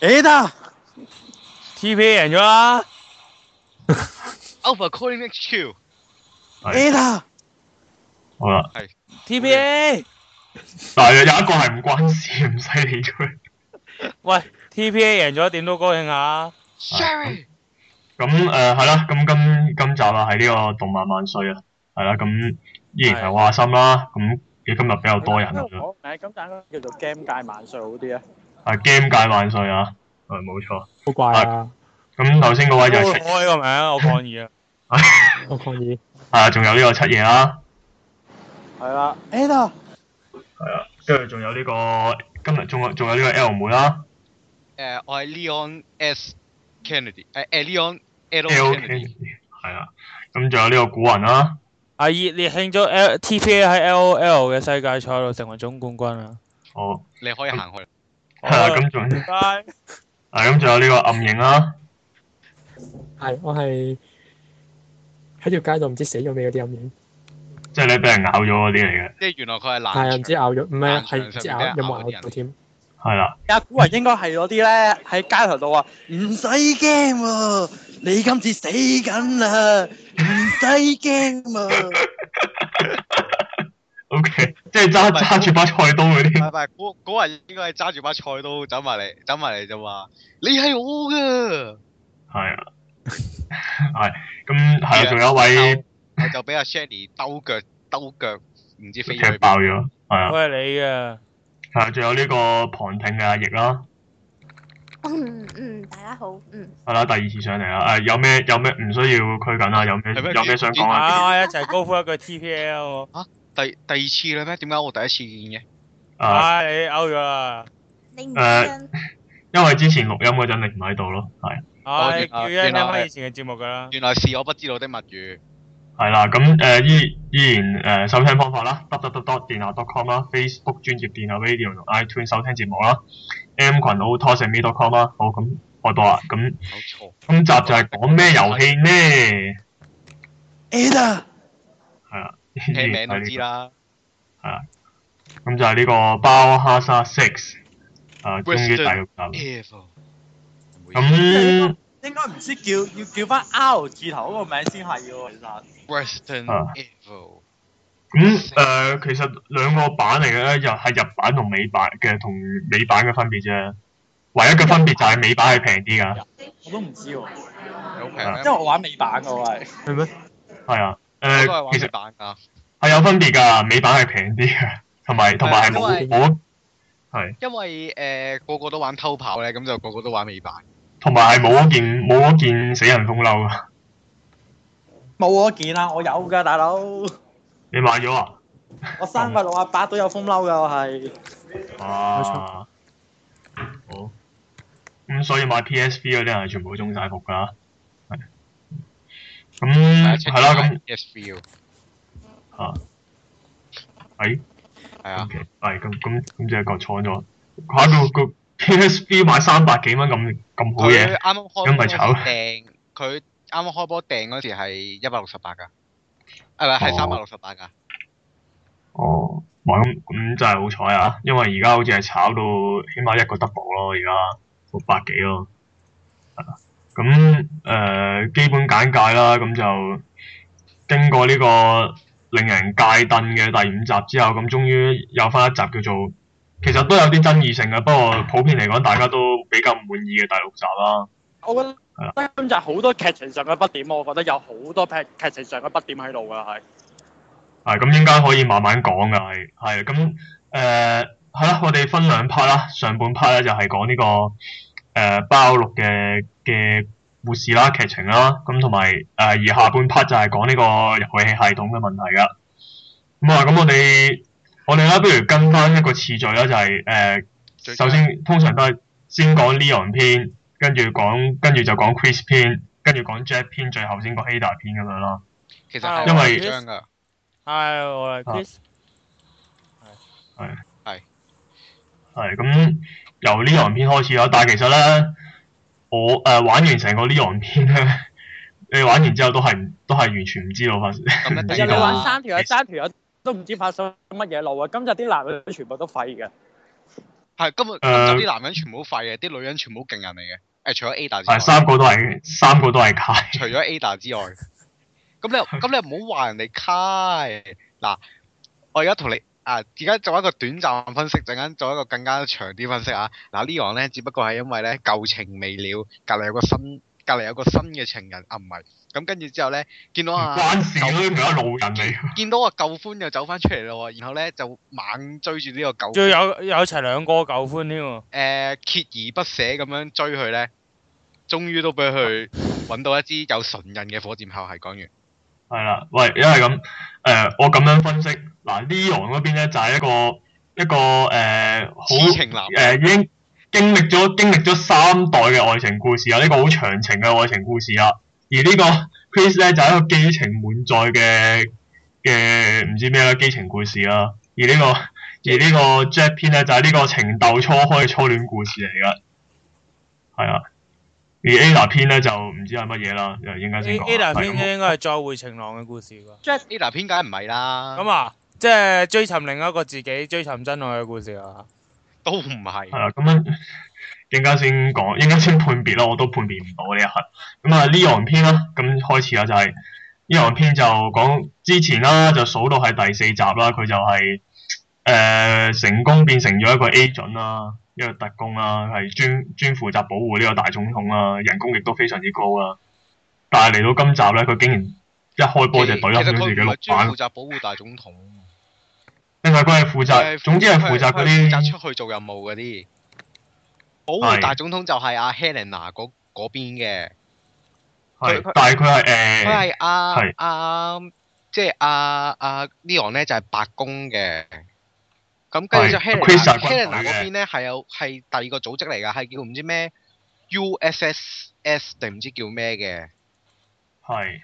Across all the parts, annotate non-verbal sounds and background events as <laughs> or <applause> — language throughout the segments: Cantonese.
Ada，TPA 贏咗啦，Alpha calling e x q t w Ada，好啦，TPA， <laughs> 但係有一個係唔關事，唔使理佢。喂，TPA 贏咗點都高興啊？Jerry，咁誒係啦，咁今、 <laughs> 嗯呃嗯嗯、今集啦喺呢個動漫萬歲啊，係啦，咁依然係話心啦，咁嘅今日比較多人好，誒，咁但係叫做 game 界萬歲好啲啊？係、啊、game 界萬歲啊！係冇錯，好怪啊！咁頭先嗰位就開係咪啊？我抗議啊！我抗議啊！仲有呢、呢個七爺啦，係啦，Ada 係啊，跟住仲有呢個今日仲有仲有呢個 L 妹啦、啊。誒，uh, 我係 Leon S Kennedy，誒、uh,，Leon L A Kennedy OK ,係 <laughs> 啊。咁仲有呢個古文啦。阿熱烈，你慶咗 TPA 喺 LOL 嘅世界賽度成為總冠軍啊！哦，你可以行去。係啊，咁仲係咁仲有呢個暗影啦。係，我係喺條街度唔知死咗未嗰啲暗影。即係你，俾人咬咗嗰啲嚟嘅。即係原來佢係男。係唔知咬咗咩，係唔知咬有冇咬到添。係啦。阿古文應該係嗰啲咧喺街頭度話：唔使驚喎，你今次死緊啦，唔使驚嘛。O K，即係揸揸住把菜刀嗰啲。唔係唔係，嗰嗰人應該係揸住把菜刀走埋嚟，走埋嚟就話你係我噶。係啊，係，咁係啊，仲有一位就俾阿 s h a n l y 兜腳兜腳，唔知飛踢爆咗。係啊，我係你啊，係啊，仲有呢個旁聽嘅阿奕啦。嗯嗯，大家好，嗯。係啦，第二次上嚟啊。誒，有咩有咩唔需要拘謹啊？有咩有咩想講啊？我一齊高呼一句 T P L。第，第二次嘞咩？點解我第一次見嘅？你 out 咗。誒、啊啊啊，因為之前錄音嗰陣你唔喺度咯，係。係、啊，要因因為以前嘅節目㗎啦。原來是我不知道的物語。係啦，咁誒、啊、依依然誒收聽方法啦，dotdotdot.com 啦，Facebook 專頁電郵 radio 同 iTune 收聽節目啦，M 群 oldtossme.com 啦。好咁，我多啦。咁冇錯。今集就係講咩遊戲呢？Ada 聽名都知啦，係啊、這個，咁就係呢個包哈沙 Six，啊，終於大結局啦。咁、嗯、應該唔知叫要叫翻 R 字頭嗰個名先係嘅，其實。Western Evil。誒，其實兩個版嚟嘅咧，又係日版同美版嘅，同美版嘅分別啫。唯一嘅分別就係美版係平啲噶。我都唔知、啊，好平、okay。因為我玩美版嘅我係。係咩？係啊。誒，都係玩美版噶係有分別噶美版係平啲嘅，同埋同埋係冇，係因為誒個個都玩偷跑咧，咁就個個都玩美版，同埋係冇一件冇件死人風褸噶，冇一件啊，我有噶大佬，你買咗啊？我三百六啊八都有風褸噶，我係，哇，啊啊，好咁所以買 PSP 嗰啲人係全部中晒服噶咁係啦，咁 s View，啊，誒，係啊，係咁咁咁即係個錯咗，喺個個 PSV 買三百幾蚊咁咁好嘢，咁咪炒，佢啱啱開波訂嗰時係一百六十八噶，係咪係三百六十八噶？哦，咁咁真係好彩啊，因為而家好似係炒到起碼一個 double 咯，而家六百幾咯，係啦。咁誒、呃、基本簡介啦，咁就經過呢個令人戒頓嘅第五集之後，咁終於有翻一集叫做，其實都有啲爭議性嘅，不過普遍嚟講大家都比較唔滿意嘅第六集啦。我覺得係啦，今集好多劇情上嘅不點，我覺得有好多劇情上嘅不點喺度㗎係。係咁，應該可以慢慢講㗎係，咁誒，係啦，我哋分兩 part 啦，上半 part 咧就係講呢、這個誒包、呃、六嘅。嘅故事啦、劇情啦，咁同埋而下半 part 就係講呢個遊戲系統嘅問題㗎。咁、嗯、啊，咁、嗯、我哋我哋咧，不如跟返一個次序啦，就係、是呃、首先通常都係先講 Leon 篇，跟住講跟住就講 Chris 篇，跟住講 Jack 篇，最後先講 Ada 篇咁樣咯。其實係，因為係我係 Chris。係係係。係咁，Hi, hello, 啊、由 Leon 篇開始啦，但係其實咧。我誒、呃、玩完成個呢樣片咧，你玩完之後都係都係完全唔知道發生。嗯、道其實你玩三條有三條友都唔知發生乜嘢路啊！今日啲男女全部都廢嘅。係今日今日啲男人全部都廢嘅，啲、嗯、女人全部都勁人嚟嘅。誒，除咗 Ada 之外，嗯，三個都係三個都係卡。除咗 Ada 之外，咁 <laughs> 你咁你唔好話人哋卡。嗱，我而家同你。啊！而家做一個短暫分析，陣間做一個更加長啲分析啊！嗱，呢行咧只不過係因為咧舊情未了，隔籬有個新，隔籬有個新嘅情人啊唔係，咁跟住之後咧見到啊，不關事寬人見，見到個、啊、舊歡又走翻出嚟咯喎，然後咧就猛追住呢個舊歡，仲有有齊兩個舊歡添喎，誒、呃，鍥而不捨咁樣追佢咧，終於都俾佢搵到一支有神人嘅火箭炮係，講完。係啦，喂，因為咁，誒、呃，我咁樣分析，嗱，Leon 嗰邊咧就係、是、一個一個誒，好、呃、誒、呃，已經經歷咗經歷咗三代嘅愛情故事啊，呢、這個好長情嘅愛情故事啊，而呢個 Chris 咧就係、是、一個基情滿載嘅嘅唔知咩啦，基情故事啦，而，、這個、而個呢個而呢個 Jet 片咧就係、是、呢個情竇初開嘅初戀故事嚟噶，係啊。而 A 娜篇咧就唔知係乜嘢啦，又應該先講。A 娜篇應該係再會情郎嘅故事啩？即係 A 娜篇梗係唔係啦。咁啊，即、就、係、是，追尋另一個自己、追尋真愛嘅故事啊，都唔係。係啦，咁樣應該先講，應該先判別咯，我都判別唔到呢一下。咁啊 Leon 篇啦，咁開始啊就係 Leon 篇就講之前啦，就數到係第四集啦，佢就係、是、誒、呃、成功變成咗一個 Agent 啦。因為特工啦、啊，係專專負責保護呢個大總統啊，人工亦都非常之高啊。但係嚟到今集咧，佢竟然一開波就懟入佢自己綠負責保護大總統。其實佢係負責，是負責總之係負責嗰啲。負是責出去做任務嗰啲。保護大總統就係阿、啊、Helena 嗰嗰邊嘅。佢但係佢係誒，佢係阿阿，即係阿阿 Leon 咧，就係、是、白宮嘅。咁跟住就 Helena，Helena 嗰邊咧係有係第二個組織嚟㗎，係叫唔知咩 USSS 定唔知叫咩嘅，係。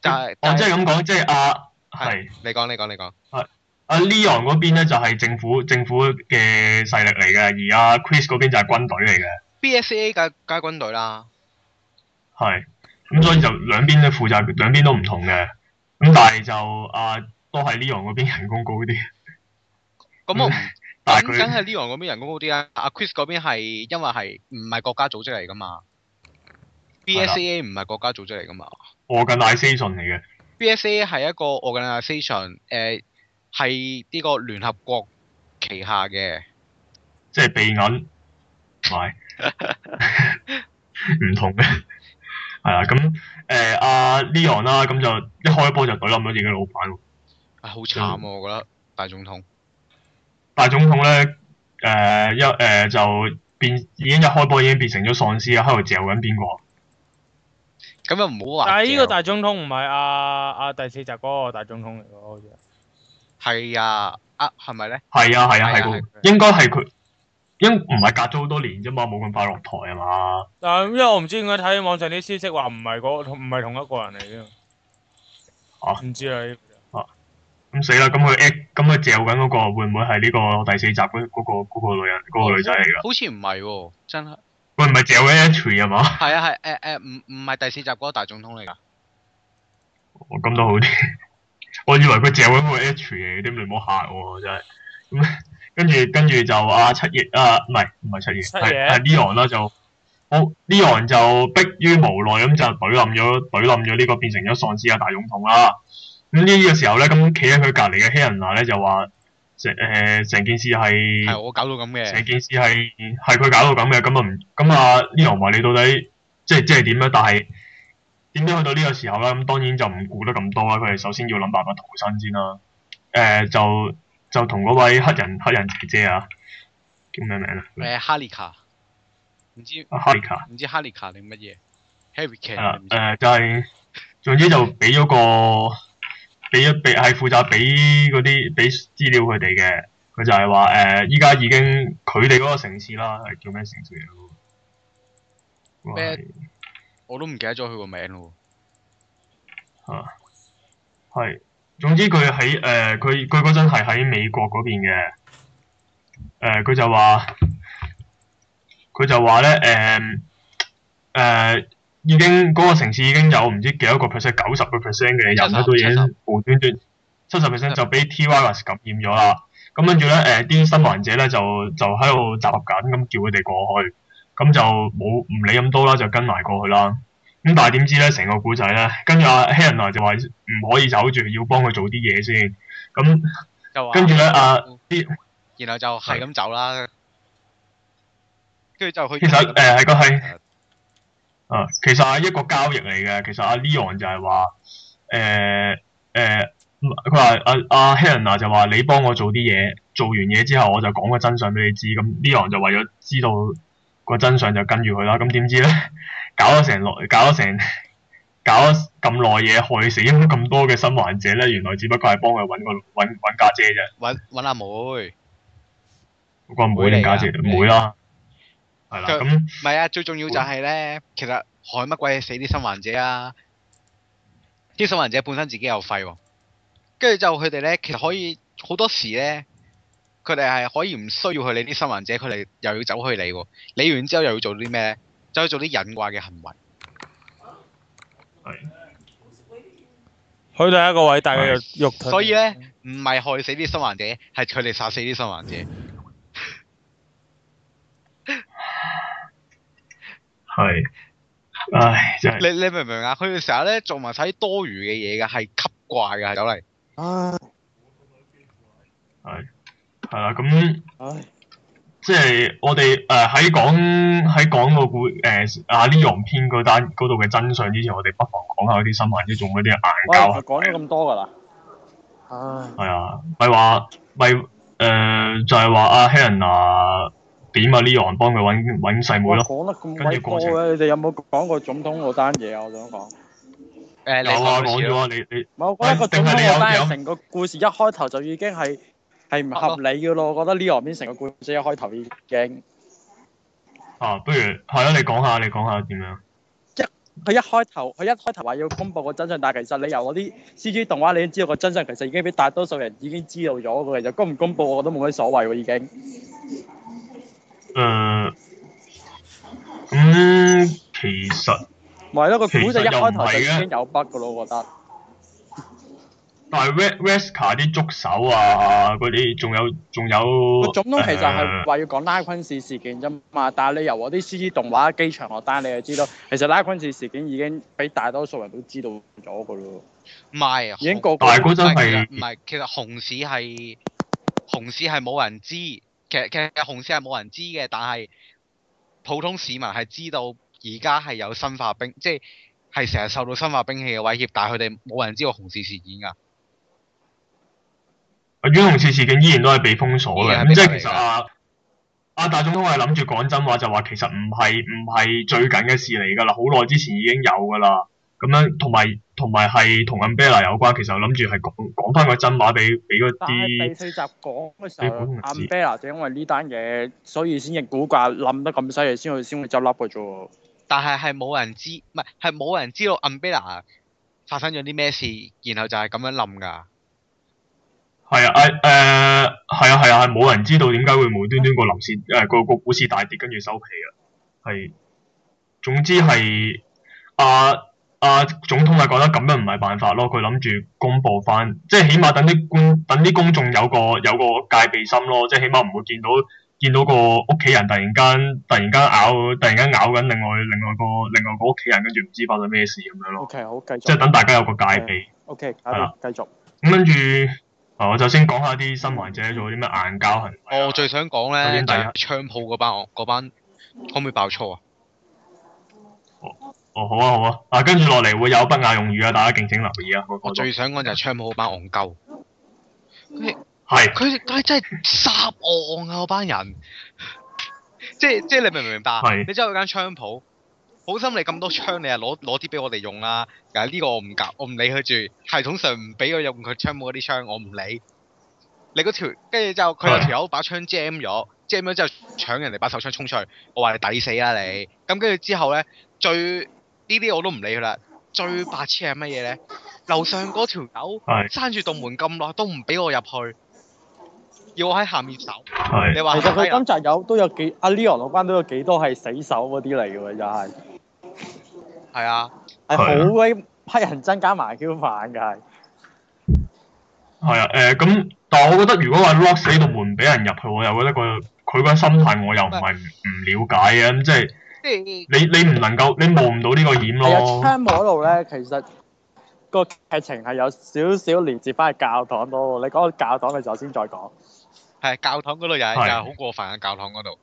就我即係咁講，即係阿係，你講你講你講。阿阿 Leon 嗰邊咧就係政府政府嘅勢力嚟嘅，而阿 Chris 嗰邊就係軍隊嚟嘅。BSA 嘅介軍隊啦。係，咁所以就兩邊都負責，兩邊都唔同嘅。咁但係就阿都係 Leon 嗰邊人工高啲。咁我咁真係 Leon 嗰邊人工高啲啊。阿 Chris 嗰邊係因為係唔係國家組織嚟噶嘛？BSA 唔係國家組織嚟噶嘛？我跟 Association 嚟嘅，BSA 係一個 Organization 誒，係呢個聯合國旗下嘅，即係秘銀，係唔 <laughs> <laughs> 同嘅係啦。咁誒阿 Leon 啦、啊，咁就、嗯、一開一波就懟冧咗自己老闆、啊，啊好慘、啊、的我覺得大總統。大總統咧，誒、呃、一誒、呃、就變，已經一開波已經變成咗喪屍，喺度嚼緊邊個？咁又唔好話。但係呢個大總統唔係阿第四集嗰個大總統嚟嘅，好似係、啊。啊，係咪呢？係啊，係咪咧？係啊係啊係，應該係佢。因唔係隔咗好多年啫嘛，冇咁快落台啊嘛。但係因為我唔知點解睇網上啲消息話唔係唔係同一個人嚟嘅。唔知啊。唔知咁死啦！咁佢 H，咁佢嚼緊嗰個會唔會係呢個第四集嗰、嗰、嗰個、嗰個女人嗰、嗰個女仔嚟噶？好似唔係喎，真係。喂，唔係嚼緊 H 啊嘛？係啊係，誒誒、啊，唔唔係第四集嗰個大總統嚟噶。哦，咁都好啲。我以為佢嚼緊個 H 嘅，你唔好嚇我真係。咁 <laughs> 跟住跟住就阿七葉啊，唔係唔係七葉，係 Leon 啦就。好，Leon 就迫於無奈咁就懟冧咗懟冧咗呢個變成咗喪屍阿大總統啦。咁呢個個時候咧，咁企喺佢隔籬嘅黑人男咧就話，成誒成件事係係我搞到咁嘅，成件事係係佢搞到咁嘅。咁啊唔咁啊，呢行話你到底即係即係點咧？但係點解去到呢個時候咧？咁當然就唔顧得咁多啦。佢哋首先要諗辦法逃生先啦。誒、呃，就就同嗰位黑人黑人姐姐啊，叫咩名啊？誒，哈利卡，唔知哈利卡，唔知哈利卡定乜嘢？哈利卡誒，就係、是、總之就俾咗個。 <laughs> 俾一俾係負責俾嗰啲俾資料佢哋嘅。佢就係話誒，依家已經佢哋嗰個城市啦，係叫咩城市嚟嘅？我都唔記得咗佢個名咯。啊，係。總之佢喺誒，佢佢嗰陣係喺美國嗰邊嘅。誒、呃，佢就話，佢就話咧，誒、呃呃已經嗰個城市已經有唔知幾多個 percent，九十個 percent 嘅人咧都已經無端端七十 percent 就俾 T-Virus 感染咗啦。咁跟住咧，誒啲新患者咧就就喺度集合緊，咁叫佢哋過去，咁就冇唔理咁多啦，就跟埋過去啦。咁但係點知咧，成個古仔咧，跟住阿 h e r r n 就話唔可以走住，要幫佢做啲嘢先。咁跟住咧，阿啲然後就係咁走啦。跟住就去。其實誒係個係。啊，其實係一個交易嚟嘅。其實阿 Leon 就係話，誒、呃、誒，佢話阿阿 Hannah 就話你幫我做啲嘢，做完嘢之後我就講個真相俾你知。咁 Leon 就為咗知道個真相就跟住佢啦。咁點知咧，搞咗成搞咗成，搞咁耐嘢，害死咁多嘅新患者咧。原來只不過係幫佢搵個搵搵家姐啫，搵阿妹，嗰個妹定家姐，姐，會啊、妹啦。啊係啦，咁唔係啊！最重要就係咧，那其實害乜鬼死啲新患者啊？啲新患者本身自己又廢、啊，跟住就佢哋咧，其實可以好多時咧，佢哋係可以唔需要去理啲新患者，佢哋又要走去理喎、啊。理完之後又要做啲咩咧？就去做啲隱怪嘅行為。係的。去到一個位，大係又所以咧，唔係害死啲新患者，係佢哋殺死啲新患者。係，唉，真、就、係、是、你你明唔明啊？佢哋成日咧做埋晒多餘嘅嘢噶，係吸怪噶，走嚟，係，係啦，咁，即係我哋誒喺講喺講個古誒阿呢樣篇嗰單嗰度嘅真相之前，我哋不妨講下啲新聞之做嗰啲嗌交啊，講咗咁多噶啦，唉，係啊，咪話咪誒就係話阿 Helen 啊。點啊？Leon 幫佢揾細妹咯，跟住過程你哋有冇講過總統嗰單嘢啊？我想講。我話講咗啊，你，你我覺得個總統嗰單成個故事一開頭就已經係係唔合理嘅咯。我覺得 Leon 呢成個故事一開頭已經。啊，不如係咯，啊，你講下，你講下點樣？一佢一開頭，佢一開頭話要公佈個真相，但係其實你由嗰啲 CG 動畫，你都知道個真相，其實已經俾大多數人已經知道咗。佢其實公唔公佈，我都冇乜所謂喎，已經。誒咁咧，其實唔係咯，個故事就一開頭就已經有筆噶咯，我覺得。但係 Wesker 啲捉手啊，嗰啲仲有仲有。個總統其實係話要講拉昆市事件啫嘛，但係你由我啲 CG 動畫機場落單，你就知道其實拉昆市事件已經俾大多數人都知道咗噶咯。唔係啊，已經個大嗰陣係唔係？其實紅市係紅市係冇人知。其實其實紅事係冇人知嘅，但係普通市民係知道而家係有生化兵，即係係成日受到生化兵器嘅威脅，但係佢哋冇人知個紅事事件噶。啊，冤紅事事件依然都係被封鎖嘅，啊、即係其實阿阿大總統係諗住講真話，就話其實唔係唔係最近嘅事嚟噶啦，好耐之前已經有噶啦。咁樣，同埋同埋係同阿比 a 有關。其實我諗住係講講翻個真話俾俾嗰啲。但係未聚集講 b 時候，阿比拉就因為呢單嘢，所以先至古怪，諗得咁犀利，先去先會執笠嘅啫。但係係冇人知，唔係係冇人知道阿比 a 發生咗啲咩事，然後就係咁樣諗噶。係啊，誒、呃，係啊，係啊，係冇、啊、人知道點解會無端端個樓市，誒，個個股市大跌，跟住收皮啊。係，總之係啊。呃啊，總統係覺得咁樣唔係辦法咯，佢諗住公布翻，即係起碼等啲公等啲公眾有個有個戒備心咯，即係起碼唔會見到見到個屋企人突然間突然間咬突然間咬緊另外另外個另外個屋企人，跟住唔知發生咩事咁樣咯。O、okay, K，好繼續，即係等大家有個戒備 O K，係啦，okay, okay, 啊、繼續。咁跟住啊，我就先講下啲新玩家做啲咩硬膠行為，啊、我最想講咧，首先第一川普嗰班我嗰班，班可唔可以爆粗啊？哦，好啊，好啊，嗱、啊，跟住落嚟會有不雅用語啊，大家敬請留意啊。我最想講就係槍堡嗰班戇鳩，係，佢佢是真係十戇啊！嗰班人， <laughs> 即係即係你明唔明白是知我槍我啊？你之後嗰間槍堡，好心你咁多槍，你啊攞攞啲俾我哋用啦。但係呢個我唔夾，我唔理佢住。系統上唔俾佢用佢槍堡嗰啲槍，我唔理。你嗰條，跟住是之後佢條友把槍 jam 咗，jam 咗之後搶人哋把手槍衝出去，我話你抵死啊你！咁跟住之後咧最。呢啲我都唔理佢啦。最白痴係乜嘢咧？樓上嗰條狗閂住道門咁耐，都唔俾我入去，要我喺下面走。是你話其實佢今集有都有幾阿、啊、Leon 落班都有幾多係死守嗰啲嚟嘅喎，又、就、係、是。係啊，係好鬼批人憎加埋 Q 犯㗎係。係啊，誒、呃、咁，但係我覺得如果話 lock 死道門唔俾人入去，我又覺得佢佢個心態我又唔係唔了解嘅，咁即係。你你唔能夠，你望唔到呢個險咯。係啊，cam 嗰度咧，其實個劇情係有少少連接翻去教堂咯。你講到教堂，你就先再講。係教堂嗰度又係噶，好過分啊！教堂嗰度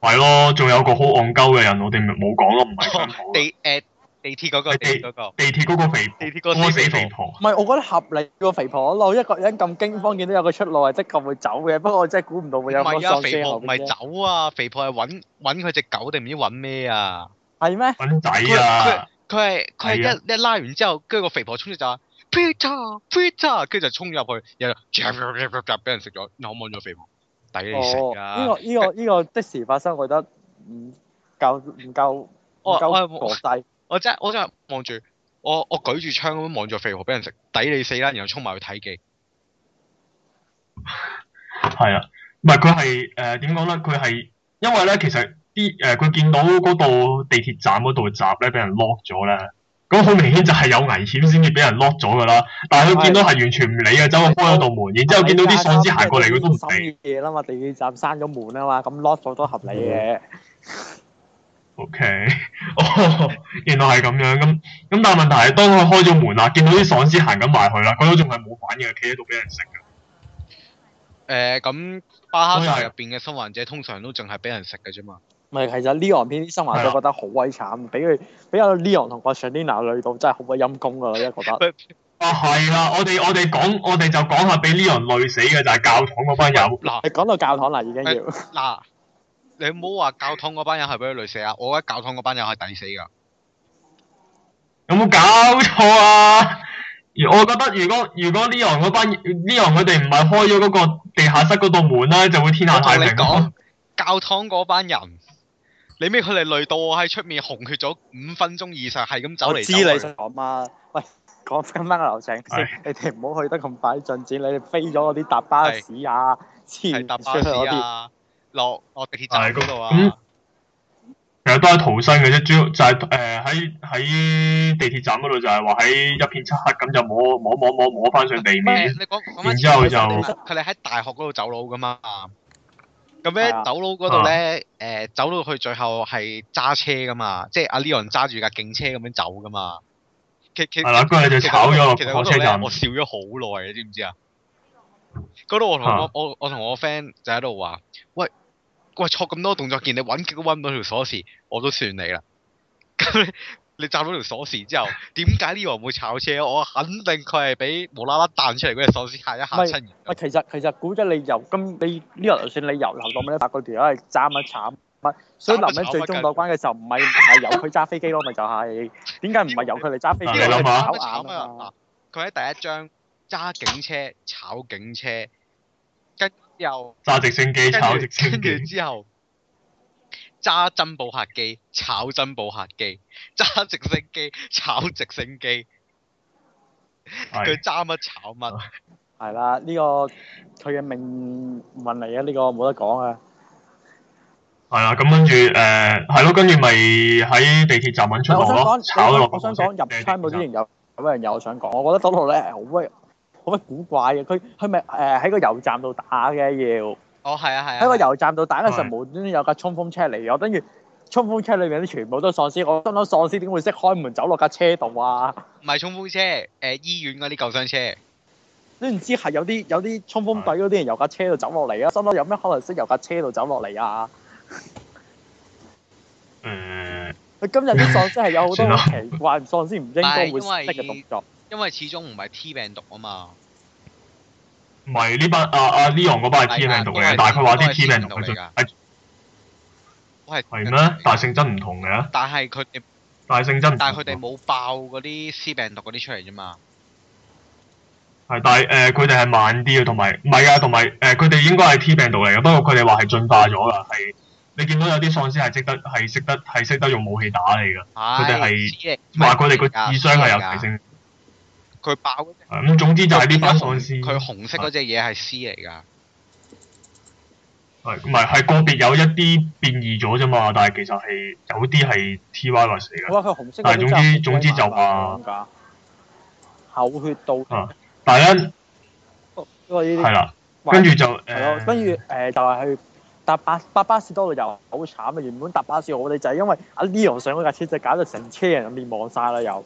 係咯，仲有個好戇鳩嘅人，我哋冇講咯。唔係地鐵嗰、那個地嗰個地鐵嗰、那個肥地鐵嗰個死肥婆，唔係我覺得合理、那個肥婆，我一個人咁驚慌，見到有個出路係的確會走嘅。不過我真係估唔到會有個喪屍後生、啊。肥婆唔係走啊，肥婆係揾揾佢隻狗定唔知揾咩啊？係咩嗎？揾仔啊！佢係佢係一、啊、一拉完之後，跟、那、住個肥婆沖出就話 Peter Peter，跟住就衝入去，又夾夾夾夾夾俾人食咗，咬咗肥婆，抵你食㗎、啊！呢、哦這個呢、這個呢、這個的時發生，我覺得唔夠唔夠我真係我真係望住我我舉住槍咁望住肥婆俾人食，抵你死啦，然後衝埋去睇機。係啊，唔係佢係誒點講咧？佢、呃、係因為咧，其實啲誒佢見到嗰度地鐵站嗰度閘咧俾人 lock 咗咧，咁好明顯就係有危險先至俾人 lock 咗噶啦。但係佢見到係完全唔理嘅，的走去關咗道門，然之後見到啲喪屍行過嚟，佢都唔理嘢啦嘛。地鐵站閂咗門啊嘛，咁 lock 咗都合理嘅。嗯 O、okay. K，oh, 原來係咁樣，咁咁但係問題係，當佢開咗門啦，見到啲喪屍行緊埋去啦，佢都仲係冇反應，企喺度俾人食㗎。誒、呃，咁巴哈入邊嘅生還者通常都淨係俾人食嘅啫嘛。唔係，其實 Leon 邊啲生還者的覺得好鬼慘，俾佢俾阿 Leon 同阿 Shalina 累到真係好鬼陰功㗎啦，覺得。啊，係啦，我哋我哋講我哋就講下俾 Leon 累死嘅就係、是、教堂嗰班友。嗱，講到教堂啦，已經要嗱、啊。你唔好話教堂嗰班人係俾佢累死啊！我覺得教堂嗰班人係抵死噶，有冇搞錯啊？我覺得如果如果 Leon 嗰班 Leon 佢哋唔係開咗嗰個地下室嗰道門咧，就會天下太平咯。教堂嗰班人，你咩佢哋累到我喺出面紅血咗五分鐘以上，係咁走嚟走去。我知你講啊！喂，講翻個流程，的你哋唔好去得咁快進展，你哋飛咗嗰啲搭巴士啊，黐唔黐線啊？落地鐵站喺嗰度啊，其實都係逃生嘅啫，主要就係誒喺喺地鐵站嗰度就係話喺一片漆黑咁就摸摸摸摸摸翻上地面。然之後就佢哋喺大學嗰度走佬噶嘛，咁咧走佬嗰度咧誒走到去最後係揸車噶嘛，即係阿 Leon 揸住架警車咁樣走噶嘛，其其係啦，跟住就炒咗個車站，其實嗰度咧我笑咗好耐，你知唔知啊？嗰度我同我我我同我個 friend 就喺度話，喂！喂，錯咁多動作，見你揾極都揾唔到條鎖匙，我都算你啦。咁 <laughs> 你你揸到條鎖匙之後，點解呢個會炒車？我肯定佢係俾無啦啦彈出嚟嗰隻鎖匙嚇嚇人，吓一吓親。唔其實其實估咗你由咁，你呢個就算你由頭到尾，咩白鬼條，係揸乜慘？係，所以男人最終關嘅時候，唔係係由佢揸飛機咯，咪就係？點解唔係由佢哋揸飛機炒啊？佢喺第一章揸警車炒警車。又揸直升機著炒直升機，跟住之後揸珍寶客機炒珍寶客機，揸直升機炒直升機，佢揸乜炒乜？係啦，呢個佢嘅命運嚟啊！呢、 <laughs> 呢個冇、呢個，得講啊。係啦，咁跟住誒，係咯，跟住咪喺地鐵站搵出路咯。炒落，我想講入差唔多先入，有咩人有我想講？我覺得多路咧好威。好乜古怪嘅？佢佢咪誒喺個油站度打嘅要。哦，係啊，係啊。喺個油站度打嘅時候，啊、無端端有架衝鋒車嚟咗，跟住衝鋒車裏面全部都係喪屍，我心諗喪屍點會識開門走落架車度啊？唔係衝鋒車，誒、呃、醫院嗰啲救傷車。你唔知係有啲有啲衝鋒隊嗰啲人由架車度走落嚟啊？心諗有咩可能識由架車度走落嚟啊？誒、 <laughs> 嗯，今日啲喪屍係有好多好奇怪 <laughs> 喪屍唔應該會識嘅動作。因為始終唔係 T 病毒嘛，不是這啊嘛，唔係呢班阿阿 Leon 嗰班係 T 病毒嚟嘅，是的是但係佢話啲 T 病毒係最係，係咩？大性真唔同嘅，但係佢哋大性真，但係佢哋冇爆嗰啲 C 病毒嗰啲出嚟啫嘛，係但係誒，佢哋係慢啲嘅，同埋唔係啊，同埋誒，佢哋、呃、應該係 T 病毒嚟嘅，不過佢哋話係進化咗噶，係你見到有啲喪尸係識得係識得係識得，得用武器打你噶，佢哋係話佢哋個智商係有提升的。佢爆咁、嗯，總之就係呢班喪屍。佢紅色嗰隻嘢係 C 嚟㗎。係，唔係係個別有一啲變異咗啫嘛，但係其實係有啲係 T-Virus 嚟嘅。哇、嗯！佢紅色，但係總之紅了 總之就話口血到。但係咧，係啦、哦，跟住的就誒，跟住誒就係、嗯呃、搭巴搭巴士多到又好慘啊！原本搭巴士我哋就係因為阿 Leon 上嗰架車就搞到成車人面亡晒啦又。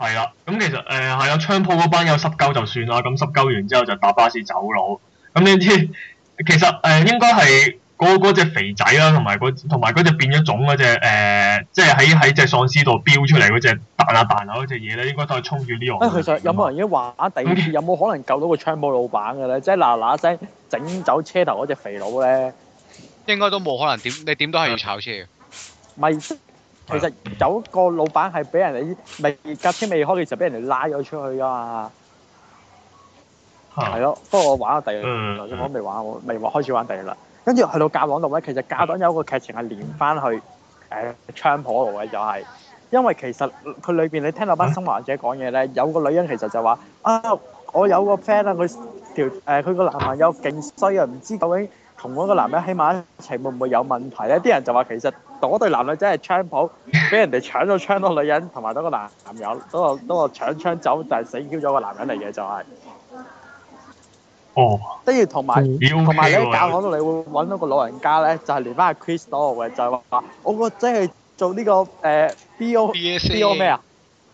係啦，咁、嗯、其實誒係啊，槍鋪嗰班有濕鳩就算啦，咁濕鳩完之後就搭巴士走佬。咁、嗯、你知其實誒、呃、應該係嗰隻肥仔啦，同埋嗰同埋隻變咗種嗰隻即係喺喺隻喪屍度飆出嚟嗰隻彈下彈下嗰隻嘢咧，應該都係衝住呢個。嗯、其實有冇人已經話第有冇可能救到個槍鋪老闆嘅咧？ <laughs> 即係嗱嗱聲整走車頭嗰隻肥佬咧，應該都冇可能。點你點都係要炒車咪。 <laughs> 其實有一個老闆係俾人哋未架車未開嘅時候，俾人哋拉咗出去啊！係咯，不過我玩咗第二，頭先我未玩，未玩開始玩第二啦。跟住去到教導度咧，其實教導有個劇情係連翻去誒槍炮嗰度嘅，就係因為其實佢裏邊你聽到班生還者講嘢咧，有個女人其實就話啊，我有個 friend 啊，佢條誒佢個男朋友勁衰啊，唔知究竟同嗰個男人喺埋一齊會唔會有問題咧？啲人就話其實。嗰對男女真係槍普，俾人哋搶咗槍，嗰女人同埋嗰個男男友，嗰個嗰個搶槍走，就係死囂咗個男人嚟嘅就係、是。哦。跟住同埋同埋你教堂度你會揾到個老人家咧，就係、是、連翻阿 Chris 到嘅，就係、是、話我、個真係、呃、B SA. 做呢個誒 BO BO 咩啊？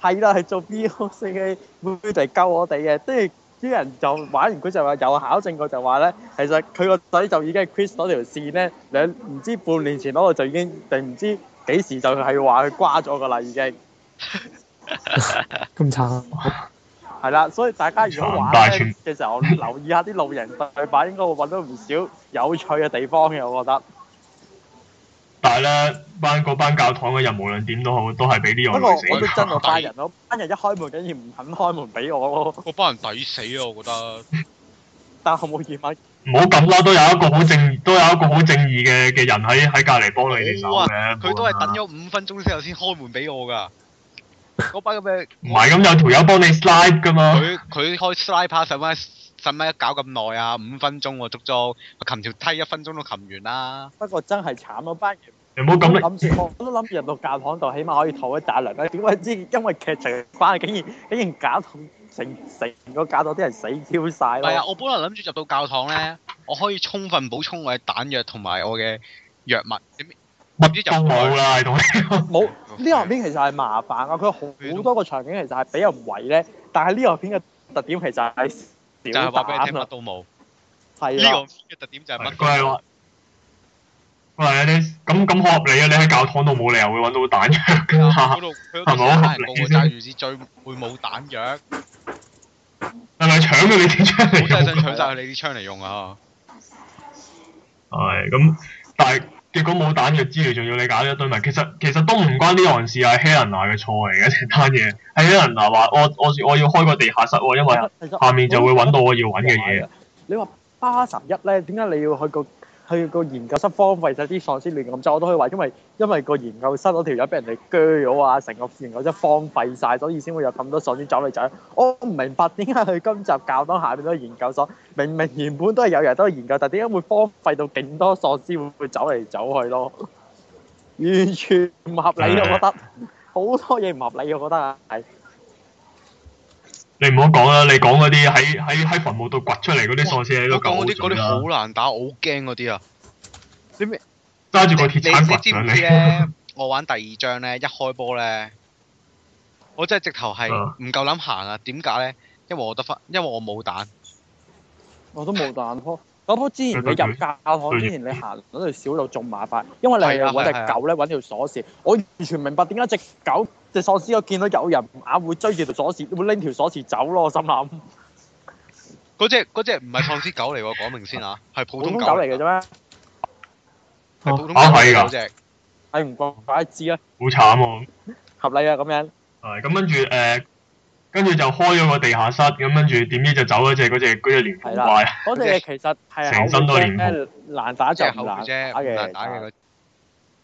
係啦，係做 BO 四 K，會嚟救我哋嘅，跟住。啲人就玩完佢就話，有考證過就話咧，其實佢個仔就已經係 quit 咗條線咧，兩唔知半年前嗰個就已經定唔知幾時就係話佢瓜咗噶啦，已經。咁 <laughs> 慘。係啦，所以大家如果玩嘅時候留意下啲路人對白，應該會揾到唔少有趣嘅地方嘅，我覺得。但係咧，班嗰班教堂嘅人，無論點都好，都係俾呢樣嘢死吓。不過我都憎嗰班人咯，班人，人一開門竟然唔肯開門俾我咯。嗰班人抵死啊！我覺得， <laughs> 但係冇疑問。唔好咁啦，都有一個好正義，都有一個好正義嘅嘅人喺喺隔籬幫你哋手佢、呃、都係等咗五分鐘先有先開門俾我噶。嗰 <laughs> 班咁唔係咁有條友幫你 slide 噶嘛？佢佢開 slide pass，使乜使乜搞咁耐啊！五分鐘足足，我擒條梯一分鐘都擒完啦、啊。不過真係慘嗰班人。你唔好咁諗住，我都諗住入到教堂度，起碼可以唞一陣涼咧。點鬼知，因為劇情關，竟然竟然搞到成成個搞到啲人死超曬。係啊，我本來諗住入到教堂咧，我可以充分補充我嘅彈藥同埋我嘅藥物。點？唔知就冇啦，冇呢部片其實係麻煩啊，佢好好多個場景其實係俾人圍咧，但係呢部片嘅特點其實係點。但係話俾你聽乜都冇。係啊。呢個嘅特點就係乜鬼？喂，你咁咁合理啊？你喺教堂度冇理由會搵到彈藥，係咪？係咪？冇架原始最會冇彈藥，係咪搶咗你啲槍嚟？真係搶曬你啲槍嚟用啊！係咁，但係結果冇彈藥之餘，仲要你搞咗一堆其實其實都唔關呢樣事啊，希林娜嘅錯嚟嘅呢單嘢。希林娜話：我我我要開個地下室喎，因為下面就會搵到我要搵嘅嘢。你話八十一咧，點解你要去個？去個研究室荒廢曬，啲喪屍亂咁走，我都可以話，因為因為個研究室嗰條友俾人哋鋸咗啊，成個研究室荒廢晒，所以先會有咁多喪屍走嚟走去。我唔明白點解佢今集教到下邊個研究所明明原本都係有人都係研究，但點解會荒廢到勁多喪屍會走嚟走去咯？完全唔合理啊！我覺得好多嘢唔合理啊！我覺得係。你唔好講啦，你講嗰啲喺喺喺墳墓度掘出嚟嗰啲喪屍都夠啲嗰啲好難打，我好驚嗰啲啊！啲咩揸住個鐵鏟掘你知唔知咧？我玩第二章咧，一開波咧，我真係直頭係唔夠膽行啊！點解咧？因為我得翻，因為我冇彈。我都冇彈波，嗰波之前你入教堂之前，你行嗰條小路仲麻煩，因為你要搵隻狗咧，搵條鎖匙。我完全明白點解隻狗。隻喪屍我見到有人硬會追住條鎖匙，會拎條鎖匙走咯，我心諗。嗰隻隻唔係喪屍狗嚟喎，講 <laughs> 明先嚇。係普通狗嚟嘅啫咩？哦、啊，嚇係㗎。嗰隻的，你唔怪怪知啦。好慘喎、啊！合理啊，咁樣。係咁跟住誒，跟住、呃、就開咗個地下室，咁跟住點知就走咗隻嗰隻隻連環怪。嗰隻其實係成身都連環咩難打一啫！難打嘅。對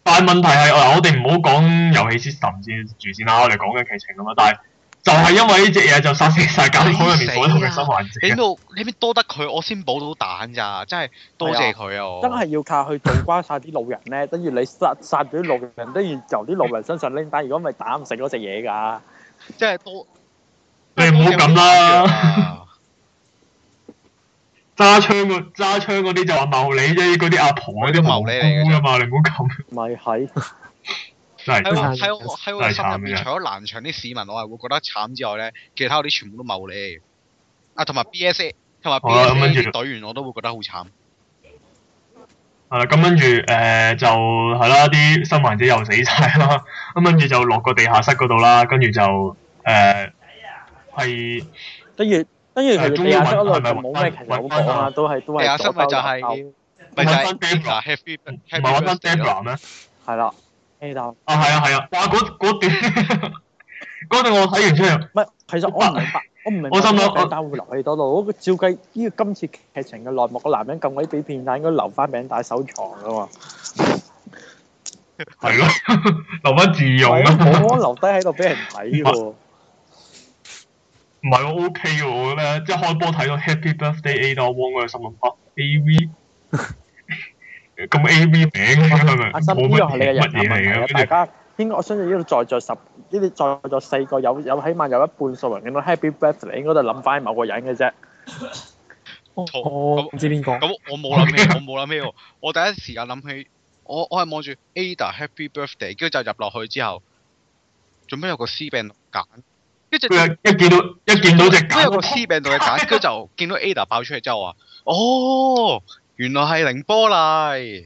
但係問題係，我哋唔好講遊戲設定先住先啦，我哋講緊劇情咁嘛，但係就係因為呢隻嘢就殺死晒港口入面所有嘅生還者，你邊呢多得佢，我先補到蛋咋，真係多謝佢啊！的我 真係要靠佢做關晒啲路人咧，等於 <laughs> 你殺殺咗啲路人，等於由啲路人身上拎蛋。如果唔係打唔食嗰隻嘢噶，即係多你唔好咁啦。 <laughs> 揸槍個揸槍嗰啲就話謀你啫，嗰啲阿婆嗰啲謀你嚟噶嘛是，你唔好咁。唔係係，真係真係真係慘嘅。我心入邊除咗南場啲市民，我係會覺得慘之外咧，其他嗰啲全部都謀你。啊，同埋 B S A，同埋 B S A 隊員，我都會覺得慘好慘。係、嗯嗯呃、啦，咁跟住誒，就係啦，啲新患者，又死晒啦，咁 <laughs> 跟住就落個地下室嗰度啦，跟住就誒係。不如。跟住佢中意乜類型冇咩劇情好講啊，都係都係。第二集咪就係咪就係 Benner heavy Benner？咪玩 Benner 咩？係啦，A 豆。啊，係啊，係啊。話嗰嗰段嗰段我睇完之後，唔係其實我唔明白，我唔明白。我心諗我會留喺度。我照計呢個今次劇情嘅內幕，個男人咁鬼俾騙，但應該留翻俾人打手藏啊嘛。係咯，留翻自用啊！保安留低喺度俾人睇喎。唔係我 OK 喎，我咧，即係開波睇到 Happy Birthday Ada Wong 嗰個新 AV 咁 AV 名，係你嘅人品問題，大家應該我相信呢度在座十呢啲 <laughs> 在座四個有有起碼有一半數人見到 Happy Birthday 應該就諗翻某個人嘅啫。錯，唔知邊個？咁我冇諗，我冇諗咩喎？我第一時間諗起我我係望住 Ada Happy Birthday，跟住就入落去之後，做咩有個 C 病揀？Band? 即係佢佢一見到一見到只，都有個 C 病毒嘅假，佢就見到 Ada 爆出嚟之後話：哦，原來係凌波麗。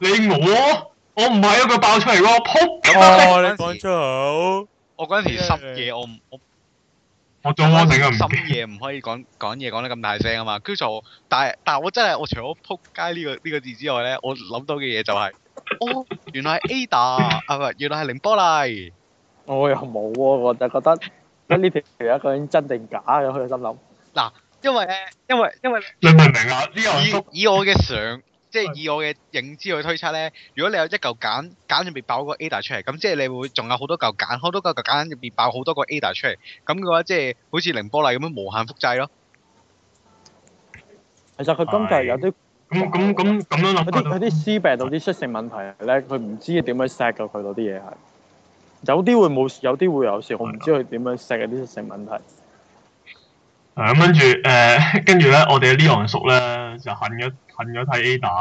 你我我唔係一個爆出嚟咯，扑街！你講出口。我嗰陣時深夜，我唔我我做安靜啊！深夜唔可以講講嘢講得咁大聲啊嘛！跟住就，但係但係我真係我除咗扑街呢個呢個字之外咧，我諗到嘅嘢就係，哦，原來係 Ada 啊，唔係，原來係凌波麗。我又冇喎，我就覺得得呢條條一個人真定假嘅，佢心諗。嗱，因為咧，因為因為你明唔明啊？呢個以， <laughs> 以我嘅相，即係以我嘅認知去推測咧，如果你有一嚿揀揀入面爆個 Ada 出嚟，咁即係你會仲有好多嚿揀，好多嚿嚿揀入面爆好多個 Ada 出嚟，咁嘅話即係好似凌波麗咁樣無限複製咯。其實佢今集有啲咁咁咁咁樣諗，佢啲思病到啲出性問題咧，佢唔知點樣殺過佢嗰啲嘢係。那有啲會冇事，有啲會有事，我唔知佢點樣食啊啲食問題。咁跟住誒，跟住咧、呃，我哋呢行熟咧，就恨咗恨咗睇 Ada，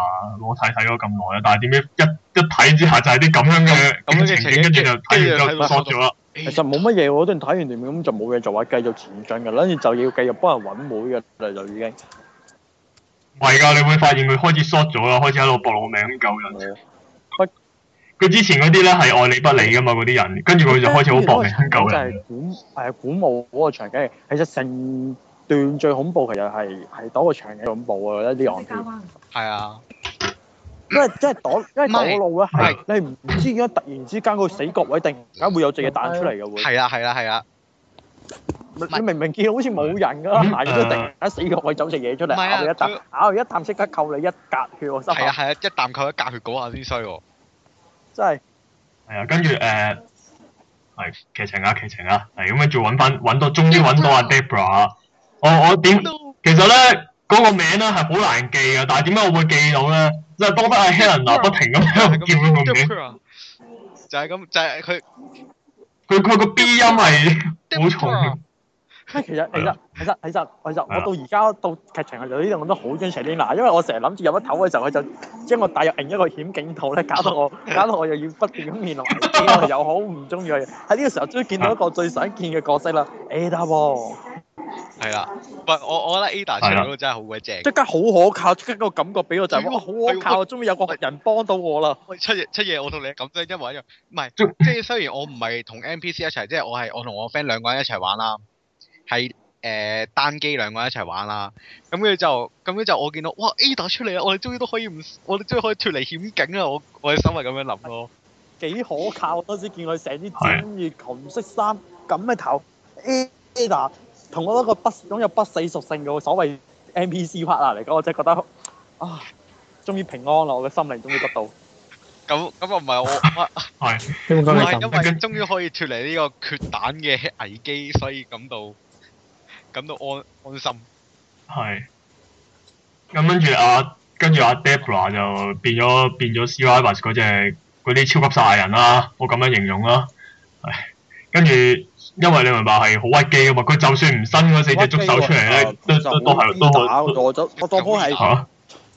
我睇睇咗咁耐啦，但係點解一一睇之下就係啲咁樣嘅劇情嘅？跟住就睇完就縮咗啦。了其實冇乜嘢喎，啲人睇完段面咁就冇嘢做，就話繼續前進嘅，諗住就要繼續幫人揾妹嘅，就已經係㗎。你會發現佢開始縮咗啦，開始喺度搏命咁救人。佢之前嗰啲咧係愛理不理㗎嘛，嗰啲人，跟住佢就開始好搏命救人。嗰場就係古誒古墓嗰個場景，其實成段最恐怖，其實係係嗰個場景恐怖啊！我覺得呢樣嘢。係啊。因為即係躲，因為躲路咧係你唔唔知點解突然之間個死角位定，點解會有隻嘢彈出嚟嘅喎。係啦，係啦，係啦。你明明見到好似冇人㗎，但係你都突然間死角位走隻嘢出嚟咬你一啖，咬你一啖即刻扣你一格血喎。係啊，係啊，一啖扣一格血嗰下先衰喎。真係，係啊，跟住誒，係劇情啊劇情啊，係咁啊，再揾翻揾到，終於揾到阿 Debra。哦，我我點？其實咧嗰、那個名咧係好難記嘅，但係點解我會記到咧？即係多得阿 Helen 啊，不停咁喺度叫佢個名。就係、是、咁，就係佢，佢佢個 B 音係好重。其實其實其實其實其實我到而家到劇情嘅時候，呢度我都好中意 Helena 啊，因為我成日諗住有一唞嘅時候，佢就將我帶入另一個險境度咧，搞到我搞到我又要不斷咁面臨，之後又好唔中意嘅。喺呢個時候終於見到一個最想見嘅角色啦，Ada 喎。係啦，唔係我我覺得 Ada 出到真係好鬼正，的即刻好可靠，即刻個感覺俾我就係好可靠，吧終於有個人幫到我啦。出嘢出嘢，我同你咁即係一模一樣，唔係 <laughs> 即係雖然我唔係同 N P C 一齊，即係我係我同我 friend 兩個人一齊玩啦。係誒、呃、單機兩個人一齊玩啦，咁佢就咁佢就我見到哇 Ada 出嚟啦，我哋終於都可以唔，我哋終於可以脱離險境啊。我我嘅心係咁樣諗咯，幾可靠！我當時見佢成啲專業紅色衫，咁嘅頭的 Ada 同我一個不擁有不死屬性嘅所謂 NPC 拍啊嚟講，我真係覺得啊，終於平安啦！我嘅心靈終於得到咁咁又唔係我唔係因為佢終於可以脱離呢個缺彈嘅危機，所以感到。咁都安安心，係。咁跟住阿跟住阿 Deborah 就變咗變咗 Cyberus 嗰隻嗰啲超級殺人啦，我咁樣形容啦。唉，跟住因為你明白係好屈機噶嘛，佢就算唔伸嗰四隻觸手出嚟咧，其實我都打咗咗，我當初係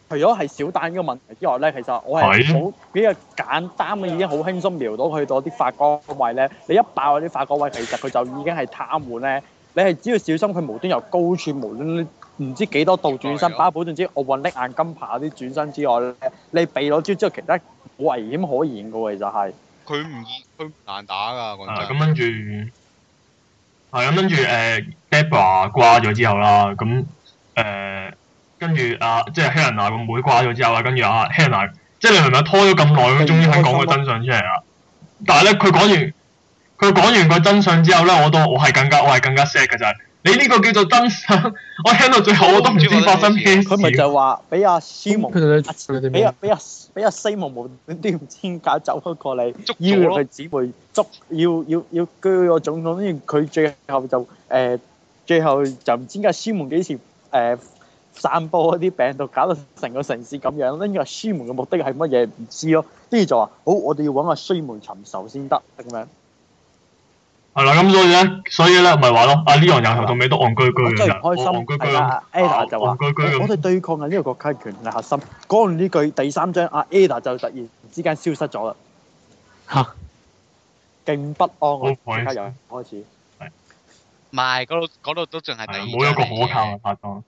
除咗係小彈呢個問題之外咧，其實我係好比較簡單嘅，已經好輕鬆瞄到去到啲發光位咧。你一爆嗰啲發光位，其實佢就已經係癱瘓咧。你係只要小心佢無端由高處無端唔知幾多度轉身，的包括甚至奧運歷屆金牌啲轉身之外你避咗招之後，其他好危險可言嘅喎，其實係。佢唔易，佢難打㗎，咁跟住係啊，跟住誒 Debra 掛咗之後啦，咁、啊、誒跟住阿即係希仁娜個妹掛咗之後啦，跟住、啊、h 阿希仁娜，即係你係咪拖咗咁耐，佢終於肯講個真相出嚟啦。的但係咧，佢講完。佢講完個真相之後咧，我都我係更加我係更加 sad 嘅就係。你呢個叫做真相，我聽到最後我都唔知發生咩事。佢咪就話俾阿 Simon 阿俾阿俾阿俾阿西蒙冇啲唔知點解走咗過嚟，要佢姊妹捉要要要拘個總統。跟住佢最後就誒、呃、最後就唔知點解 Simon 幾時、呃、散播啲病毒搞到成個城市咁樣。跟住阿 Simon 嘅目的係乜嘢唔知咯。跟住就話好，我哋要揾阿西蒙尋仇先得，咁樣？係啦，咁所以咧，所以咧，咪話咯，阿呢樣由頭到尾都戇居居，即係唔開心，戇居居啊！Ada 就話，我我哋對抗緊呢個國家權嘅核心。講完呢句，第三章阿 Ada 就突然之間消失咗啦。吓！勁不安啊！而家又開始。係。唔係，講到講到都淨係冇一個可靠嘅拍檔。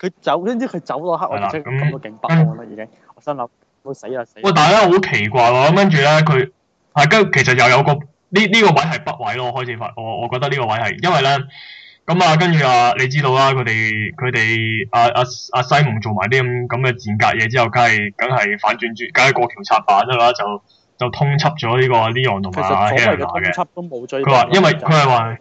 佢走，先知佢走嗰刻，我真咁都勁不安啦！已經，我心諗，會死啦死。喂！但係咧好奇怪喎，咁跟住咧佢，係跟其實又有個。呢呢個位係北位咯，我開始發我我覺得呢個位係，因為咧咁啊，跟住啊，你知道啦，佢哋佢哋阿阿阿西蒙做埋啲咁咁嘅賤格嘢之後，梗係梗係反轉轉，梗係過橋抽板啊嘛，就就通緝咗呢個 Leon 同埋阿希亞嘅。其實所謂嘅通緝都冇咗。佢話說因為佢係話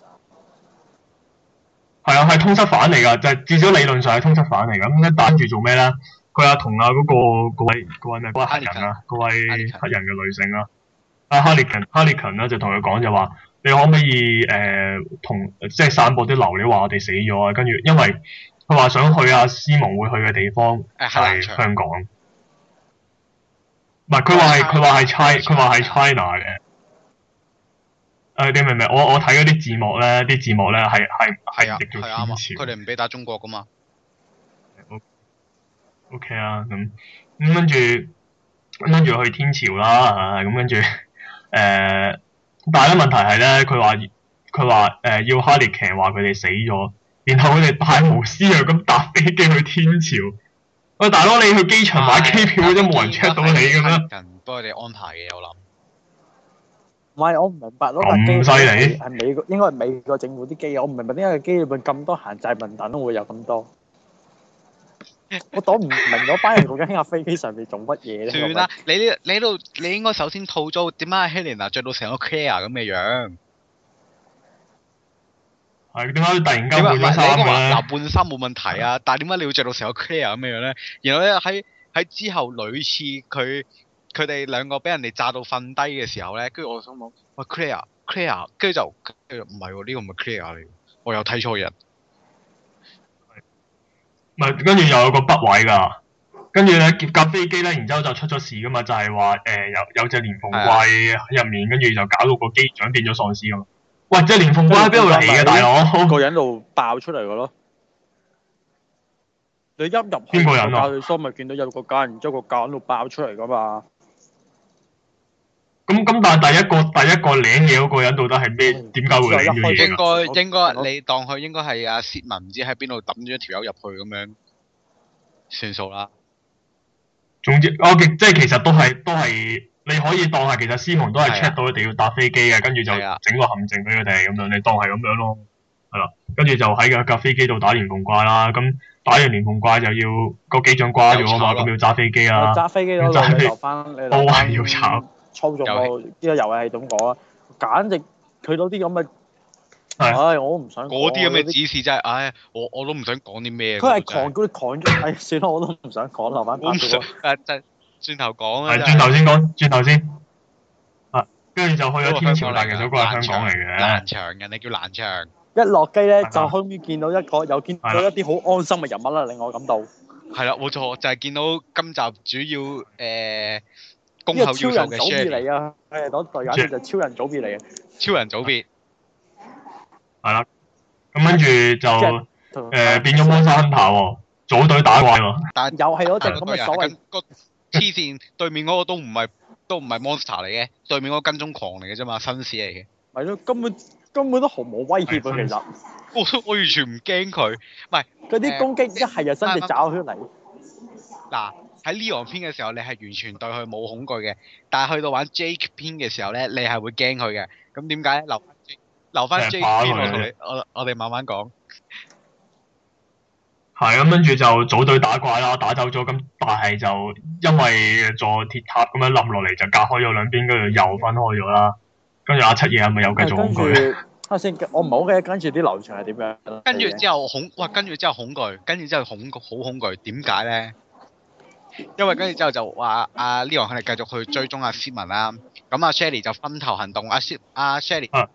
係啊，係通緝犯嚟㗎，就係至少理論上係通緝犯嚟㗎。咁但跟住做咩咧？佢又同啊嗰個嗰位嗰位咩嗰個黑人啊，嗰、啊啊、位黑人嘅女性啊。阿哈利肯，哈利肯咧就同佢講就話，你可唔可以誒同、呃、即係散播啲流言話我哋死咗啊？跟住因為佢話想去阿斯蒙會去嘅地方係香港，唔係，佢話係佢話係 China，佢話係 China 嘅。誒、呃，你明唔明？我我睇嗰啲字幕咧，啲字幕咧係係係直接天朝。佢哋唔俾打中國㗎嘛？O、okay, K 啊，咁咁跟住跟住去天朝啦，咁、啊、跟住。誒、呃，但係咧問題係咧，佢話佢話誒要哈利奇話佢哋死咗，然後佢哋大無視樣咁搭飛機去天朝。喂、哎，大佬，你去機場買機票都冇、啊、人 check 到你㗎咩？人能幫佢哋安排嘅，我諗。唔係，我唔明白咯。咁犀利？係美國應該係美國政府啲機啊！我唔明白點解個機裏邊咁多限制物品都會有咁多。 <laughs> 我躲唔明，咗，班人究竟喺架飛機上面做乜嘢咧？算啦，你，你，你，你呢？你呢度你應該首先套租。點解 Helena 着到成個 Clear 咁嘅樣？係點解突然間半衫咧？嗱，半衫冇問題啊，但係點解你會着到成個 Clear 咁嘅樣咧？然後咧喺喺之後屢次佢佢哋兩個俾人哋炸到瞓低嘅時候咧，跟住我就想講喂 Clear Clear，跟住就唔係呢個唔係 Clear 嚟，我又睇錯人。跟住又有一個北位噶，跟住咧劫架飛機咧，然之後就出咗事噶嘛，就係話誒有有隻連鳳怪喺入面，跟住的就搞到個機長變咗喪屍咯。喂，隻連鳳怪喺邊度嚟嘅大佬？個殼度爆出嚟嘅咯。你一入邊個人啊？你疏咪見到有一個殼，然之後個殼喺度爆出嚟噶嘛？咁咁，但係第一個第一個領嘢嗰個人到底係咩？點解會領呢嘢應該應該你當佢應該係阿薛文唔知喺邊度抌咗條友入去咁樣，算數啦。總之我、哦、即係其實都係都係你可以當係其實司文都係 check 到佢哋要搭飛機嘅，跟住對、啊、就整個陷阱俾佢哋咁樣，你當係咁樣咯。係啦，跟住就喺架架飛機度打連共怪啦。咁打完連共怪就要個機長瓜咗啊嘛，咁要揸飛機啦。揸飛機揸係都係要炒。操作呢個遊戲係點講啊？簡直佢攞啲咁嘅，唉，我唔想講嗰啲咁嘅指示真係，唉，我我都唔想講啲咩。佢係狂嗰啲狂咗，唉，算啦，我都唔想講，留翻講。唔想，真轉頭講啦，係轉頭先講，轉頭先。跟住就去咗天朝，但係都香港嚟嘅，難長人，你叫難長。一落機咧，就可以見到一個又見到一啲好安心嘅人物啦，令我感到。係啦，冇錯，就係見到今集主要呢個超人組別嚟啊！係嗰對眼就超人組別嚟嘅。超人組別。係啦。咁跟住就誒變咗 monster hunter 喎，組隊打怪喎。但又係嗰隻咁嘅所謂、嗰個黐線對面嗰個都唔係都唔係 monster 嚟嘅，對面嗰個，個跟蹤狂嚟嘅啫嘛，紳士嚟嘅。咪咯，根本根本都毫無威脅佢、啊、其實我。我完全唔驚佢，唔係啲攻擊一係就真係爪圈嚟。嗱、啊。啊喺呢行 o 嘅時候，你係完全對佢冇恐懼嘅，但係去到玩 Jake 篇嘅時候咧，你係會驚佢嘅。咁點解咧？留翻 J，留翻 Jake 落嚟。我我哋慢慢講了。係啊， <laughs> 跟住就組隊打怪啦，打走咗。咁但係就因為座鐵塔咁樣冧落嚟，就隔開咗兩邊，跟住又分開咗啦。跟住阿七爺係咪又繼續恐懼？先我唔好嘅，跟住啲流程係點樣？跟住之後恐，哇！跟住之後恐懼，跟住之後恐好恐懼。點解咧？因為跟住之後就話阿 Leo 佢哋繼續去追蹤阿斯文啦，咁阿 Shelly 就分頭行動，阿 Sh 阿 Shelly，啊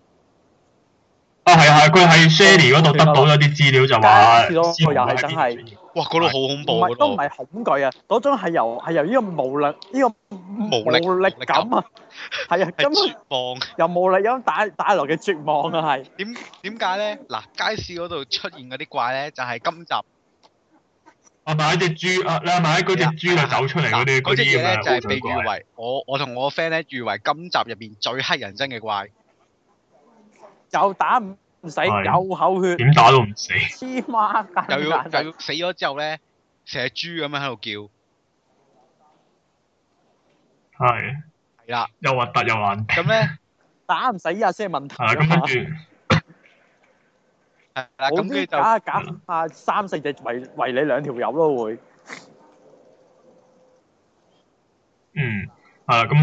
係啊係，佢喺 Shelly 嗰度得到咗啲資料就話，又係真係，哇嗰度好恐怖嗰度，唔係都唔係恐懼啊，嗰種係由係由呢個無力呢個無力感啊，係啊根本又無力因帶帶來嘅絕望啊係，點點解咧？嗱，街市嗰度出現嗰啲怪咧就係今集。我買隻豬，我你買嗰隻豬就走出嚟嗰啲嗰啲咁樣。嗰隻嘢咧就係被譽為我我同我 friend 咧，譽為今集入邊最乞人憎嘅怪。又打唔唔使有口血，點打都唔死。黐孖筋，又要又要死咗之後咧，成隻豬咁樣喺度叫。係。係啦，又核突又爛。咁咧，打唔死啊先係問題。係啊，咁跟住。咁先揀下揀下三四隻圍圍，圍你兩條友咯，會、啊。嗯，係啊，咁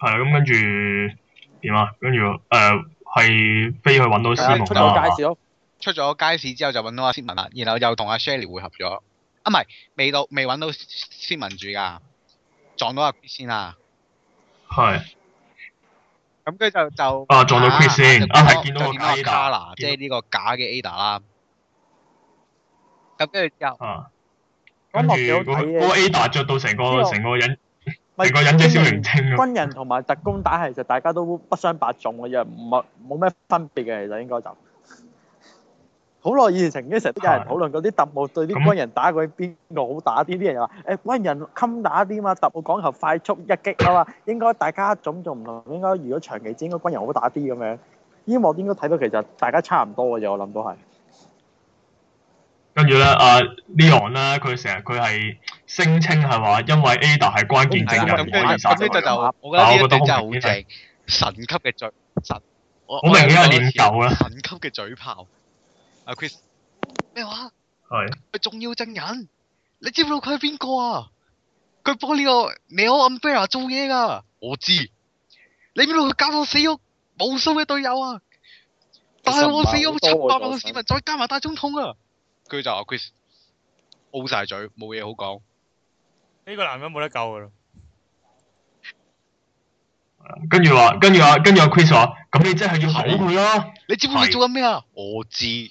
係啊，咁跟住點啊？跟住誒係飛去揾到斯文出咗街市咯，出咗街市之後就揾到阿斯文啦，然後又同阿 Shelly 會合咗。啊，唔、啊、係，未到未揾到斯文住噶，撞到阿先啦。係。咁跟住就就啊撞到 Chris 先，啊，係見到個 Ada，即係呢個假嘅 Ada 啦。咁跟住之後，跟住嗰個 Ada 著到成個成個人，成個人即係小年輕。軍人同埋特工打係其實大家都不相伯仲嘅啫，冇冇咩分別嘅，其實應該就。好耐以前，曾經成日都有人討論嗰啲特務對啲軍人打佢邊個好打啲？啲人又話：誒軍人襟打啲嘛，特務講求快速一擊啊嘛。應該大家種種唔同，應該如果長期戰，應該軍人好打啲咁樣。呢幕應該睇到其實大家差唔多嘅嘢，我諗都係。跟住咧，阿 Leon 咧，佢成日佢係聲稱係話，因為 Ada 係關鍵戰役唔可以殺佢。啊，我覺得好正，神級嘅嘴神，我我明啊，亂鳩啦，神級嘅嘴炮。阿、啊、Chris，咩話、啊？係佢仲要證人，你知唔到佢係邊個啊？佢幫呢個 Neil Ambler 做嘢噶。我知，你邊度搞到死咗無數嘅隊友啊？但係我死咗七百萬個市民，再加埋大總統啊！佢就阿 Chris，烏晒嘴，冇嘢好講。呢個男人冇得救噶啦 <laughs> 跟住話，跟住話，跟住阿 Chris 話：，咁你真係要捅佢啦！你知唔知你做緊咩啊？我知。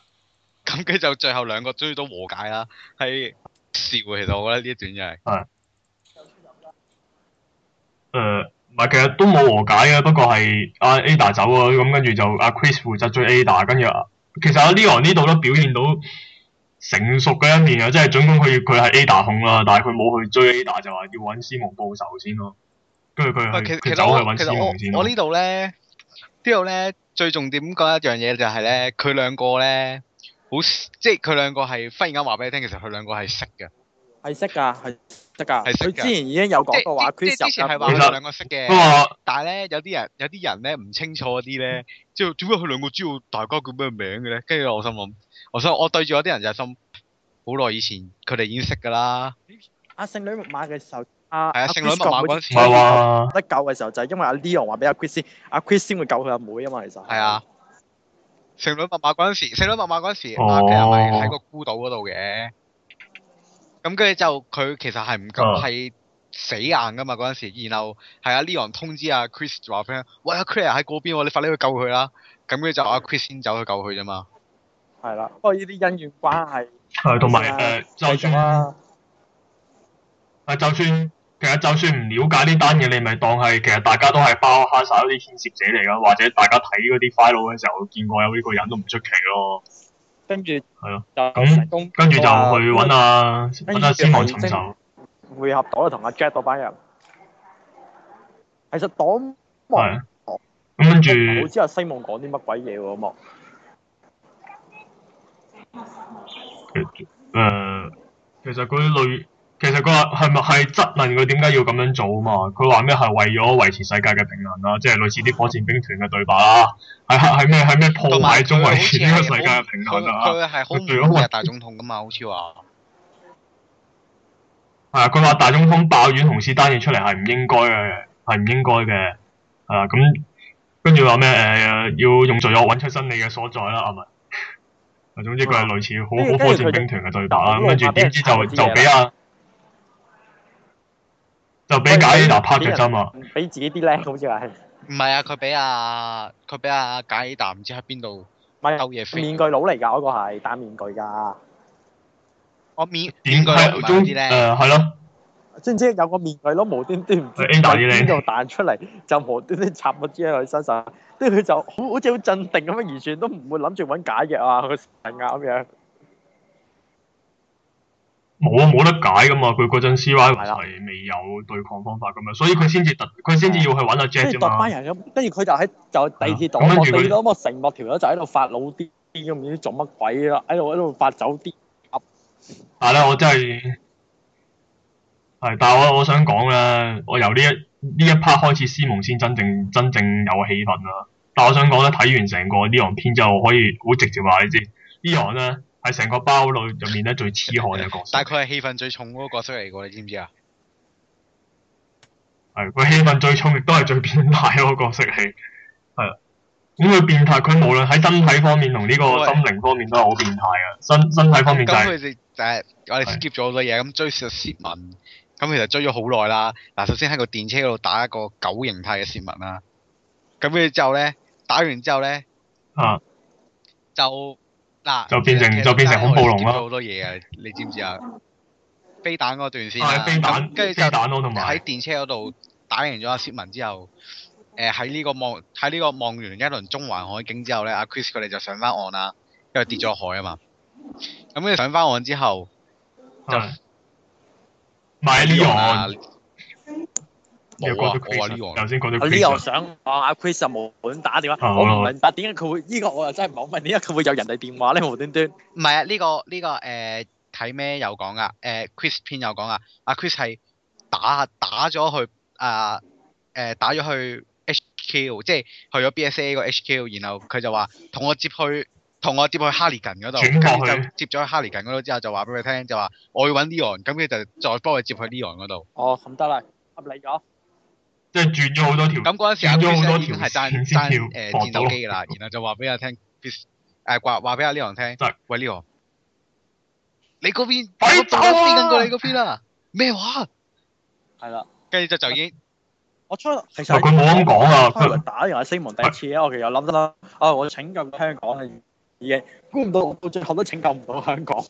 咁佢就最後兩個追到和解啦，係笑其實我覺得呢一段就係誒，唔、呃、係其實都冇和解嘅，不過係阿 Ada 走啊，咁跟住就阿 Chris 負責追 Ada，跟住其實阿、啊、Leon 呢度都表現到成熟嘅一面啊，即係盡管佢佢係 Ada 控啦，但係佢冇去追 Ada 就話要搵斯蒙報仇先咯，跟住佢佢走去搵斯蒙先我我。我這呢度咧，呢度咧最重點嗰一樣嘢就係、是、咧，佢兩個咧。好即係佢兩個係忽然間話俾你聽，其實佢兩個係識嘅，係識㗎，係得㗎，係佢之前已經有講過話即說 Chris，即係之前係話佢兩個識嘅。不過，但係咧有啲人有啲人咧唔清楚啲咧，即係點解佢兩個知道大哥叫咩名嘅咧？跟住我心諗，我心想我對住有啲人就心好耐以前佢哋已經識㗎啦。阿、啊、聖女密麥嘅時候，阿、啊、阿、啊、聖女密碼嗰時，得救嘅時候，時候就係、是、因為阿、啊、Leon 話俾阿、啊、Chris 先，阿 Chris 先會救佢阿妹啊嘛，其實係啊。聖女密碼嗰陣時，聖女密碼嗰陣時，阿 K 係咪喺個孤島嗰度嘅，咁跟住就佢其實係唔夠死硬噶嘛，嗰陣時，然後係阿 Leon 通知阿 Chris 話 friend，喂阿 Claire 喺嗰邊，你快啲去救佢啦，咁跟住就阿 Chris 先走去救佢啫嘛。係啦，不過呢啲姻緣關係，誒，同埋誒，就算啦，誒，就算。其實就算唔了解呢單嘢，你咪當係其實大家都係包黑晒嗰啲牽涉者嚟咯，或者大家睇嗰啲 file 嘅時候，見過有呢個人都唔出奇咯。跟住係咯，咁的跟住就去揾阿揾阿西蒙尋仇，匯合到同阿 Jack 嗰班人。其實黨望，咁跟住我知阿西蒙講啲乜鬼嘢喎，好冇。誒、呃，其實嗰啲女。其實佢話係咪係質問佢點解要咁樣做啊？嘛，佢話咩係為咗維持世界嘅平衡啊？即係類似啲火箭兵團嘅對白啊，係係咩係咩破壞中維持呢個世界嘅平衡啊？佢係好大總統噶嘛？好似話係啊，佢話大總統爆怨同事單嘢出嚟係唔應該嘅，係唔應該嘅，啊咁跟住話咩誒要用罪惡揾出真理嘅所在啦，係咪啊？啊，總之佢係類似好好火箭兵團嘅對白啦，跟住點知就就俾阿。就俾賈里達拍嘅針啊，啊！俾自己啲叻，好似話係。唔係啊，佢俾啊，佢俾阿賈里達唔知喺邊度。唔係偷嘢，面具佬嚟噶，嗰個係，戴面具噶。我面。面具。唔知咧。誒，係咯。即係有個面具咯，無端端喺邊度彈出嚟，就、嗯、無端端插咗啲喺佢身上，跟住佢就好好似好鎮定咁、啊、樣，完全都唔會諗住揾解藥啊！佢啱嘅。冇啊，冇得解噶嘛，佢嗰陣 c y 係未有對抗方法咁樣的所以佢先至突，佢先至要去搵阿 Jack 啫嘛。班人咁，跟住佢就喺就地鐵度落地咁啊，成幕條友就喺度發老癲咁唔知做乜鬼啦，喺度喺度發酒癲係啦，我真係係，但係我我想講咧，我由呢一呢一 part 開始，斯蒙先真正真正有氣氛啦。但係我想講咧，睇完成個呢行片就可以好直接話你知的呢行咧。係成個包裏裏入面咧，最痴漢嘅角色， <laughs> 但係佢係戲份最重嗰個角色嚟嘅，你知唔知啊？係佢戲份最重，亦都係最變態嗰個角色嚟。係咁佢變態，佢無論喺身體方面同呢個心靈方面都係好變態啊。 <laughs> <laughs> 身身體方面就佢、是、 <laughs> 我哋 skip 咗好多嘢，咁追個涉文，咁其實追咗好耐啦。嗱，首先喺個電車嗰度打一個狗形態嘅涉文啦，咁嘅之後咧打完之後咧，啊，就。嗱，就變成就變成恐怖龍啦！好多嘢啊。你知唔知啊？飛彈嗰段時間，啊，飛彈飛彈咯，同埋喺電車嗰度打贏咗阿薛文之後，誒喺呢個望喺呢個望完一輪中環海景之後咧，阿，啊、Chris 佢哋就上翻岸啦，因為跌咗海啊嘛。咁上翻岸之後就買呢個我講、啊、到 Chris，頭先講到 Leon，想話阿、啊、Chris 就冇本打電話，啊這個、我唔明白點解佢會呢個，我又真係唔好問點解佢會有人哋電話咧，無端端。唔係、這個這個呃呃、啊，呢個呢個誒睇咩有講噶，誒 Chris 篇有講啊，阿 Chris 係打打咗去啊誒打咗去 HQ，即係去咗 BSA 個 HQ，然後佢就話同我接去同我接去哈利根嗰度，接咗去哈利根嗰度之後就話俾佢聽，就話我要揾 Leon，咁佢就再幫佢接去 Leon 嗰度。哦，咁得啦，合理咗。即係轉咗好多條，轉咗好多條係單單誒戰鬥機啦，然後就話俾阿聽，誒話，話俾阿 Leon 聽，喂 Leon，你嗰邊，我打先緊過你嗰邊啊，咩話？係啦，跟住就就已經，我出，其實佢冇咁講啊，打贏阿西蒙第一次啊，我其實諗一諗，啊我拯救香港係已經，估唔到我最後都拯救唔到香港，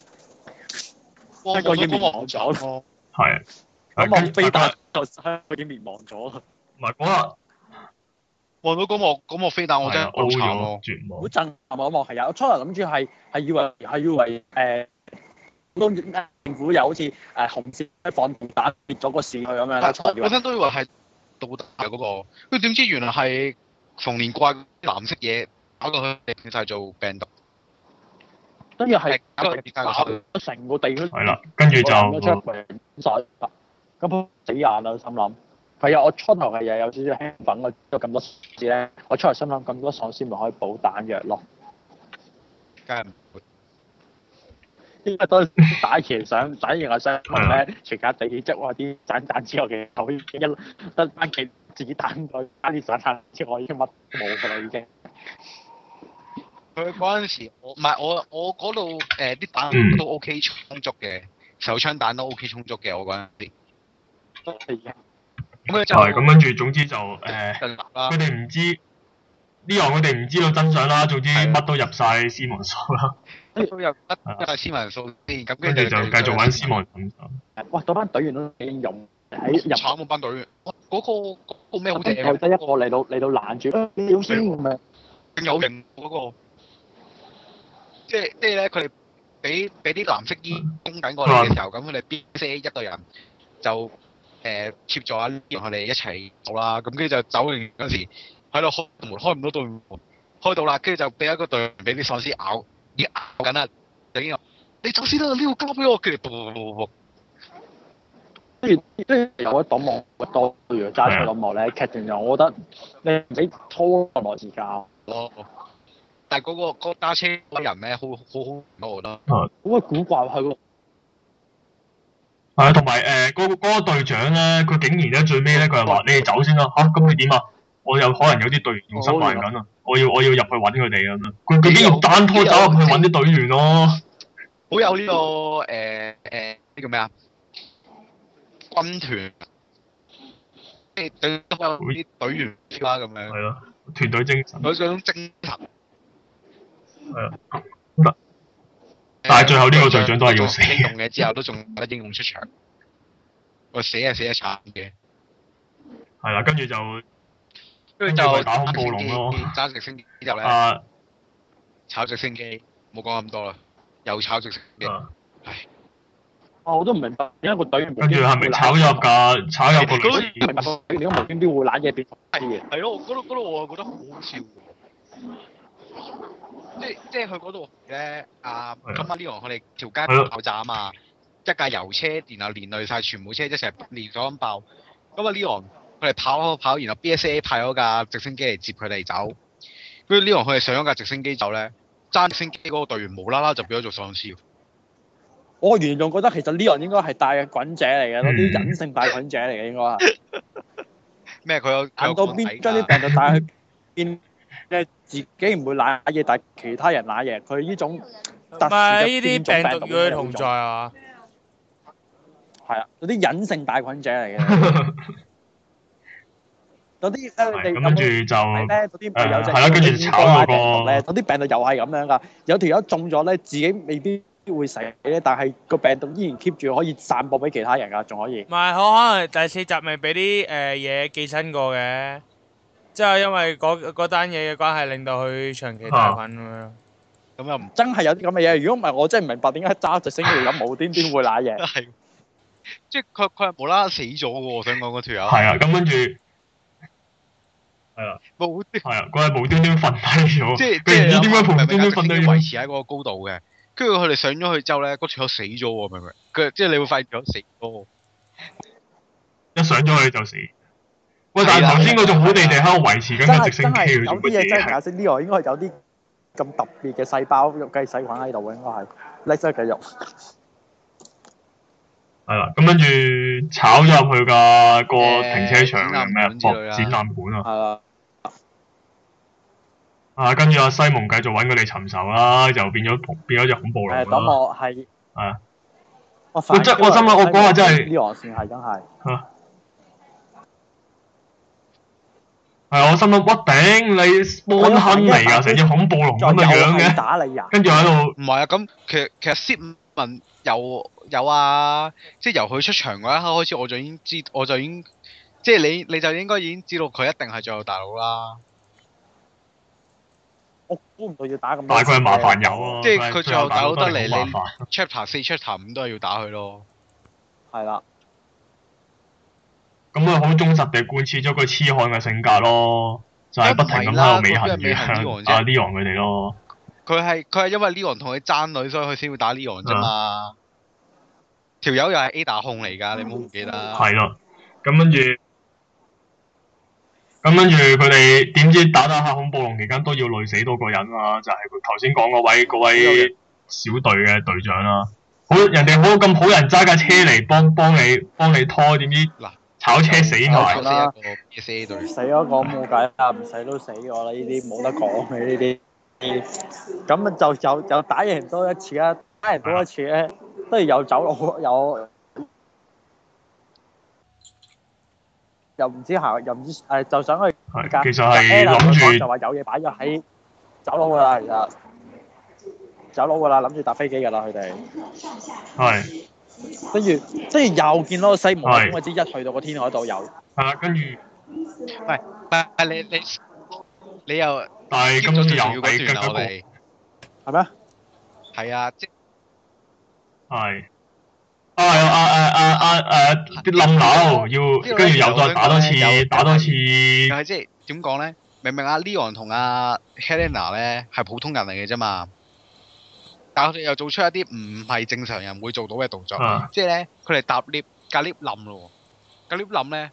不過已經滅亡咗咯，係。咁嗰幕飛彈就已經滅亡咗啦，唔係講啦，望到嗰幕嗰幕飛彈我真係好慘，好、啊、震撼啊！幕係啊，我初頭諗住係係以為係以為誒，都、欸、政府又好似誒、欸、紅色嘅防毒彈滅咗個市去咁樣啦，本身都以為係導彈嗰個，跟住點知原來係逢年怪藍色嘢搞到佢，變、那、晒、個、做病毒、啊，跟住係打到成個地區，係啦，跟住就。咁死眼啊！心諗係啊，我出嚟係有有少少興奮嘅，有咁多喪屍咧，我出嚟心諗咁多喪屍咪可以補彈藥咯。梗係唔會，因為當打完上打完個傷物咧，全家底嘅即係我啲彈彈子有幾多一得翻幾子彈，佢打啲上彈之後已經乜冇㗎啦，已經。佢嗰陣時，我唔係我我嗰度誒啲彈都 OK 充足嘅，手槍彈都 OK 充足嘅，我嗰陣。係咁跟住，總之就誒，佢哋唔知呢行，佢哋唔知道真相啦。總之乜都入晒斯文數啦，跟住都入晒斯文數，咁跟住就繼續玩斯文咁。哇！嗰班隊員都幾勇，入廠嗰班隊員，嗰個嗰個咩好聽？又得一個嚟到嚟到攔住，屌先咁啊！有型嗰個，即係即係咧，佢哋俾俾啲藍色煙攻緊過嚟嘅時候，咁佢哋 B C 一隊人就。誒協助啊！連佢哋一齊好啦，咁跟住就走完嗰時，喺度開門開唔到對門，開到啦，跟住就俾一個隊員俾啲喪屍咬，一咬緊啦，等於你先走先、啊、啦，呢個交俾我，佢嚟噚噋噋跟住有一盞霧，我當如果揸車咁耐咧，劇情就我覺得你唔使拖咁耐時間但係、那、嗰個嗰揸車嗰人咧，好好好，我覺得好鬼古怪喎，係喎。係、呃那個那個，啊，同埋誒，嗰個嗰個隊長咧，佢竟然咧最尾咧，佢係話你哋走先啦吓，咁你點啊？我有可能有啲隊員仲失敗緊啊，我要我要入去揾佢哋咁啊！佢佢竟然單拖走入去揾啲隊員咯，啊，好有呢，這個誒誒呢個咩啊？軍團即係隊都有啲隊員啦咁樣，係咯，團隊精神，有嗰種精神係啊。但係最後呢個隊長都係要死，英嘅之後都仲得英雄出場，我死係死得慘嘅。係啦、啊，跟住就跟住就打恐怖龍囉，揸直升機之後咧，炒直升機，冇講咁多啦，又炒直升機。啊！哎、我都唔明白會會，因為個隊員咪炒入噶，炒入個你都無端端會攋嘢變乜嘢？係咯，嗰度嗰度，我係覺得，我覺得好笑。即即係佢嗰度咧，阿咁阿 Leon 佢哋，條街爆炸啊嘛，一架油車，然後連累晒全部車一成連咗咁爆，咁阿 Leon 佢哋跑跑，然後 BSA 派咗架直升機嚟接佢哋走，跟住 Leon 佢哋上咗架直升機走。後咧，揸直升機嗰個隊員無啦啦就變咗做喪屍。我原嚟仲覺得其實 Leon 應該係帶菌者嚟嘅，嗰啲、嗯、隱性帶菌者嚟嘅應該。咩？佢有行到邊將啲病毒帶去邊、嗯？即係自己唔會攋嘢，但係其他人攋嘢，佢呢種特殊嘅病毒佢同在啊。係啦，有啲隱性帶菌者嚟嘅，有啲誒，咁住就咧，有啲係啦，跟住炒到個咧，嗰啲病毒又係咁樣噶。有條友中咗咧，自己未必會死咧，但係個病毒依然 keep 住可以散播俾其他人噶，仲可以。唔係，好可能第四集咪俾啲誒嘢寄生過嘅。即係因為嗰嗰單嘢嘅關係，令到佢長期大瞓咁樣，咁又唔真係有啲咁嘅嘢。如果唔係，我真係唔明白點解揸直升機咁無端端會瀨嘢。係，即係佢佢係無啦啦死咗嘅喎。我想講嗰條友係啊，咁跟住係啊，冇係啊，佢係無端端瞓低咗。即係即係點解盤盤都維持喺嗰個高度嘅？跟住佢哋上咗去之後咧，嗰條友死咗，明唔明？佢即係你會發現咗死咗，一上咗去就死。喂，但係頭先佢仲好地地喺度維持緊直升機，有啲嘢真係解釋，呢個應該係有啲咁特別嘅細胞肉計細菌喺度啊，應該係叻真係肌肉。係啦，咁跟住炒咗入去噶個停車場咩啊？博展覽館啊。係啦。啊，跟住阿、啊、西蒙繼續搵佢哋尋仇啦，又變咗變咗隻恐怖狼啦。咁我係。係我真我心諗我講啊真係。呢算係真係。係我心諗，我頂你摩亨嚟啊！成隻恐怖龍咁嘅樣嘅，跟住喺度唔係啊。咁其實其實 Stephen 有有啊，即係由佢出場嗰一刻開始我，我就已經知，我就已經即係你你就應該已經知道佢一定係最後大佬啦。我估唔到要打咁多嘢，但麻煩有啊、即係佢最後大佬得嚟，你 Chapter 四、 <laughs> Chapter 五都係要打佢咯，係啦。咁佢好忠實地貫徹咗佢痴漢嘅性格咯，就係、是、不停咁喺度尾行嘅，尾行 Leon 佢哋咯。佢係佢係因為 Leon 同佢爭女，所以佢先會打 Leon 啫嘛。條友又係 Ada 控嚟噶，嗯、你唔好唔記得。係咯，咁跟住，咁跟住佢哋點知打打下恐暴龍期間都要累死多個人啊！就係佢頭先講嗰位嗰位小隊嘅隊長啦。好，人哋好咁好人揸架車嚟幫幫你幫你拖，點知嗱？啊炒車死咗啦！死咗我冇計啦，唔使都死咗啦！呢啲冇得講嘅呢啲。咁啊就就就打贏多一次啦，打贏多一次咧，都係又走佬又又唔知行又唔知誒，就想去。係，其實係諗住就話有嘢擺咗喺走佬噶啦，其實走佬噶啦，諗住搭飛機噶啦，佢哋係。跟住，即係又見到個西門，總之一去到個天台度有。係啊，跟住，喂，啊啊你你你又，但係今次又係跟佢嚟，係咩？係啊，即係，係，啊係啊啊啊啊誒啲冧樓要，跟住又再打多次，打多次。但係即係點講咧？明明阿 Leon 同阿 Helena 咧係普通人嚟嘅啫嘛。但佢哋又做出一啲唔係正常人會做到嘅動作，啊、即係咧，佢哋搭 lift，隔 lift 冧咯，隔 lift 冧咧，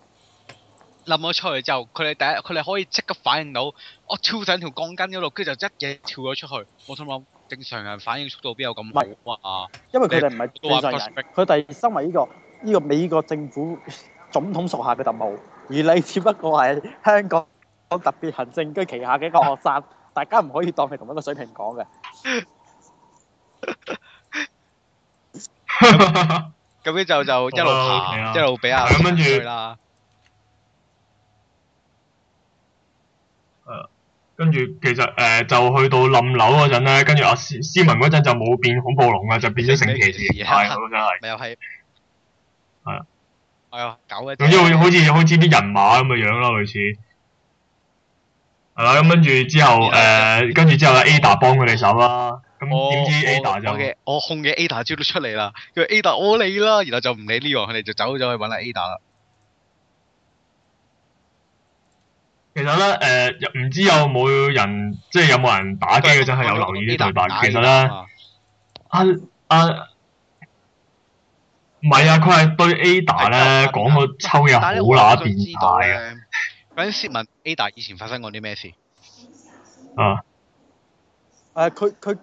冧咗出嚟之後，佢哋第一佢哋可以即刻反應到，我、哦、跳上條鋼筋嗰度，跟住就一嘢跳咗出去。我心諗，正常人反應速度邊有咁快啊？因為佢哋唔係正常人，佢哋身為呢、呢個呢、呢個美國政府總統屬下嘅特務，而你只不過係香港特別行政區旗下嘅一個學生， <laughs> 大家唔可以當佢同一個水平講嘅。咁樣就就一路一路俾阿跟住，啦。跟住其實誒，就去到冧樓嗰陣咧，跟住阿斯文嗰陣就冇變恐怖龍啦，就變咗成騎士派咁樣係。咪又係？係啊，係啊，搞嘅。總之好似好似啲人馬咁嘅樣啦，類似。係啦，咁跟住之後誒，跟住之後阿 Ada 幫佢哋手啦。咁點、哦、知 Ada 就我？我控嘅 Ada 招都出嚟啦，佢話 Ada 我你啦，然後就唔理呢個，佢哋就走咗去搵阿 Ada 啦。其實咧，誒、呃，唔知有冇人，即係有冇人打機嘅真係有留意啲對白。對打其實咧、啊啊，啊，阿唔係啊，佢係對 Ada 咧講到抽又好乸變態啊！咁試 <laughs> 問 Ada 以前發生過啲咩事啊？誒、啊，佢佢。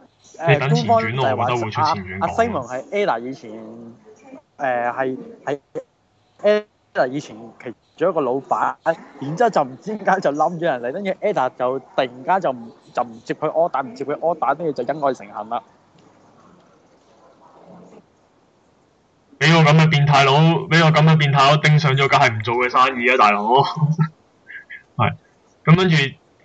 你跟前傳咯，我覺得會出前傳阿、啊啊、西蒙係 Ada、e、以前，誒係係 Ada 以前，其中一個老闆，然之後就唔知點解就冧咗人嚟，跟住 Ada、e、就突然間就唔就唔接佢 order，唔接佢 order，跟住就恩愛成恨啦。俾個咁嘅變態佬，俾個咁嘅變態佬盯上咗，梗係唔做嘅生意啊。大佬。係， <laughs> 咁跟住。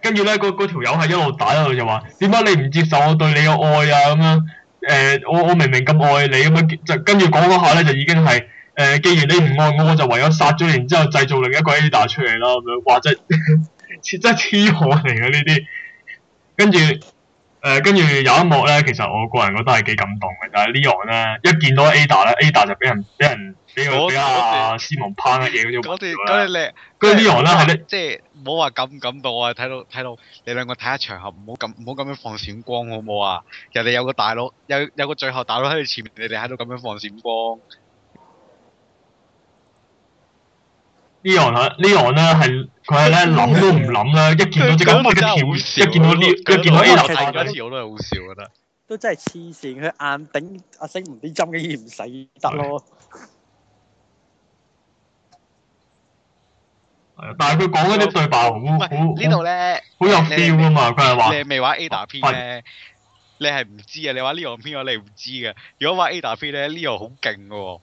跟住咧，嗰條友係一路打一路就話：點解你唔接受我對你嘅愛啊？咁樣、呃、我我明明咁愛你咁樣，就跟住講嗰下咧，就已經係誒、呃，既然你唔愛我，我就唯有殺咗你，然之後製造另一個 Ada 出嚟啦咁樣。哇！真係痴真係痴漢嚟嘅呢啲。跟住誒，跟住、呃、有一幕咧，其實我個人覺得係幾感動嘅，但係 Leon 咧，一見到 Ada 咧，Ada 就俾人俾人。我阿斯蒙攀乜嘢嗰啲，嗰啲嗰啲叻，嗰呢行 e o 即係唔好話感唔感動啊！睇到睇到你兩個睇下場合，唔好咁唔好咁樣放閃光好唔好啊？人哋有個大佬，有有個最後大佬喺你前面，你哋喺度咁樣放閃光。呢 e o 咧係佢係咧諗都唔諗啦，一見到只一條，一見到呢，佢見到呢條發，我都係好笑噶啦，都真係黐線，佢硬頂阿星唔啲針，竟然唔使得咯。但係佢講嗰啲對白好，呢度咧好有 feel 噶嘛？佢係話你未還玩 Ada p 咧？是你係唔知啊？你玩呢樣片話你唔知嘅。如果玩 Ada p 咧，呢樣好勁噶喎。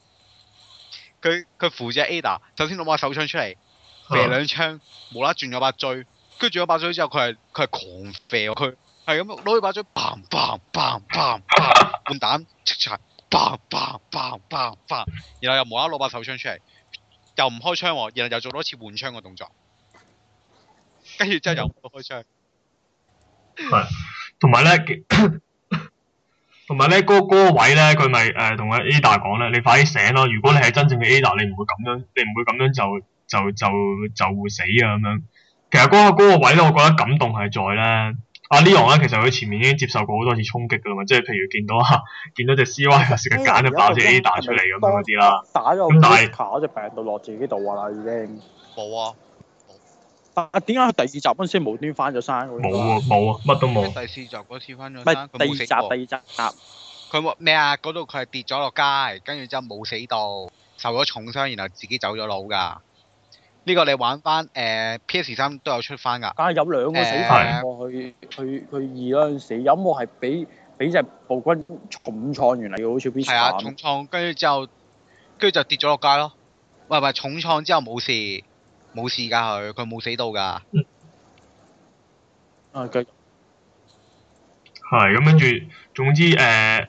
佢佢扶住 Ada，首先攞把手槍出嚟射兩槍，無啦轉咗把狙。跟住轉咗把狙之後他是，佢係佢係狂射，佢係咁攞起把狙，棒棒棒棒棒，換彈，check check bang bang bang bang bang 然後又無啦攞把 <music> 手槍出嚟。又唔開槍，然後又做多次換槍嘅動作，跟住之後又唔開槍。係， <laughs> <laughs> 同埋咧，同埋咧，嗰嗰個位咧，佢咪誒同阿 Ada 講咧，你快啲醒咯！如果你係真正嘅 Ada，你唔會咁樣，你唔會咁樣就就就就會死啊咁樣。其實嗰個嗰個位咧，我覺得感動係在咧。阿 Leon 咧，其實佢前面已經接受過好多次衝擊噶啦嘛，即係譬如見到啊，見到隻 C Y 啊，成日揀隻爆隻 a 打出嚟咁嗰啲啦。打咗咁大，打咗隻病到落自己度啦，已經。冇啊。冇。但點解佢第二集嗰時無端翻咗山？冇啊冇啊，乜都冇。第四集嗰次翻咗山，佢冇死過。第二集第二集集，佢冇咩啊？嗰度佢係跌咗落街，跟住之後冇死到，受咗重傷，然後自己走咗佬㗎。呢個你玩翻、呃、PS3 都有出翻㗎。梗係有兩個、呃、死牌喎、啊，去去去二嗰陣時，有冇係俾俾隻暴君重創？原來好似 B。係啊，重創跟住之後，跟住就跌咗落街咯。喂、哎、喂，重創之後冇事，冇事㗎佢，佢冇死到㗎、嗯。啊，繼續係咁跟住，總之誒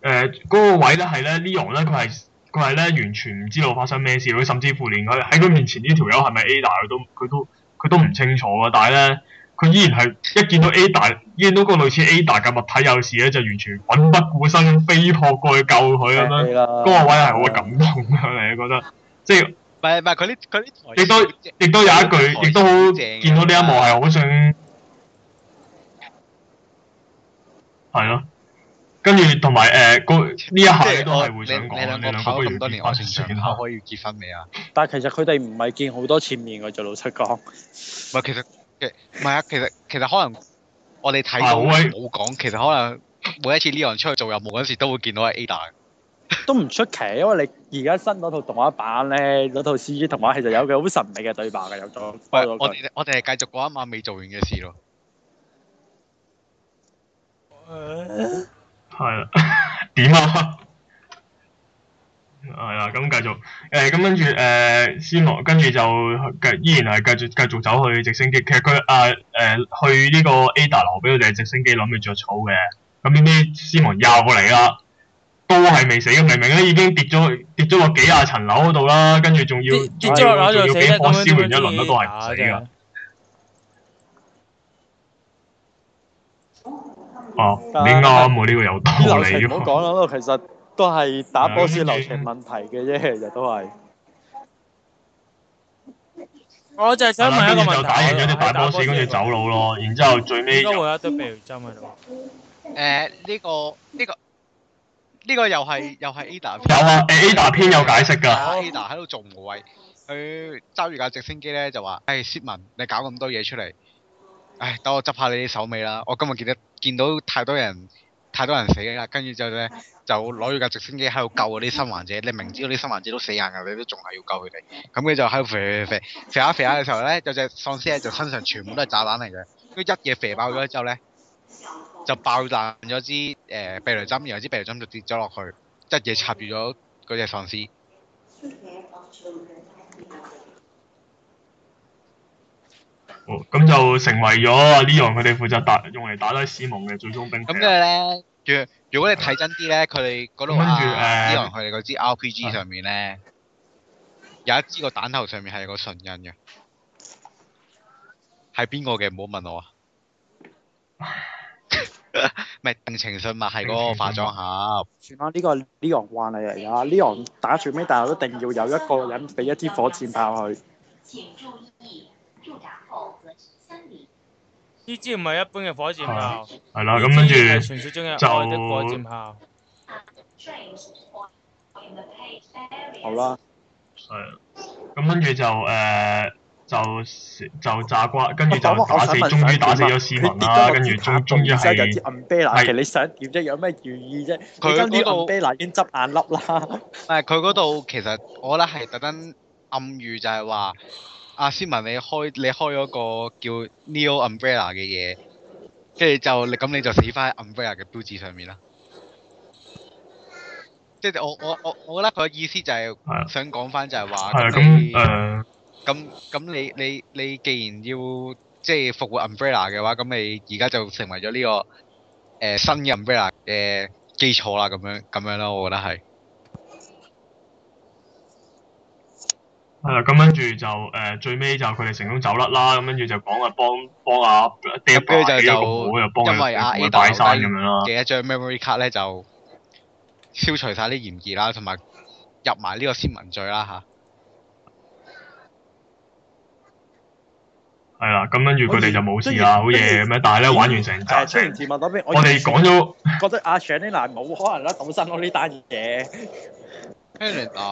誒嗰個位咧係咧 Leon 咧佢係。因為咧，完全唔知道發生咩事，佢甚至乎連佢喺佢面前呢條友係咪 Ada，佢都佢都佢都唔清楚啊！但係咧，佢依然係一見到 Ada，見到 Ada，見到個類似 Ada 嘅物體有事咧，就完全奮不顧身咁飛撲過去救佢咁、嗯、樣。嗰、嗯、個位係好感動嘅，嗯、 <laughs> 你覺得，即係佢啲佢啲亦都亦都有一句，亦都好、啊、見到呢一幕係好想係咯。是跟住同埋誒呢一刻都係會想講，你兩個咁多年花錢時間，你我想我可以結婚未啊？ <laughs> 但係其實佢哋唔係見好多次面嘅，做老七講。唔係其實，唔係啊，其實其實可能我哋睇到冇講， <laughs> 其實可能每一次呢個出去做任務嗰時，都會見到阿 Ada。 <laughs> 都唔出奇，因為你而家新嗰套動畫版咧，嗰套 CG 動畫其實有個好神祕嘅對白嘅，有咗。我我哋係繼續嗰一晚未做完嘅事咯。 <laughs> 係啦，點啊？係啊，咁繼續，誒、欸，咁跟住，誒、欸，先王跟住就繼，依然係繼續，繼續走去直升機，其實佢啊，誒、欸，去呢個 Ada 樓，俾佢哋直升機諗住着草嘅，咁呢啲先王又嚟啦，都係未死的，明明咧已經跌咗跌咗個幾廿層樓嗰度啦，跟住仲要仲要仲要俾火燒完一輪都係唔死噶。啊 okay. 哦，你啱冇呢個又拖理。嘅。唔好講啦，其實都係打 boss 流程問題嘅啫，亦實都係是。我就係想問一個問題。啊、就打贏咗你打 boss 跟住走佬咯。然之後最尾，應該會有一堆鏢針喺度。誒、啊，呢、這個呢、這個呢、這個又係又係 Ada、啊。有啊，Ada 篇有解釋噶。Ada 喺度做無謂，佢揸住架直升機咧就話，誒、哎、Simon 你搞咁多嘢出嚟。唉，等我執下你啲手尾啦！我今日見得見到太多人太多人死啦，跟住之後咧就攞住架直升機喺度救嗰啲生還者，你明知嗰啲生還者都死硬嘅，你都仲係要救佢哋。咁佢就喺度飛飛飛，飛下飛下嘅時候咧，有隻喪屍咧就身上全部都係炸彈嚟嘅，跟住一嘢飛爆咗之後咧，就爆炸咗支誒避雷針，然後支避雷針就跌咗落去，一嘢插住咗嗰隻喪屍。咁就成為咗呢樣，佢哋負責打，用嚟打低屍夢嘅最終兵器。咁跟住咧？如果你睇真啲咧，佢哋嗰度跟住，呢樣佢哋嗰支 RPG 上面咧，有一支個彈頭上面係有個唇印嘅，係邊個嘅？唔好問我。唔係定情信物係嗰個化妝盒。算啦，呢個呢樣慣例嚟噶，呢樣打最尾，但係一定要有一個人俾一支火箭炮去。呢支唔係一般嘅火箭炮，呢支係傳說中嘅火箭炮。好啦、啊，係，咁跟住就誒，就就，、呃、就，就炸瓜，跟住就打死，終於打死咗士兵啦。跟住仲重要係有支暗啤，其實你想點啫？有咩寓意啫？佢嗰度已經執眼粒啦。唔係佢嗰度，其實我覺得係特登暗喻就係話。阿、啊、斯文，你開你開嗰個叫 Neo Umbrella 嘅嘢，跟住就咁你就死翻喺 Umbrella 嘅標誌上面啦。即、就、係、是、我我我我覺得佢嘅意思就係、是、的想講翻就係話，咁咁咁你、嗯、你你，你既然要即係復活 Umbrella 嘅話，咁你而家就成為咗呢、這個誒、呃、新 Umbrella 嘅基礎啦，咁樣咁樣咯，我覺得係。係啦，咁跟住就誒、呃，最尾就佢哋成功走甩啦。咁跟住就講幫幫幫阿就 Dapper 阿哥又幫佢哋擺山咁樣啦。幾一張 memory 卡咧，就消除晒啲嫌疑啦，同埋入埋呢個新文罪啦吓。係啦、嗯，咁跟住佢哋就冇事啦好嘢咁樣。但係咧，玩完成就集，呃、我哋講咗覺得阿 Shirley 娜冇可能啦，咁新咯呢單嘢，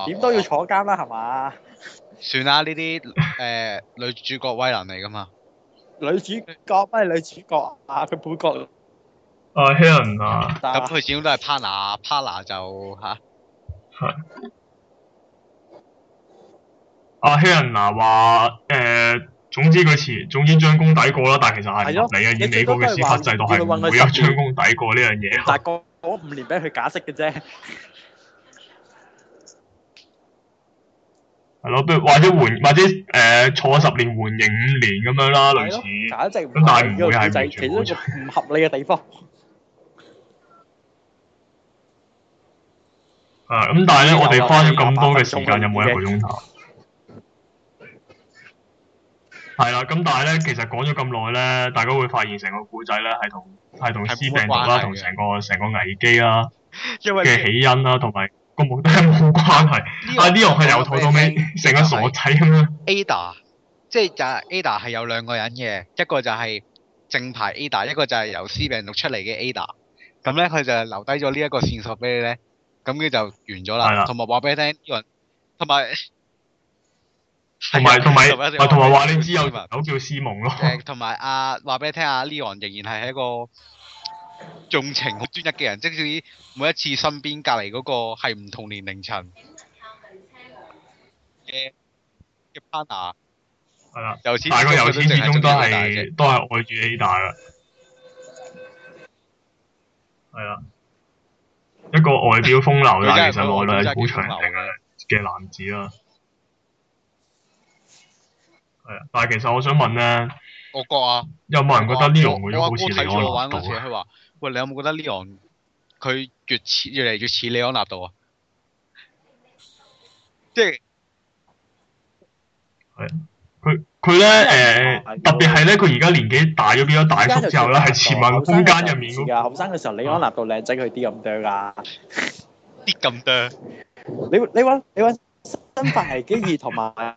點都要坐監啦，係嘛？算啦，呢啲誒女主角、威能嚟噶嘛？女主角咩女，女主角啊？佢本角阿希倫啊，咁佢始終都係帕娜帕娜就吓係。阿希倫話：誒，總之佢遲，總之將功抵過啦。但係其實係唔嚟啊，哦、以美國嘅司法制度係唔會有將功抵過呢樣嘢。但係嗰五年俾佢假釋嘅啫。係咯，如或者換或者誒、呃、坐十年緩刑五年咁樣啦，類似。咁但係唔會係完全唔合理嘅地方。咁、 <laughs> 嗯、但係咧，我哋花咗咁多嘅時間，有冇一個鐘頭？係啦， <laughs> 咁但係咧，其實講咗咁耐咧，大家會發現成個古仔咧係同係同絲病毒啦，同成個成個危機啦、啊、嘅 <laughs> 為起因啦、啊，同埋。個冇都冇關係，阿 Leon 係由頭到尾成個傻仔咁樣。Ada 即係就 Ada 係有兩個人嘅，一個就係正牌 Ada，一個就係由 C 病毒出嚟嘅 Ada。咁咧佢就留低咗呢一個線索俾你咧，咁佢就完咗啦。同埋話俾你聽，Leon 同埋係咪同埋同埋話你知有狗叫 Simon 咯。同埋阿話俾你聽，阿 Leon 仍然係喺一個。重情好專一嘅人，即使每一次身邊隔籬嗰個係唔同年齡層嘅嘅 partner，係啦，但係佢由始至終都係都係愛住 Ada 㗎，係啊，一個外表風流但係 <laughs> 的其實內裏係好長情嘅男子啊，係啊，但係其實我想問咧。我覺啊，有冇人覺得呢樣嘢好似李安喎？我阿哥睇住我玩嗰時，佢話：喂，你有冇覺得呢樣佢越似越嚟越似李安納度啊？即係係佢佢咧誒，特別係咧，佢而家年紀大咗，變咗大叔之後咧，係潛埋個空間入面㗎。後生嘅時候，李安納度靚仔，佢啲咁多㗎，啲咁多。你你你揾新新發係幾熱同埋？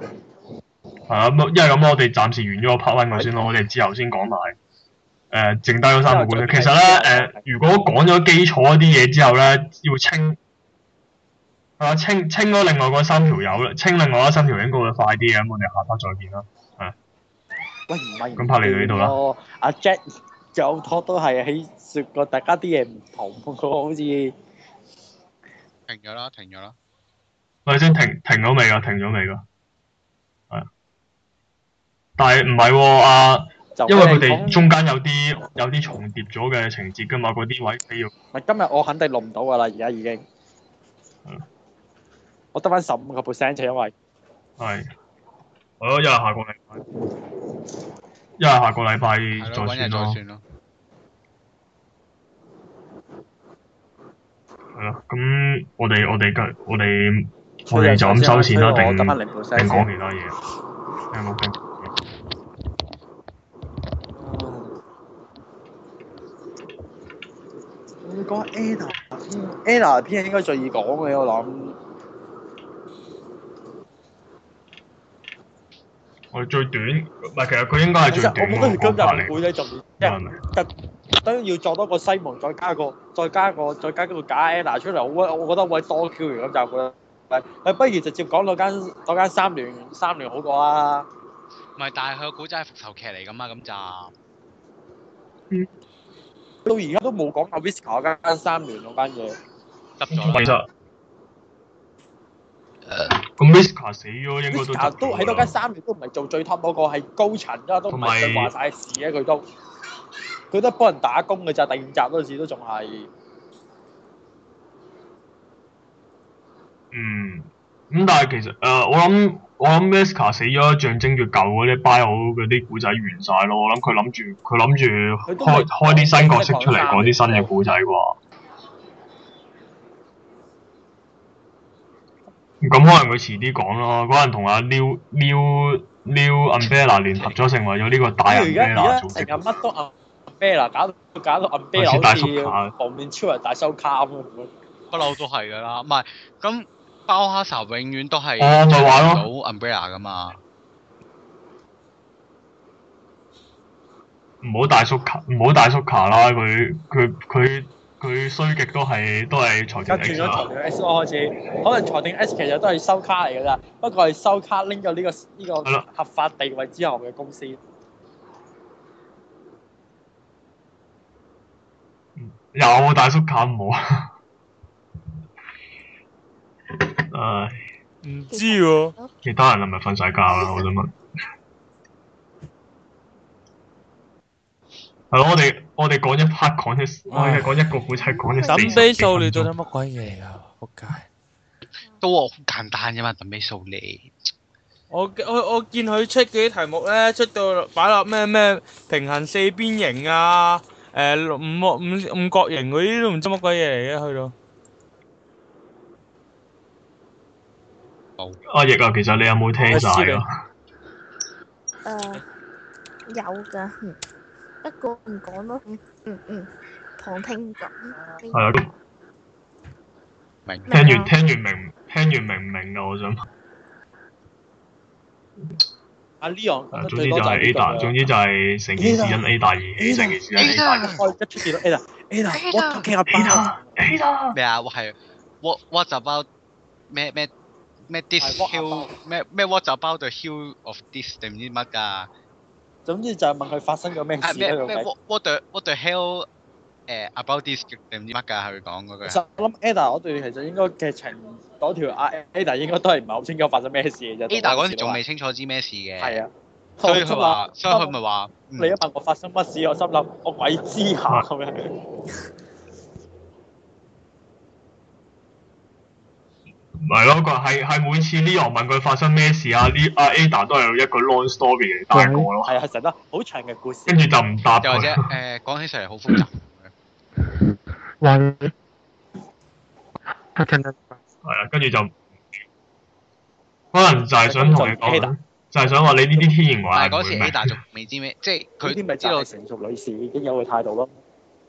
係啊，因為咁我哋暫時了拍完咗個 part one 佢先咯，我哋之後先講埋誒，剩低咗三個故事。其實咧，誒、呃，如果講咗基礎一啲嘢之後咧，要清係啊，清清咗另外嗰三條友啦，清另外嗰三條應該會快啲。咁我哋下 part 再見啦，係。喂、嗯，唔、嗯、係。咁、嗯嗯、拍嚟到呢度啦。阿 Jack 有托都係喺說個，大家啲嘢唔同，不過好似停咗啦，停咗啦。喂，先停，停咗未噶？停咗未噶？但係唔係喎，阿、啊，因為佢哋中間有啲有啲重疊咗嘅情節噶嘛，嗰啲位你要、啊。唔係今日我肯定錄唔到噶啦，而家已經。嗯。我得返十五個 percent，就因為。係。我一係下個禮拜，一係下個禮拜再算咯。係咯，一係再算咯。係啦，咁我哋我哋今我哋所以我哋就咁收錢啦，定定講其他嘢。聽唔聽？講 Ada，Ada 篇應該最易講嘅，我諗。我最短，唔係，其實佢應該係最短。其實我冇乜，今集古仔就短，一等，等要作多個西蒙，再加個，再加個，再加個假 Ada 出嚟，我我覺得會多 Q 完咁集。唔係，你不如直接講到間，到間三聯，三聯好過啊。唔係，但係佢個古仔係復仇劇嚟噶嘛，咁就。嗯。到而家都冇講阿 Visca 嗰間三聯嗰間嘢，得咗。誒，個 Visca 死咗應該都。Visca 都喺度間三聯都唔係做最 top 嗰個，係高層啦，都唔係話晒事嘅佢都，佢都幫人打工嘅咋，第五集嗰陣時都仲係。嗯。咁、嗯、但係其實誒、呃，我諗我諗 Mesca 死咗，象徵住舊嗰啲 Bio 好嗰啲古仔完晒咯。我諗佢諗住佢諗住開開啲新角色出嚟講啲新嘅古仔啩。咁、嗯、可能佢遲啲講咯。嗰陣同阿 New New New Umbrella 聯合咗，成為咗呢個大人 Umbrella 組織。乜都 Umbrella 搞到搞到 Umbrella 大收卡，幪面超人大收卡的是的不嬲都係噶啦，唔係咁。包哈薩永遠都係用到 umbrella 噶嘛，唔好、哦、大叔卡，唔好大叔卡啦！佢佢佢佢衰極都係都係財政 S。而家開始可能財政 S 其實都係收卡嚟噶咋，不過係收卡拎咗呢個呢、呢個合法地位之後嘅公司。了有大叔卡唔好？唉，唔知喎。其他人係咪瞓晒覺啊？我想問。係咯，我哋我哋講一 part 講一，我哋講一個主題講一。等比數列做啲乜鬼嘢啊？仆街，都好簡單啫嘛。等比數列，我我我見佢出嗰啲題目咧，出到擺落咩咩平行四邊形啊，誒五五五角形嗰啲都唔知乜鬼嘢嚟嘅，去到。阿易啊，其實你有冇聽晒啊？誒，uh, 有噶，不過唔講咯，嗯嗯，旁聽咁。係啊，聽完聽完明，明，聽完明唔明啊？我想。阿 Leon，啊、總之就係 Ada，ada 總之就係成件事因 Ada 而起，成件事因 Ada Ada 我我係 What 咩咩？咩 this hill 咩咩 what, about, what about the hill of this？定唔知乜㗎？總之就係問佢發生咗咩事咩、uh, what, what the what the hell？誒、uh, about this 定唔知乜㗎？佢講嗰句。我諗 Ada 我對其實應該劇情嗰條 Ada 應該都係唔係好清楚發生咩事嘅。Ada 嗰陣仲未清楚知咩事嘅。係啊所、嗯所，所以佢話，所以佢咪話，你一問我發生乜事，我心諗我鬼知下咁樣。 <laughs> 唔係咯，佢係係每次 Leon 問佢發生咩事啊，呢阿 Ada 都係有一個 long story 嚟答我咯。係啊，其實啊，好長嘅故事。跟住就唔答又或者誒，講起上嚟好複雜。係啊，跟住就可能就係想同你講，就係、是、想話你呢啲天然話。但嗰時 Ada 仲未知咩，即係佢啲咪知道成熟女士已經有個態度咯。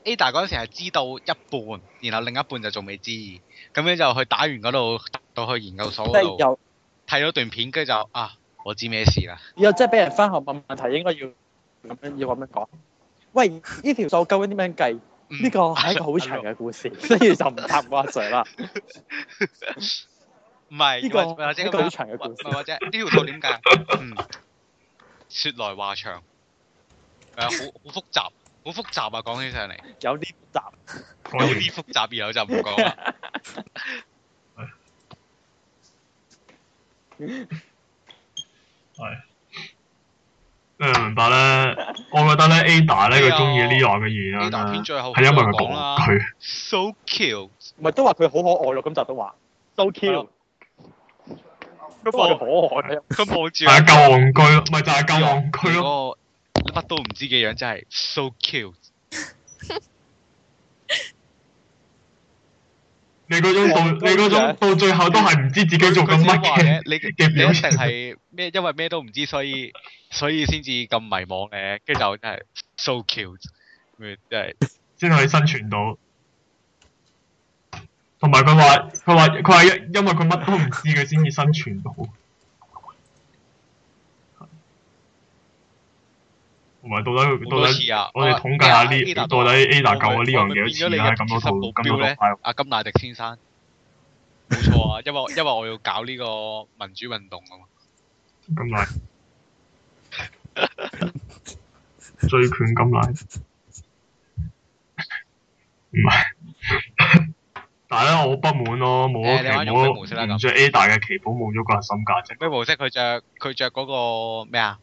Ada 嗰時係知道一半，然後另一半就仲未知，咁樣就去打完嗰度。到去研究所嗰度，睇咗段片，跟住就啊，我知咩事啦！又即係俾人返學，問問題，應該要咁樣要咁樣講。喂，呢條數究竟點樣計？呢個係一個好長嘅故事，所以就唔答我阿仔啦。唔係呢個或者一個好長嘅故事，或者呢條數點解？嗯，說來話長，誒，好好複雜，好複雜啊！講起上嚟有啲複雜，有啲複雜，然後就唔講係、 <laughs> 哎，你明唔明白咧？我覺得咧 Ada 咧佢中意 Leon 嘅原因係因為佢講佢 s, 話 S, o So cute，唔係 <laughs> 都話佢好可愛咯。今集都話 so cute，都話 <laughs> 可愛的。咁望住係舊憨居咯，咪就係舊憨居咯。乜都唔知嘅樣真係 so cute。 <laughs> 你嗰種到你種到最後都係唔知自己做緊乜嘢，你一定係咩？因為咩都唔知，所以所以先至咁迷茫嘅。跟住、so、就真係 so cute，即係先可以生存到。同埋佢話佢話佢係因為佢乜都唔知，佢先至生存到。同埋到底到底我哋統計下呢到底 Ada 救咗呢樣嘢先啊！咁多套咁多咧？阿金乃迪先生，冇錯啊！因為因為我要搞呢個民主運動啊嘛。金乃，醉拳金乃，唔係，但係咧，我好不滿咯，冇我唔着 Ada 嘅旗袍，冇咗個人生價值。咩模式？佢着佢着嗰個咩啊？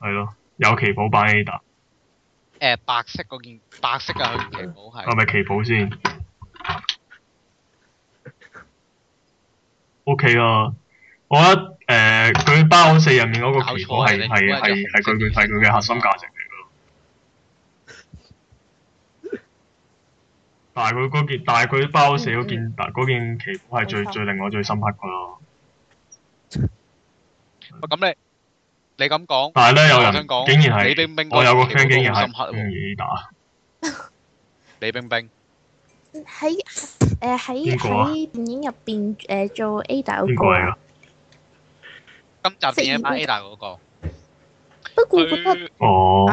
係咯。有旗袍版 A 打，打，誒、呃、白色嗰件白色嘅旗袍係，係咪旗袍先？O K 啊，我覺得誒，佢、呃、包嗰四入面嗰個旗袍係係係係佢係佢嘅核心價值嚟咯。 <laughs> 但係佢嗰件，但係佢包嗰四嗰件是，嗰件旗袍係最最令我最深刻噶咯。啊咁、哦、你？你咁講，但係咧有人想講竟然係李冰冰嗰個，李冰冰印象深刻啊！李冰冰喺誒喺喺電影入邊誒做 Ada 嗰個，今集電影版 Ada 嗰個。不過覺得哦，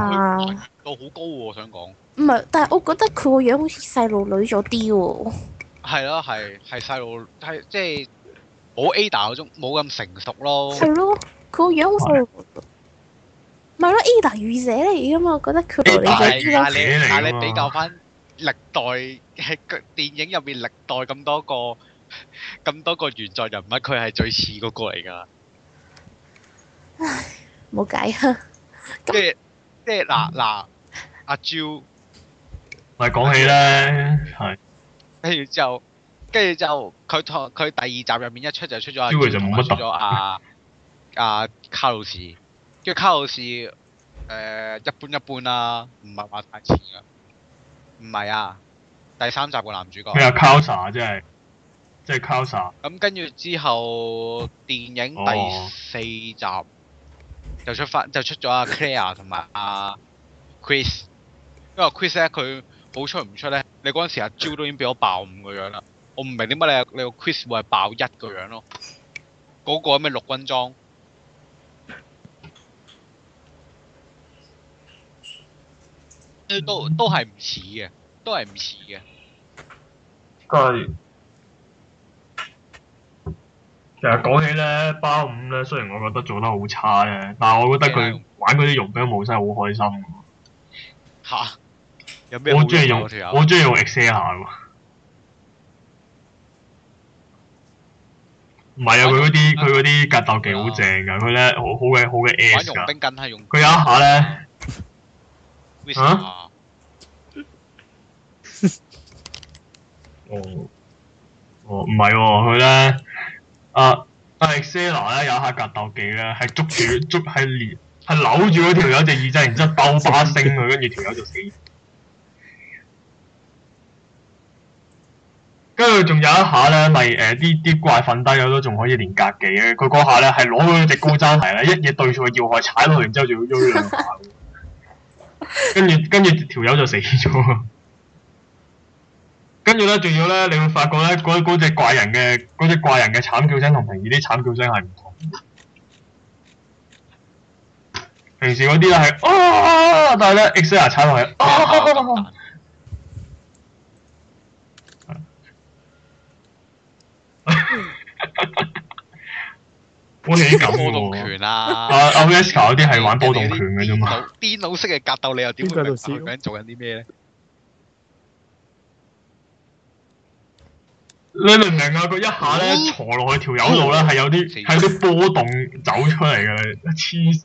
個好高喎，我想講唔係，但係我覺得佢個樣好似細路女咗啲喎。係咯，係係細路，係即係我 Ada 嗰種冇咁成熟咯。係咯。佢個樣好細，咪咯？伊達御姐嚟噶嘛？我覺得佢、啊、你係伊達御姐你比較翻歷代喺電影入面歷代咁多個咁多個原作人物，佢係最似嗰個嚟㗎。唉，冇計、嗯、啊！即係即係嗱嗱阿蕉，咪講起咧，係跟住就跟住就佢同佢第二集入面一出就出咗阿蕉、啊。啊，卡路士，跟住卡路士，誒、呃，一般一般啦、啊，唔係話太似差。唔係啊，第三集個男主角咩啊？Cousa 真係，即係 Cousa。咁跟住之後，電影第四集、oh. 就出翻，就出咗阿、啊、Clara 同、啊、埋阿 Chris 因為 Chris 咧，佢好出唔出咧？你嗰陣時阿、啊、Jo 都已經俾我爆五個樣啦，我唔明點解你你個 Chris 會係爆一樣、那個樣咯？嗰個咩陸軍裝？都都係唔似嘅，都係唔似嘅。佢，其實講起咧，包五咧，雖然我覺得做得好差咧，但係我覺得佢玩嗰啲傭兵模式係好開心。吓？我中意用我中意用 exia 喎。唔係啊！佢嗰啲佢嗰啲格鬥技好正噶，佢咧好好嘅好嘅 a s 噶佢有一下咧。吓、啊？啊哦，哦，唔係喎，佢咧，阿阿 exela 咧有一下格鬥技咧，係捉住捉，係連係扭住嗰條友隻耳仔，然之後爆花聲啊，跟住條友就死。跟住仲有一下咧，咪誒啲啲怪瞓低咗都仲可以連格技嘅，佢嗰下咧係攞咗隻高踭鞋咧 <laughs> 一嘢對住佢要害踩落去，然之後就喐咗兩下，跟住跟住條友就死咗。跟住咧，仲要咧，你會發覺咧，嗰嗰隻怪人嘅嗰隻怪人嘅慘叫聲同平時啲慘叫聲係唔同。平時嗰啲咧係哦，但係咧，Xena 踩落去。我哋咁嘅喎。波動拳啦。阿阿 Vasco 嗰啲係玩波動拳嘅啫嘛。顛佬式嘅格鬥，你又點解佢佢喺做緊啲咩咧？你明唔明啊？佢一下咧坐落去條友度咧，係有啲係有啲波動走出嚟嘅，黐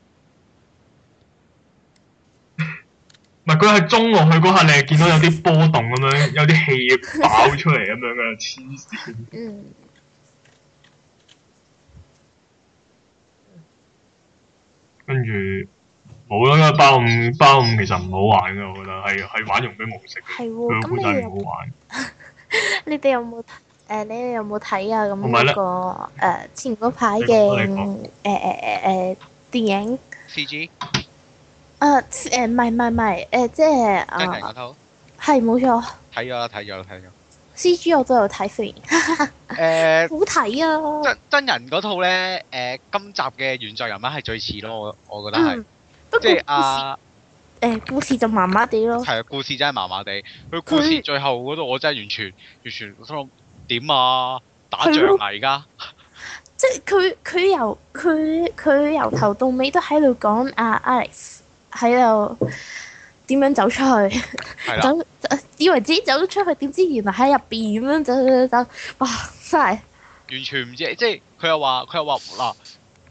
唔係佢係中落去嗰下，你係見到有啲波動咁樣，有啲氣爆出嚟咁樣嘅，黐線。跟住、 <laughs> 嗯，冇啦，因為包五包五，其實唔好玩嘅，我覺得係係玩傭兵模式，係喎、哦，咁你又冇玩？ <laughs> 你哋有冇誒、啊，你哋有冇睇啊？咁、嗯、嗰、那個誒、啊，前嗰排嘅誒誒誒誒電影。C G。誒誒，唔係唔係唔係，誒即係啊。阿頭。係冇錯。睇咗啦，睇咗啦，睇咗。C G 我都有睇誒，好睇啊！真人嗰套咧，誒、啊，今集嘅原作人物係最似咯，我我覺得係、嗯。不過。誒、啊，故事就麻麻地咯。係啊，故事真係麻麻地。佢故事最後嗰度，我真係完全他完全點啊！打仗啊而家，即係佢佢由佢佢由頭到尾都喺度講啊 Alex 喺度點樣走出去，係啦走以為自己走咗出去，點知原來喺入邊咁樣走走走，哇！真係完全唔知，即係佢又話佢又話嗱，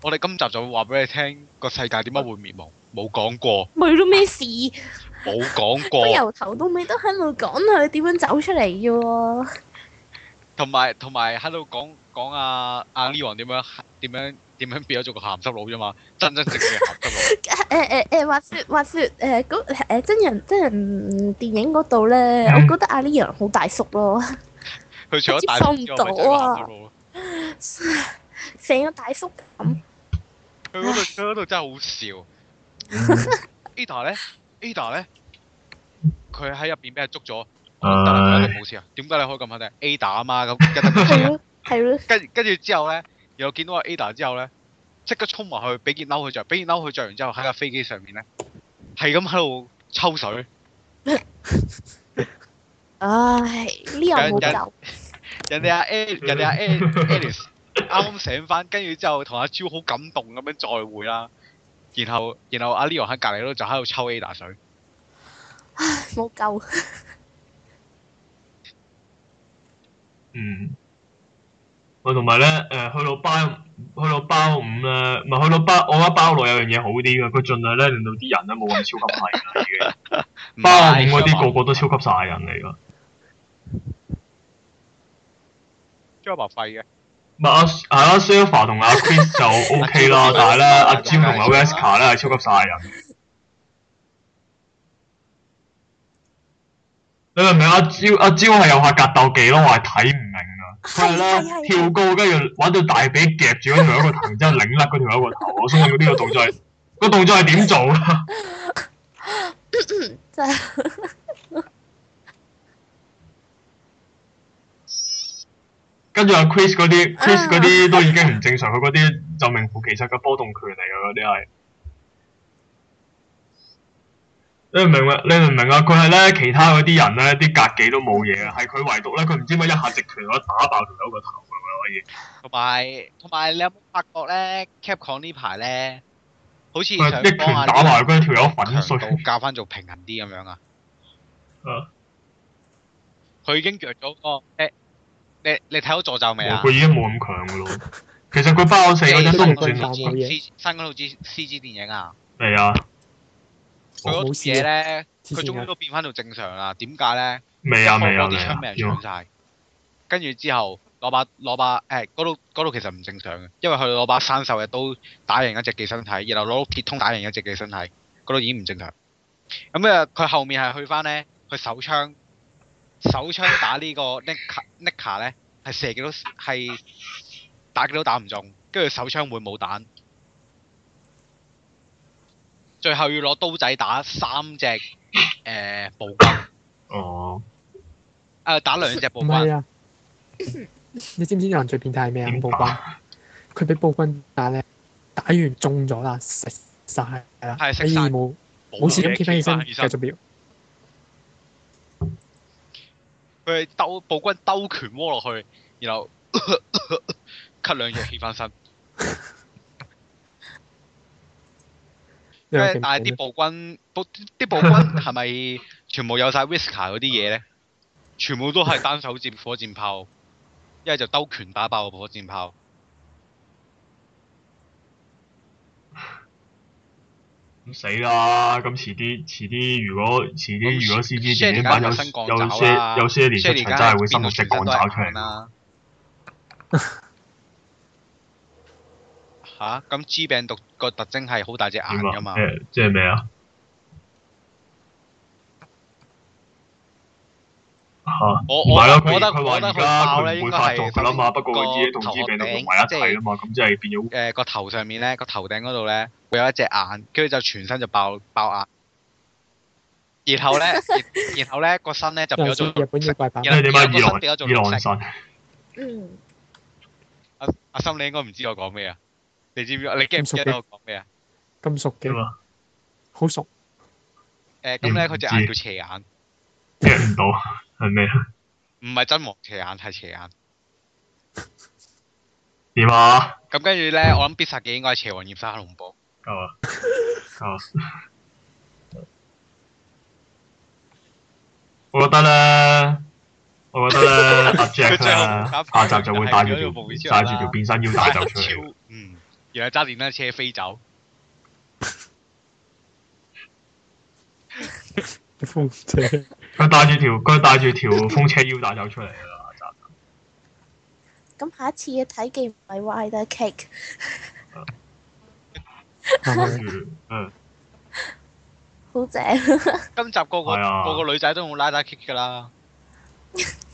我哋今集就會話俾你聽個世界點解會滅亡，冇講過，冇都咩事，冇講、啊、過，由頭到尾都喺度講佢點樣走出嚟嘅、啊。同埋同埋喺度講講啊，裡說說阿 Li 王點樣點樣點樣變咗做個鹹濕佬啫嘛，真真正正鹹濕佬。誒誒誒話說話說誒，誒、欸、真人真人電影嗰度咧， <laughs> 我覺得阿 l o n 好大叔咯。佢除咗大叔嘅，我捉唔到啊！成 <laughs> 個大叔咁。佢嗰度佢度真係好笑。 <laughs> Ada 咧 Ada 咧，佢喺入邊俾人捉咗。誒，冇事啊？點解你可以咁肯定 Ada 啊嘛，咁係咯，係咯。跟跟住之後咧，又見到阿 Ada 之後咧，即刻衝埋去俾件褸佢着，俾件褸佢着完之後喺架飛機上面咧，係咁喺度抽水。唉、哎，呢個冇救。人哋阿 Alice，人哋阿 Alice 啱啱醒翻，跟住之後同阿超好感動咁樣再會啦。然後然後阿 Leon 喺隔籬度就喺度抽 Ada 水。唉，冇救。嗯，我同埋咧，誒、呃、去到包去到包五咧，唔係去到包，我覺得包內有樣嘢好啲嘅，佢盡量咧令到啲人咧冇咁超級廢啦，已經包五嗰啲個個都超級晒人嚟㗎。Sopha 嘅，唔係阿係啦，Sopha 同阿 Chris 就 OK 啦， <laughs> 但係咧阿 Jo 同阿 Vesca 咧係超級晒人的。你明唔明阿蕉，阿蕉係有下格鬥技咯，我係睇唔明㗎！係啦，是是是是跳高，跟住玩到大髀夾住咗條一個頭，然 <laughs> 之後擰甩嗰條一個頭。我想問呢個動作，個動作係點做啊？ <laughs> <laughs> <laughs> 跟住阿 Chris 嗰啲，Chris 嗰啲都已經唔正常，佢嗰啲就名副其實嘅波動拳嚟噶嗰啲係。你明唔明？啊？你明唔明啊？佢係咧，其他嗰啲人咧，啲格技都冇嘢啊。係佢唯獨咧，佢唔知乜一下直拳攞打爆條友個頭咁樣可以。同埋同埋，有你有冇發覺咧？Capcom 呢排咧，好似想幫打埋嗰條友粉碎，教翻做平衡啲咁樣啊？佢、啊、已經弱咗個誒、哦，你你睇到助咒未啊？佢、哦、已經冇咁強噶咯。其實佢包養四 A 都唔算新公路戰獅 CG 電影啊。係啊。佢嗰啲嘢咧，佢終於都變翻到正常啦。點解咧？未啊，未啊，啲槍俾人搶晒。跟住之後攞把攞把誒嗰度，嗰度其實唔正常嘅，因為佢攞把生鏽嘅刀打贏一隻寄生體，然後攞到鐵通打贏一隻寄生體，嗰度已經唔正常。咁誒，佢後面係去翻咧，佢手槍手槍打呢個 nika nikka 咧，係射幾多係打幾多打唔中，跟住手槍會冇彈。最後要攞刀仔打三隻誒暴君哦，誒、呃噢啊、打兩隻暴君，你知唔知有人最變態係咩啊？麼暴君，佢俾暴君打咧，打完中咗啦，食晒啦，所以冇，好笑咁起翻起身，繼續佢係兜暴君兜拳窩落去，然後 <laughs> 咳兩藥起翻身。 <laughs> 但係啲暴君，暴啲暴君係咪全部有晒 Visca 嗰啲嘢咧？全部都係單手接火箭炮，一係就兜拳打爆個火箭炮。咁死啦！咁遲啲，遲啲，如果遲啲，如果 C G 電影版有有些有些年長真係會生出隻鋼爪出嚟。吓、啊？咁 G 病毒？個特徵係好大隻眼噶嘛？誒，即係咩啊？嚇！我我覺得佢話而家佢佢發作，我諗啊，不過以嘢同支病毒同埋一齊啊嘛，咁即係變咗。誒，個頭上面咧，個頭頂嗰度咧，會有一隻眼，跟住就全身就爆爆眼。然後咧，然後咧，個身咧就變咗做日本妖怪，然後個身變咗做二郎神。嗯。阿阿心，你應該唔知我講咩啊？你知唔知啊？你記唔記得我講咩啊？咁熟嘅，好熟。誒，咁咧佢隻眼叫斜眼。驚唔到，係咩？唔係真王斜眼，係斜眼。點啊？咁跟住咧，我諗必殺嘅應該係邪王葉沙龍波。夠。夠。我覺得咧，我覺得咧，阿 Jack 啦，下集就會帶住條帶住條變身腰帶走出嚟。嗯。原來揸電單車飛走， <laughs> 風車佢帶住條佢帶住條風車腰帶走出嚟啦，咁下一次嘅睇戲唔係 Y，但係 cake，嗯，好正，啊，今集個個個，哎，呀 個女仔都用拉拉 kick 噶啦。 <laughs>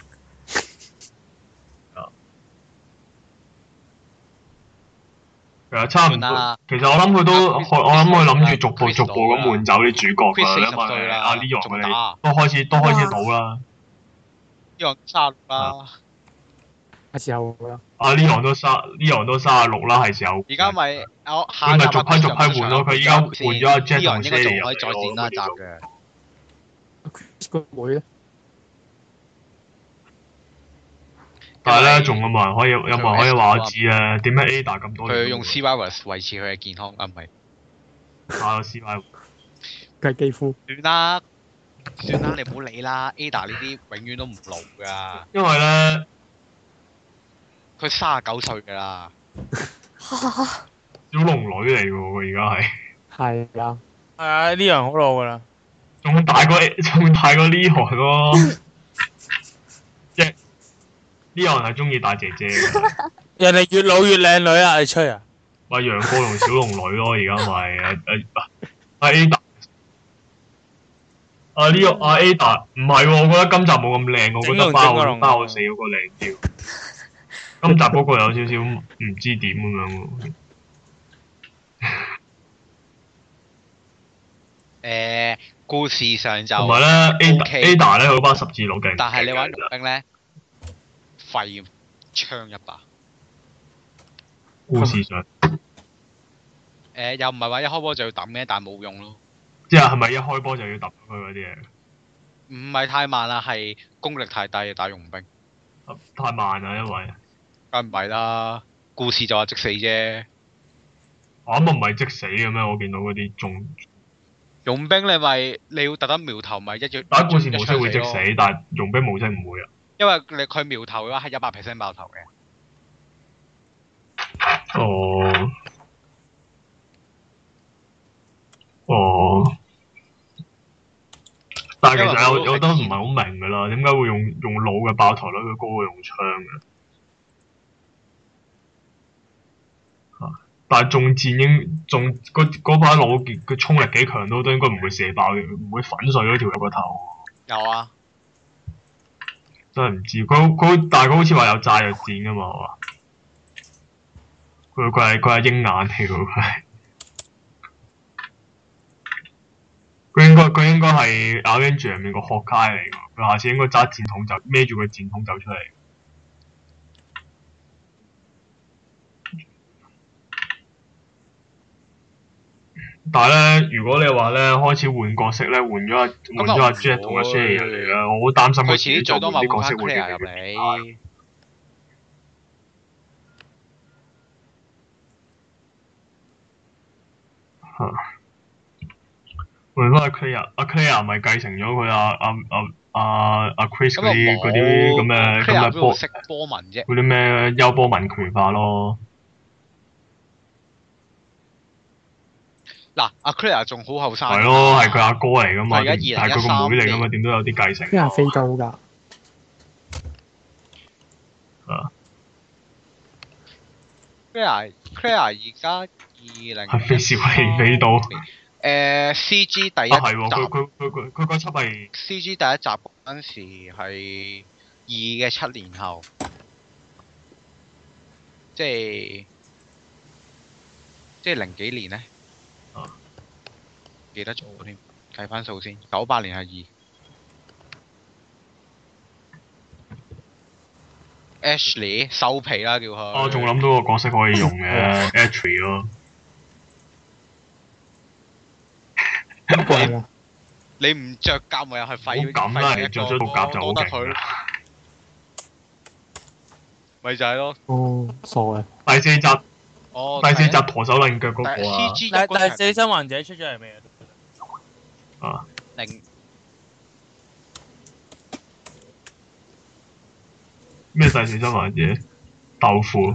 係啊，差唔多。其實我諗佢都，我諗佢諗住逐步逐步咁換走啲主角噶，了因為阿 Leon 佢都開始打都開始到啦。Leon 卅六啦，係時候。阿 Leon 都三 Leon 都卅六啦，係時候。而家咪我下咪逐批逐批換咯，佢依家換咗阿 Jack。Leon 呢個仲可以再剪一集嘅，會啊！係啦，仲有冇人可以為有冇人可以話我知啊？點解 Ada 咁多？佢用 C-Virus 維持佢嘅健康啊，唔係打個 C-Virus 計肌膚？算啦，算啦，你唔好理啦。Ada 呢啲永遠都唔老噶。因為咧，佢三啊九歲噶啦，小龍女嚟噶喎，而家係，係啊，係啊，呢樣好老噶啦，仲大過仲大過 Leon 咯。啲人係中意大姐姐嘅，人哋越老越靚女啊！你吹啊？話楊過同小龍女咯，而家咪阿阿阿啊，呢、啊啊啊這個阿 Ada 唔係？我覺得今集冇咁靚，整整我覺得包我包死咗個靚調。 <laughs> 今集嗰個有少少唔知點咁樣。誒、嗯，有故事上就同埋咧 Ada Ada 咧，佢包十字弩勁。但係你玩龍兵咧？廢嘅，槍一把。故事上，誒、欸，又唔係話一開波就要揼嘅，但係冇用咯。即係係咪一開波就要揼佢嗰啲嘢？唔係太慢啦，係功力太低打傭兵、呃。太慢啦，因為。梗唔係啦，故事就話即死啫、啊。我諗唔係即死嘅咩？我見到嗰啲中傭兵你，你咪你要特登瞄頭咪一樣打故事模式會即死，但係傭兵模式唔會啊。因為你佢苗頭嘅話係一百 percent 爆頭嘅。哦。哦。但係其實我我都唔係好明噶啦，點解會用用弩嘅爆頭率嘅高過用槍嘅、啊？但係中箭鷹中嗰把弩嘅衝力幾強都都應該唔會射爆嘅，唔會粉碎咗條個頭。有啊。真係唔知，佢好佢好，但係佢好似話有炸藥箭噶嘛，佢佢係佢係鷹眼嚟噶，佢佢應該佢應該係 Avenger 入面個學街嚟噶，佢下次應該揸箭筒就孭住個箭筒走出嚟。但係咧，如果你話咧開始換角色咧，換咗阿換咗阿 Jack 同阿 share 嚟嘅，我好擔心佢自己做多啲角色換入嚟。嚇！換翻阿 Claire 阿 Claire 咪繼承咗佢阿阿阿阿阿 Chris 嗰啲嗰啲咁嘅咁嘅波波紋啫，嗰啲咩優波紋拳法咯。嗱，阿 Clear 仲好後生，係咯，係佢阿哥嚟噶嘛，但係佢個妹嚟噶嘛，點都有啲繼承。呢係非洲噶。啊。Clear，Clear 而家二零，係非洲定非洲？誒，CG 第一集係喎，佢佢佢佢佢嗰輯係。CG 第一集嗰陣時係二嘅七年後，即係即係零幾年咧。記得做添，計翻數先。九八年係二。Ashley 收皮啦，叫佢。我仲諗到個角色可以用嘅 Ashley 咯。你唔着夾咪又係廢咗？唔好啦，你着咗套夾就勁。咪就係咯。哦，錯嘅。第四集。哦。第四集陀手擰腳嗰個啊。第四身患者出咗係咩？啊！定咩第四集買嘢？豆腐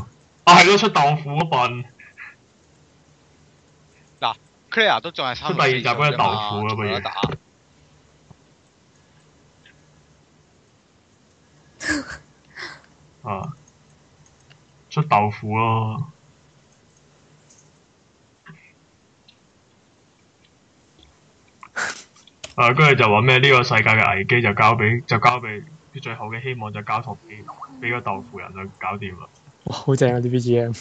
啊，係咯，出豆腐嗰份嗱，clear 都仲係出第二集嗰個豆腐咯，咪而、啊、不如打啊！出豆腐咯～誒，跟住就話咩呢個世界嘅危機就交俾就交俾最好嘅希望就交託俾俾個豆腐人就搞掂啦！哇，好正啊啲 BGM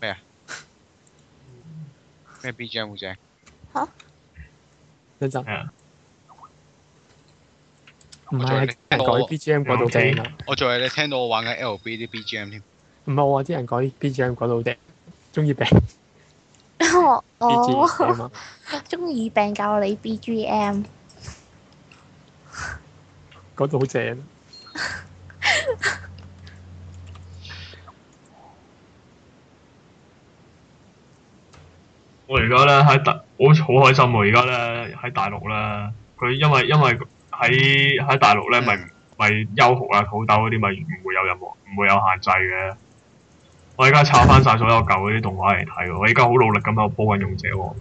咩啊？咩 BGM 好正？吓、啊，真真唔係啲人改 BGM 改到正，我仲係 B GM 你聽到我玩緊 LB 啲 BGM 添。唔係我話啲人改 BGM 改到正，中意病。我中意病教你 BGM，嗰度好正。我而家咧喺大，好好開心喎，啊！而家咧喺大陸咧，佢因為因為喺喺大陸咧，咪咪優酷啊、土豆嗰啲咪唔會有任何唔會有限制嘅。我而家查翻晒所有舊嗰啲動畫嚟睇，我而家好努力咁喺度播緊勇者王。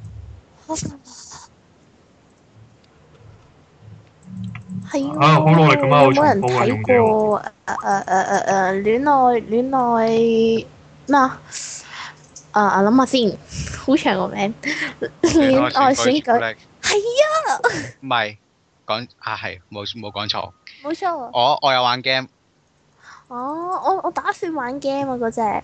係啊，好努力咁啊，好長，冇人睇過誒誒誒誒誒誒，戀愛戀愛咩啊？誒，我諗下先，好長個名。戀愛選舉，係啊。唔係講啊，係冇冇講錯。冇錯。我我有玩 game。哦，我我打算玩 game 啊，嗰隻。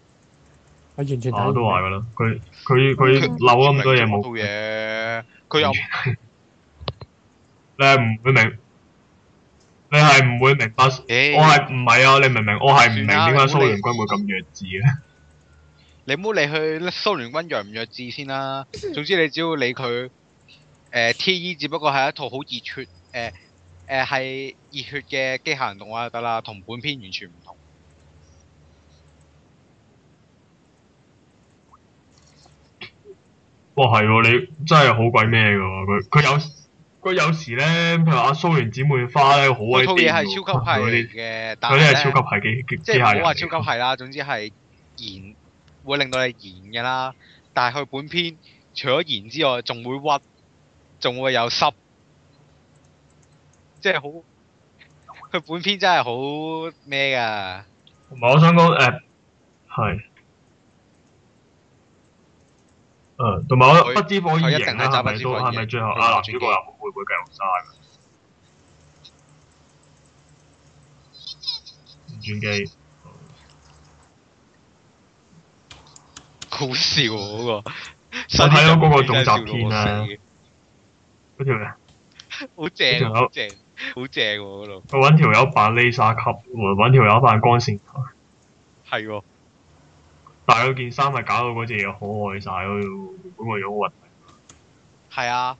我、啊、都話噶啦，佢佢佢漏咗咁多嘢，冇嘢，佢又 <laughs> 你係唔會明，你係唔會明白，明白欸、我係唔係啊？你明唔明？我係唔明點解蘇聯軍會咁弱智啊？你唔好理佢蘇聯軍弱唔弱智先啦、啊。總之你只要理佢，誒、呃、T.E. 只不過係一套好熱血，誒誒係熱血嘅機械人動畫就得啦，同本篇完全。哦係，你真係好鬼咩噶。佢佢有佢有時咧，譬如阿蘇聯姊妹花咧，好鬼癲。嗰套嘢係超級系嘅，但係咧係超級系幾極之即係我話超級系啦，總之係燃，會令到你燃嘅啦。但係佢本片除咗燃之外，仲會屈，仲會有濕，即係好。佢本片真係好咩噶？同埋我想講誒，係、呃。係嗯，同埋我不知火唔可以贏咧？係咪到係咪最後阿男主角又會唔會繼續嘥唔轉機，好笑嗰個，我睇到嗰個總集片咧，嗰條好正，仲正，好正嗰我搵條友扮 laser 吸，我搵條友扮光線，係戴嗰件衫，咪搞到嗰隻嘢可愛晒咯，嗰個樣好核突。係啊，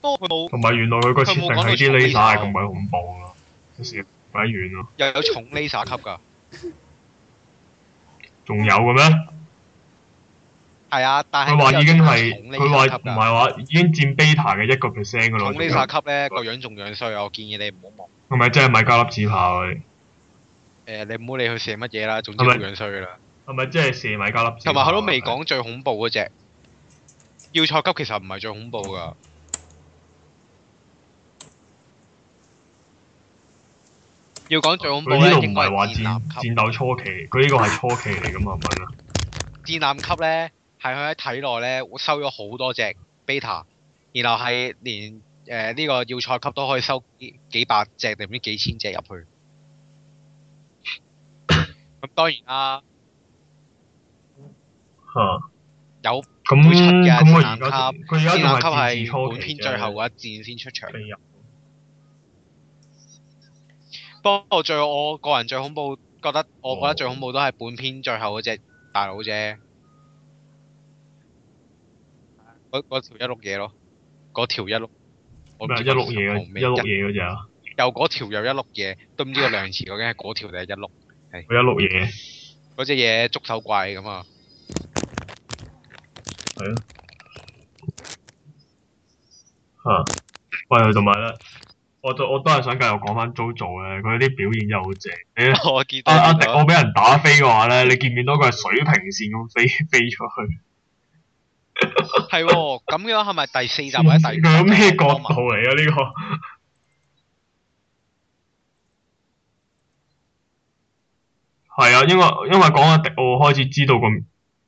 不過佢冇。同埋原來佢個設定係重 Laser 咁鬼恐怖咯，一時擺遠咯。又有重 Laser 級噶？仲有嘅咩？係啊，但係佢話已經係，佢話唔係話已經佔 beta 嘅一個 percent 咯。重 Laser 級咧個樣仲樣衰，我建議你唔好望。係咪真係買膠粒紙牌。誒、呃，你唔好理佢寫乜嘢啦，總之仲樣衰噶啦。是不是係咪即係射米加粒？同埋佢都未講最恐怖嗰隻，是的要塞級其實唔係最恐怖噶。要講最恐怖咧，啊、不是戰應該是戰艦級。呢唔係話戰戰鬥初期，佢呢、啊、個係初期嚟噶嘛？係咪啊！戰艦級咧，係佢喺體內咧收咗好多隻 beta，然後係連誒呢、呃這個要塞級都可以收幾百隻定唔知幾千隻入去。咁 <laughs> 當然啦。嗯、有咁、嗯，每出嘅潛級，潛級係本篇最後一戰先出場。不過最我個人最恐怖，覺得我覺得最恐怖都係本篇最後嗰隻大佬啫。嗰嗰條一碌嘢咯，嗰條一碌。唔係麼一碌嘢嘅，我唔記得一碌嘢嗰隻又嗰條又一碌嘢， <laughs> 都唔知個量詞究竟係嗰條定係一碌？係。嗰一碌嘢，嗰隻嘢觸手怪咁啊！係咯，吓、啊啊、喂，同埋啦！我就我都係想繼續講翻 JoJo 咧，佢啲表演又好正。我見阿阿迪奧，我俾人打飛嘅話咧，你見唔見到佢係水平線咁飛飛出去？係 <laughs> 喎，啊，咁樣係咪第四集或者第五集？咩角度嚟啊？呢，這個係 <laughs> 啊，因為因為講阿迪奧，我開始知道咁。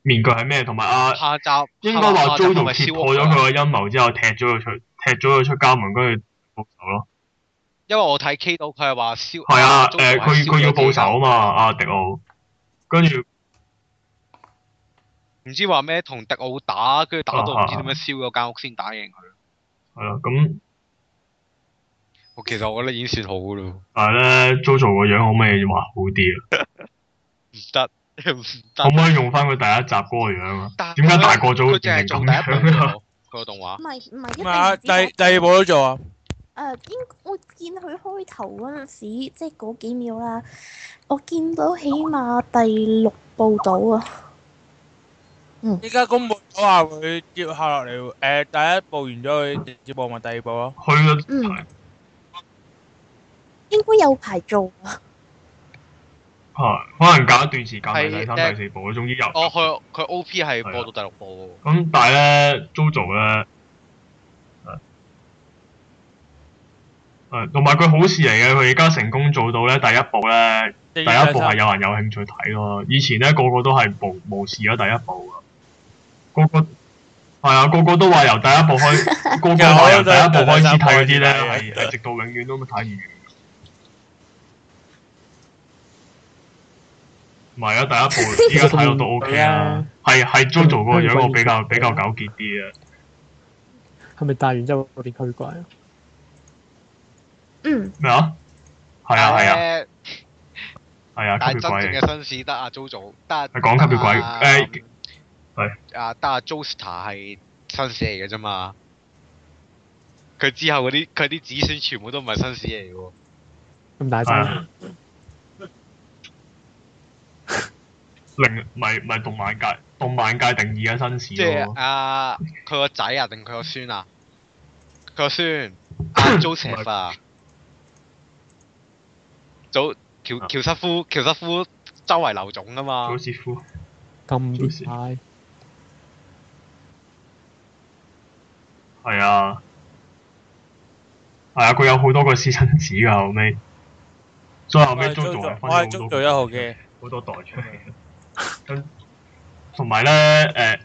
面具係咩？同埋阿，下集，應該話 Jojo 揭破咗佢個陰謀之後，踢咗佢出，踢咗佢出家門，跟住報仇咯。因為我睇 K 島佢係話燒，係啊，誒，佢佢要報仇啊嘛，阿迪奧，跟住唔知話咩，同迪奧打，跟住打到唔知點樣燒咗間屋先打贏佢。係啦，咁我其實我覺得已經算好噶啦。但係咧，Jojo 個樣好咩？話好啲啊，唔得。可唔可以用翻佢第一集嗰個樣啊？點解大個咗變成咁樣啊？佢個動畫唔係唔係一定第第二部都做啊？誒，應我見佢開頭嗰陣時，即係嗰幾秒啦，我見到起碼第六部到啊。嗯，依家公布咗話會接下落嚟，誒，第一部完咗會直接播埋第二部咯。去啦。嗯。應該有排做啊。啊、可能隔一段時間係第三、是第四部，佢終於入。又是哦，佢佢 OP 係播到第六部的。咁、啊、但係咧 JoJo 咧，誒，同埋佢好事嚟嘅，佢而家成功做到咧，第一部咧，第一部係有人有興趣睇咯。以前咧，個個都係無無視咗第一部噶，個個係啊，個個都話由第一部開，個個話由第一部開始睇嗰啲咧，係係 <laughs> <laughs> 直到永遠都冇睇完。唔係啊，第一部依家睇到都 O K 啊，係係 jojo 嗰個樣，我比較比較糾結啲啊。係咪戴完之後嗰啲鬼怪？嗯。咩啊？係啊係啊。係、欸哎、啊。但係真正嘅紳士得阿 jojo，得阿。係講緊嘅鬼誒。係、啊。阿得阿 joestar 係紳士嚟嘅啫嘛。佢之後嗰啲佢啲子孫全部都唔係紳士嚟嘅。咁大聲。唔係，唔係動漫界，動漫界定義啊新事咯。即係佢個仔啊，定佢個孫啊？佢個孫，祖石佛啊，啊 <coughs> 祖喬喬瑟夫，喬瑟夫周圍流種啊嘛。祖瑟夫咁大係啊！係啊！佢有好多個私生子噶，後尾。所以後尾都仲係分咗好多好多代出嚟。Okay. 同埋咧，誒，誒、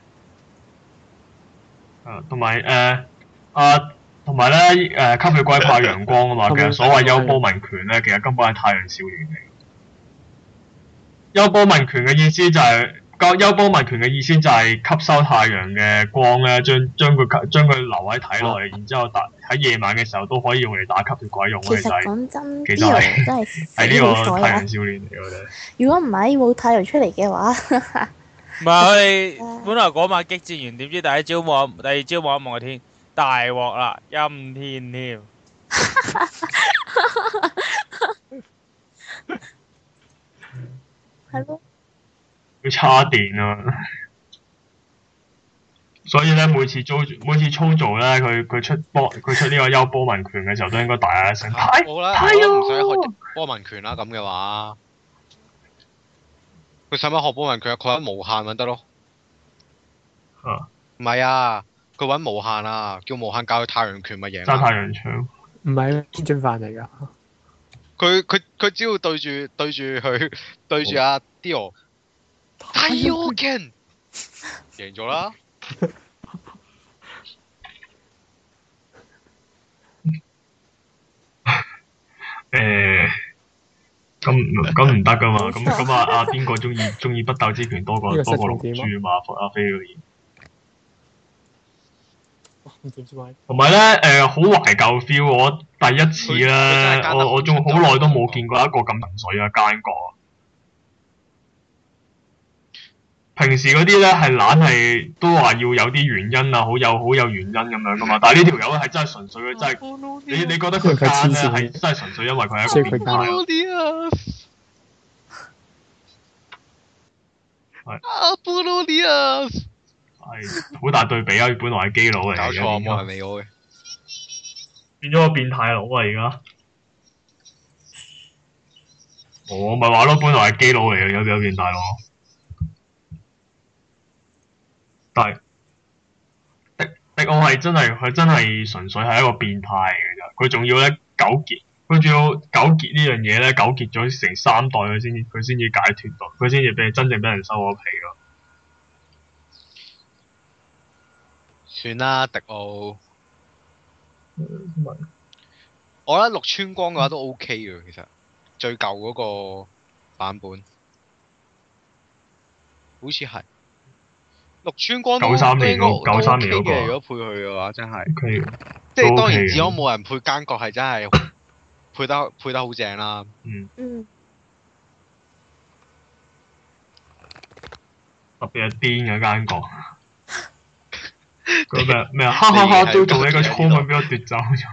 呃，同埋誒，啊、呃，同埋咧，誒，吸血鬼怕陽光啊嘛，欸欸、其實所謂優波民權咧，其實根本係太陽少年嚟嘅。優波民權嘅意思就係、是。個幽波萬權嘅意思就係吸收太陽嘅光咧，將將佢將佢留喺體內，然之後打喺夜晚嘅時候都可以用嚟打吸血鬼用。其實講真，呢樣真係非常之厲害啊！你如果唔係冇太陽出嚟嘅話，唔係本嚟嗰晚激戰完，點知第一朝望第二朝望一望個天，大鑊啦，陰天添。哈， <laughs> <laughs> 哈，佢差電啊，所以咧，每次租每次操作咧，佢佢出波，佢出呢個休波文拳嘅時候都應該大嗌一聲、啊。我咧都唔想學波文拳啦、啊，咁嘅話，佢使乜學波文拳啊？佢搵無限咪得咯。啊，唔係啊，佢搵無限啊，叫無限教佢太陽拳咪贏。揸太陽槍。唔係，天津飯嚟噶。佢佢佢只要對住對住佢對住阿 Dio。啊 Dio, 太陽劍贏咗啦！誒咁咁唔得噶嘛？咁咁 <laughs> 啊！阿邊 <laughs> 個中意中意北斗之拳多過多過龍珠嘛？同埋咧誒，好、 <laughs> 呃、懷舊 feel！我第一次啦，我我仲好耐都冇見過一個咁水嘅奸角。平時嗰啲咧係懶係都話要有啲原因啊，好有好有原因咁樣噶嘛，但係呢條友咧係真係純粹真係，啊、你你覺得佢加真係純粹因為佢喺一 a c e 嘅。阿好大對比啊！本來係基佬嚟嘅，我變咗個變態佬啊！而家我咪話咯，本來係基佬嚟嘅，沒有家變變態佬。但係，迪迪奧係真係佢真係純粹係一個變態嘅啫，佢仲要咧糾結，佢仲要糾結這件事呢樣嘢咧，糾結咗成三代佢先至，佢先至解脫到，佢先至俾真正俾人收咗皮咯。算啦，迪奧。嗯，我覺得綠川光嘅話都 OK 嘅，其實最舊嗰個版本，好似係。六川光都 OK 嘅，九三年九三年，如果配佢嘅話，真係，即係 Okay, 也 當然，如果冇人配奸角，係真係配得 <laughs> 配得好正啦。嗯。嗯。特別係癲嘅奸角，嗰個咩咩啊？哈哈哈，哈都！都做你個初吻俾我奪走咗。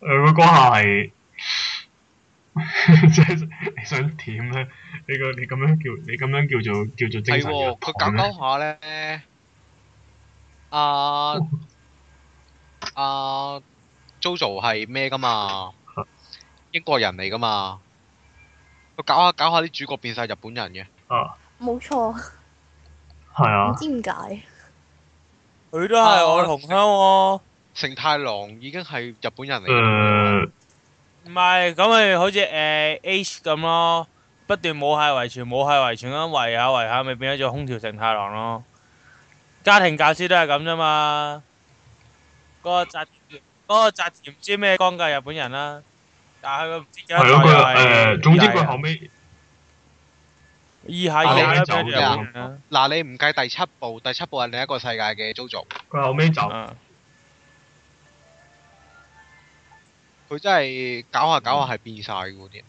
誒 <laughs> <laughs> 個下係。即係 <laughs> 你想點咧、啊？你個你咁樣叫你咁樣叫做叫做佢、啊、搞嘅下咧？阿阿 Jojo 係咩噶嘛？啊、英國人嚟噶嘛？佢搞下搞下啲主角變晒日本人嘅。冇、啊、錯。係 <laughs> 啊。唔知點解，佢都係我嘅同鄉、啊。成太郎已經係日本人嚟嘅。呃唔係，咁咪好似誒 Ace 咁咯，不斷冇係遺傳，冇係遺傳咁，維下維下，咪變咗做空條承太郎咯。家庭教師都係咁啫嘛。嗰個澤，嗰個澤田唔知咩光嘅日本人啦，但係佢唔知點解。係咯佢誒，總之佢後尾。依下依下一樣。嗱你唔計第七部，第七部係另一個世界嘅遭續。佢後尾就。佢真係搞下搞下係變晒嘅嗰啲，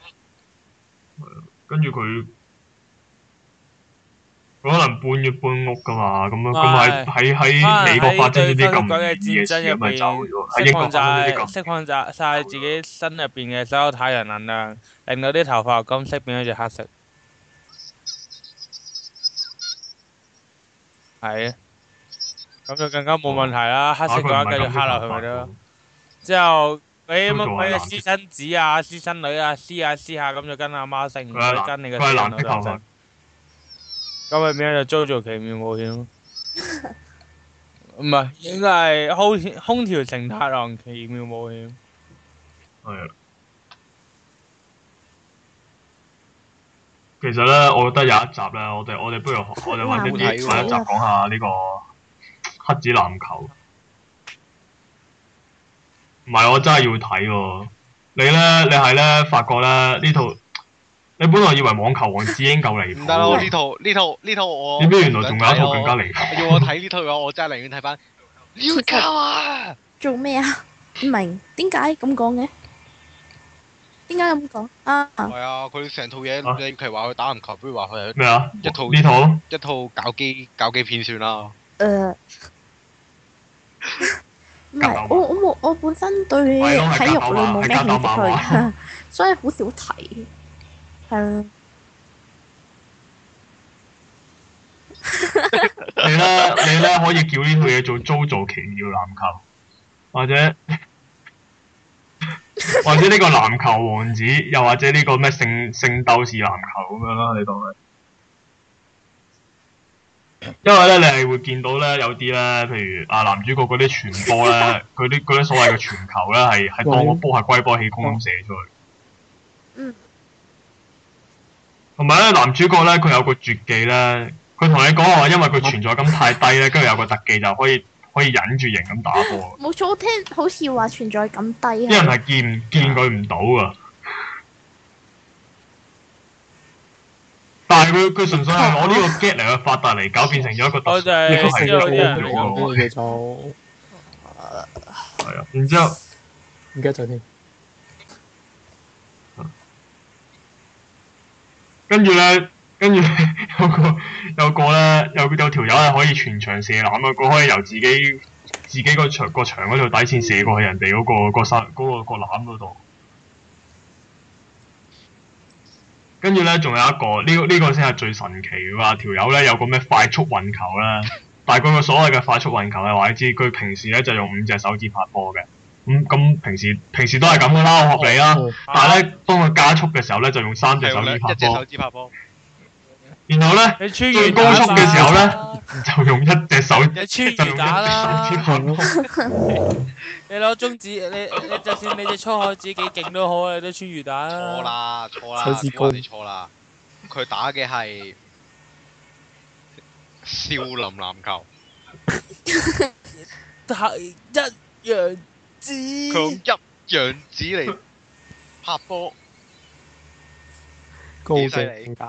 係啊，跟住佢，佢可能搬一搬屋噶嘛，咁樣咁啊，喺喺美國發生呢啲咁嘅戰爭，咁咪走咗，釋放晒釋放晒自己身入邊嘅所有太陽能量，令到啲頭髮金色變咗隻黑色，係啊，咁就更加冇問題啦，黑色嘅話繼續黑落去咪得咯，之後。佢乜？佢嘅私生子啊，私生女啊，私下私下咁就跟阿媽姓，跟你嘅。咁咪咩就 JoJo 奇妙冒險？唔係，應該係空空調承太郎奇妙冒險。係啊。其實咧，我覺得有一集咧，我哋我哋不如我哋揾一啲第一集講下呢個黑子籃球。唔係，我真係要睇喎。哦，你咧，你係咧，發覺啦，呢套，你本來以為網球王子英夠離譜唔得啦，呢行套呢套呢套我，點解原來仲有一套更加離譜。要我睇呢套嘅話， <laughs> 我真係寧願睇翻 U 啊！做咩啊？唔明點解咁講嘅？點解咁講啊？係啊，佢成套嘢，例如佢話佢打籃球，不如話佢咩啊？呢套一套，一套搞基，搞基片算啦。誒、呃。 <laughs> 唔係，我我冇，我本身對體育類冇咩興趣，所以好少睇。係、嗯、啊， <laughs> 你咧，你咧可以叫呢套嘢做《JoJo 奇妙籃球》或，或者或者呢個籃球王子，又或者呢個咩《聖聖鬥士籃球》咁樣啦，你當係。因為咧，你係會見到咧，有啲咧，譬如啊男主角嗰啲傳波咧，佢啲啲所謂嘅傳球咧，係係當嗰波係龜波氣功咁射出去。嗯。同埋咧，男主角咧，佢有個絕技咧，佢同你講話，因為佢存在感太低咧，跟住 <laughs> 有個特技就可以可以忍住型咁打波。冇錯，我聽好似話存在感低是。因為啲人係見見佢唔到啊。但係佢佢純粹係攞呢個 get 嚟個發達嚟搞變成咗一個特殊，然之後就係啊，然添、嗯，跟住咧，跟住有，有個有個咧，有有條友咧可以全場射籃啊，佢可以由自己自己個牆個牆嗰度底線射過去人哋嗰個嗰個籃嗰度跟住呢，仲有一個呢，呢個呢個先係最神奇噶嘛！條友呢，有個咩快速運球啦，但係佢個所謂嘅快速運球係話你知，佢平時呢就用五隻手指拍波嘅。咁、嗯、咁平時平時都係咁噶啦，我學你啦。但係呢，當佢加速嘅時候呢，就用三隻手指拍波。然後呢，最高速嘅時候呢，就用一隻手，就用一隻手指拍波。 <laughs> <laughs> 你攞中指，你你就算你隻粗口指幾勁都好，你都穿魚蛋。錯啦，錯啦，我哋錯啦。佢打嘅係少林籃球，係一樣子。佢一樣子嚟拍波，高正，點解？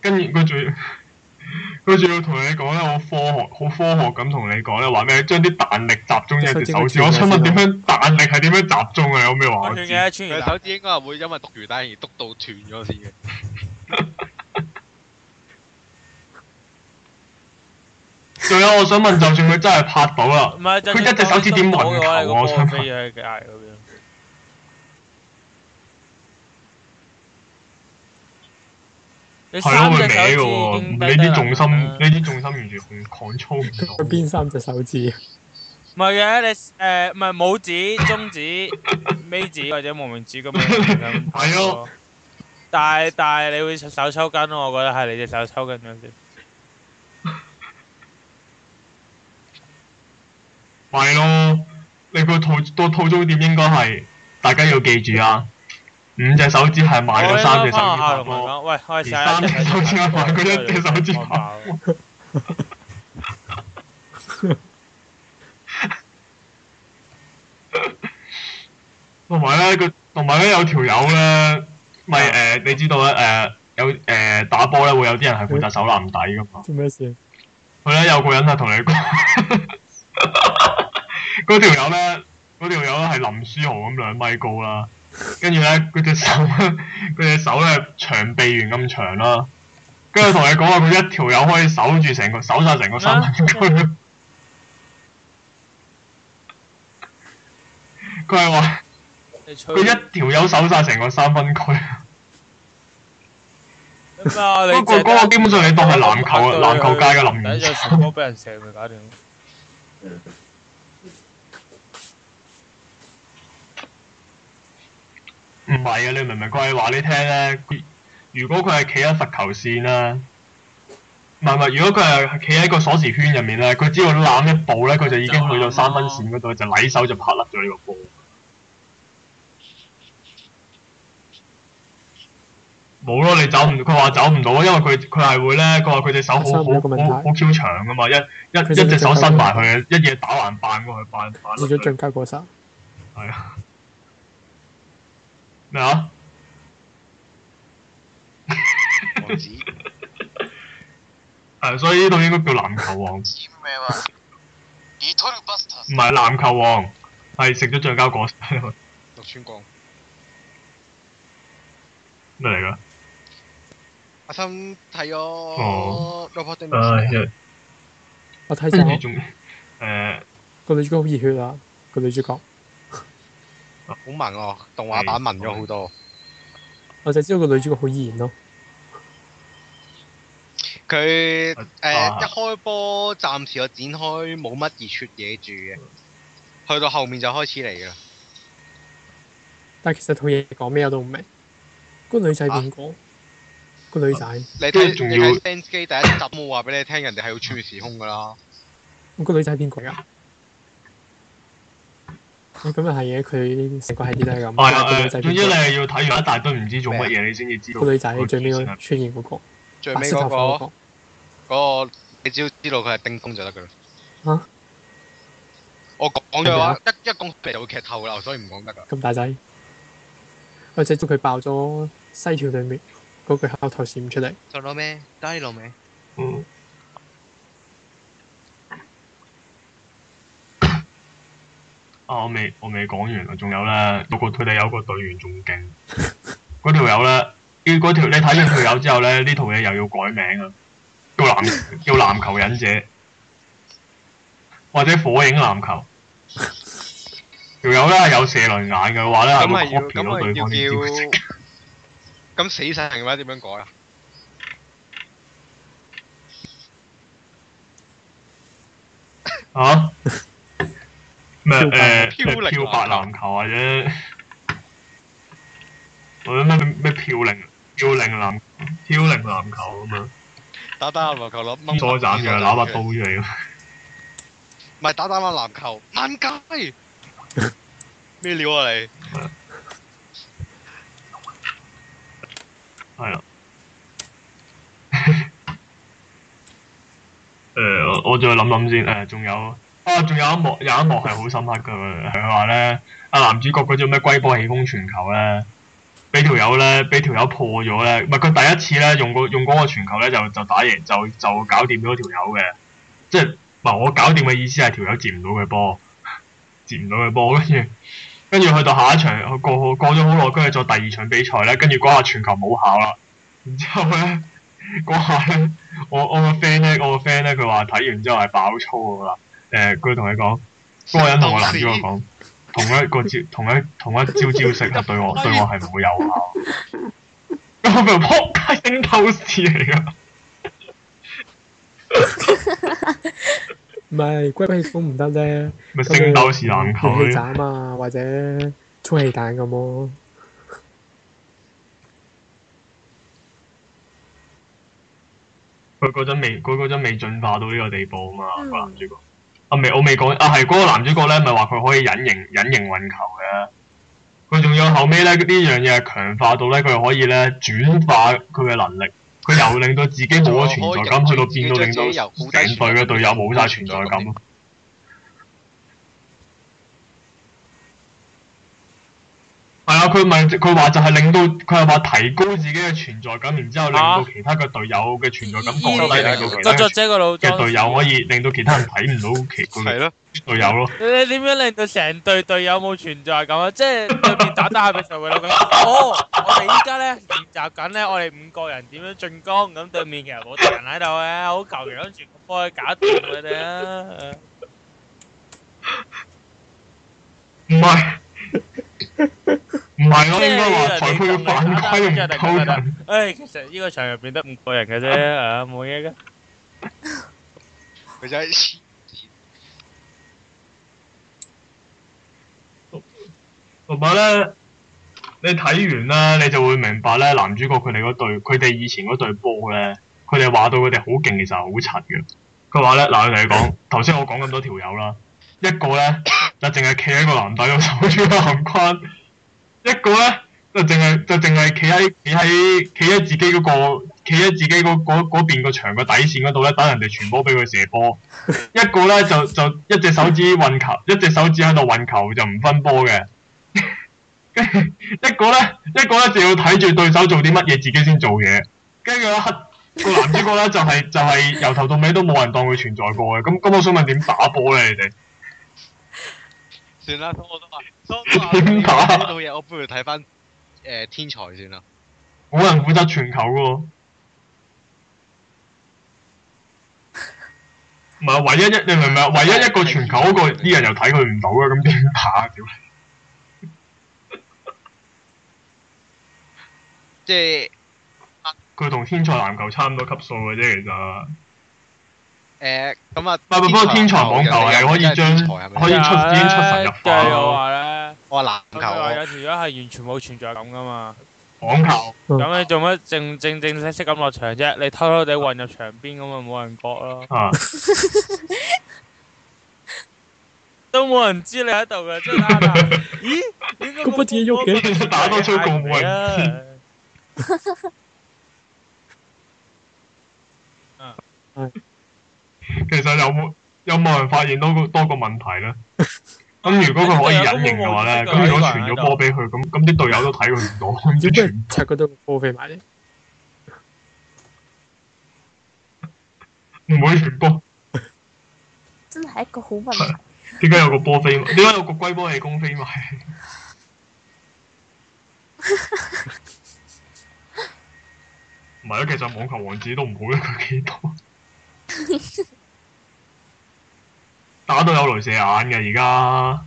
跟住個嘴。佢仲要同你講咧，好科學，好科學咁同你講咧，話咩將啲彈力集中一隻手指。我想問點樣彈力係點樣集中啊？有咩話？佢手指應該係會因為篤魚蛋而篤到斷咗先嘅。仲有我想問，就算佢真係拍到啦，佢一隻手指點運球？我想問係咯，會歪嘅喎，呢啲重心，呢啲、啊、重心完全 control 唔到。邊三隻手指？唔係嘅，你誒，唔係拇指、中指、尾指或者無名指咁樣。係咯，但係但係你會手抽筋咯，我覺得係你隻手抽筋嗰啲。係咯，你個套，個套中點應該係，大家要記住啊。五隻手指係買咗三隻手指牌喂，喂喂三手指，買嗰一,一隻手指牌。同埋咧，佢同埋咧有，呢有一條友咧，咪、呃、你知道咧、呃、有、呃、打波咧會有啲人係負責守籃底噶嘛。做咩事？佢咧有個人係同你講，嗰 <laughs> 條友咧，嗰條友咧係林書豪咁兩米高啦。跟住咧，佢隻手，佢隻手咧長臂猿咁長啦、啊。跟住同你講話，佢一條友可以守住成個守晒成個三分區。佢係話，佢說吹一條友守晒成個三分區。不過嗰個基本上你當係籃球啊，籃球界嘅林書豪俾人唔係啊！你明唔明佢係話你聽咧？如果佢係企喺罰球線啦，唔係唔係，如果佢係企喺個鎖匙圈入面咧，佢只要攬一步咧，佢就已經去到三分線嗰度，啊、就禮手就拍甩咗呢個波。冇咯，你走唔？佢話走唔到，因為佢佢係會咧，佢話佢隻手好好好 Q 長噶嘛，一一一隻手伸埋去，一嘢打橫扮過去，扮扮。為咗增加過手。係啊。 <laughs> 咩啊？王子，係所以呢度應該叫籃球王子咩話？唔係籃球王，係食咗橡膠果實。六千個咩嚟噶？阿森提奧羅伯特尼。誒，我睇咗。誒，個女主角好熱血啊！個女主角。好文喎，哦，動畫版文咗好多。我就知道個女主角好賢咯。佢、呃、一開波，暫時我展開冇乜熱血嘢住嘅，去到後面就開始嚟噶。但其實套嘢講咩我都唔明。個女仔點講？個、啊、女仔。你睇你睇《Benji》第一集，冇話俾你聽，人哋係要穿越時空噶啦。個女仔點講？咁又係嘅，佢成、嗯、個系列都係咁。係啊，女總之你要睇完一大堆唔知做乜嘢，麼你先至知道。個女仔最尾個出現嗰個，最尾嗰個，你只要知道佢係叮咚就得噶啦。吓？我講嘅話一一講就會劇透啦，所以唔講得噶。咁大仔，我即係祝佢爆咗西條裏面嗰句口頭禪唔出嚟。着咗咩？低落老嗯。啊！我未我未講完啊，仲有咧，不過佢哋有個隊員仲勁，嗰條友咧，要條你睇完條友之後咧，呢套嘢又要改名啊，叫籃叫籃球忍者，或者火影籃球，條友咧有射輪眼嘅話咧，係咪 copy 到對方先？咁 <laughs> 死晒嘅話點樣改啊？啊？ <laughs> 咩誒咩漂白籃球或者或者咩咩漂零漂零籃漂零籃球咁樣，打打籃球攞再斬嘅攞把刀出嚟嘅，唔係打打籃球掹街咩料啊你？係啊，誒我我再諗諗先誒仲有。啊！仲有一幕，有一幕係好深刻噶。佢話咧，啊男主角嗰張咩龜波氣功傳球咧，俾條友咧，俾條友破咗咧。唔係佢第一次咧，用，用嗰個用嗰個傳球咧，就就打贏，就就搞掂咗條友嘅。即係唔係，我搞掂嘅意思係條友接唔到佢波，接唔到佢波。跟住，跟住去到下一場，過過咗好耐，跟住再第二場比賽咧，跟住嗰下傳球冇效啦。然之後咧，嗰下咧，我我個 friend 咧，我個 friend 咧，佢話睇完之後係爆粗噶啦。誒，佢同你講，嗰個人同個男主角講，同一個招，同一同一招招式，對對我對我係唔會有效。我咪扑街，星鬥士嚟噶。唔係龜背風唔得啫，咪星鬥士籃球，氫氣或者充氣彈咁咯。佢嗰陣未，佢嗰陣未進化到呢個地步啊嘛，個男主角。啊未，我未講啊，係嗰個男主角咧，咪話佢可以隱形隱形運球嘅。佢仲要後尾咧，呢樣嘢強化到咧，佢可以咧轉化佢嘅能力。佢由令到自己冇咗存在感，去、啊、到變到令到成隊嘅隊友冇晒存在感。係啊，佢咪佢話就係令到佢係話提高自己嘅存在感，然之後令到其他嘅隊友嘅存在感降低、啊，令到佢嘅隊友可以令到其他人睇唔到奇怪嘅隊友咯。你點 <laughs> 了樣令到成隊隊友冇存在感啊？ <laughs> 即係對面打打下嘅時候會諗緊哦，我哋依家咧練習緊咧，我哋五個人點樣進攻？咁對面其實冇人喺度嘅，好求其跟住幫佢搞掂佢哋啊。唔、呃、係。唔係我應該話裁判要犯規唔夠人，誒， <laughs> <laughs> 其實呢個場入邊得五個人嘅啫，吓，冇嘢噶。同埋咧，你睇完啦，你就會明白咧。男主角佢哋嗰隊，佢哋以前嗰隊波咧，佢哋話到佢哋好勁，其實係好柒嘅。佢話咧，嗱，我同你講，頭先我講咁多條友啦，一個咧。 <coughs> 就淨係企喺個籃底度守住個籃框，那個那個，一個咧就淨係就淨係企喺企喺企喺自己嗰個企喺自己嗰嗰嗰邊個牆個底線嗰度咧，等人哋傳波俾佢射波。一個咧就就一隻手指運球，一隻手指喺度運球就唔分波嘅。一個咧一個咧就要睇住對手做啲乜嘢，自己先做嘢。跟住個個男主角咧就係、是、就係、是、由、就是、頭到尾都冇人當佢存在過嘅。咁咁，我想問點打波咧，你哋？算啦，咁我都話，點打呢套嘢？我不如睇翻誒天才先啦。冇人負責全球噶喎，唔係， <laughs> 唯一一你明唔明啊？ <laughs> 唯一一個全球嗰個看不的，啲人又睇佢唔到啊，咁點打啊？屌！即係佢同天才籃球差唔多級數嘅啫，其實。誒咁啊！不過天才網球又可以將可以出邊出神入化咯。我話籃球啊，如果係完全冇存在感㗎嘛，網球咁你做乜正正正式式咁落場啫？你偷偷哋混入場邊咁啊，冇人覺咯。都冇人知你喺度嘅。咦？咁不見喐嘅打到超古怪啊！嗯。其實有冇有冇人發現多個多個問題咧？咁如果佢可以隱形嘅話咧，咁如果傳咗波俾佢，咁咁啲隊友都睇佢唔到。點解赤哥波飛埋唔會傳波，真係一個好問題。點解 <laughs> 有個波飛？點解有個龜波氣功飛埋？唔係 <laughs> <laughs> 啊，其實網球王子都唔好得佢幾多。 <laughs> 打到有鐳射眼嘅而家，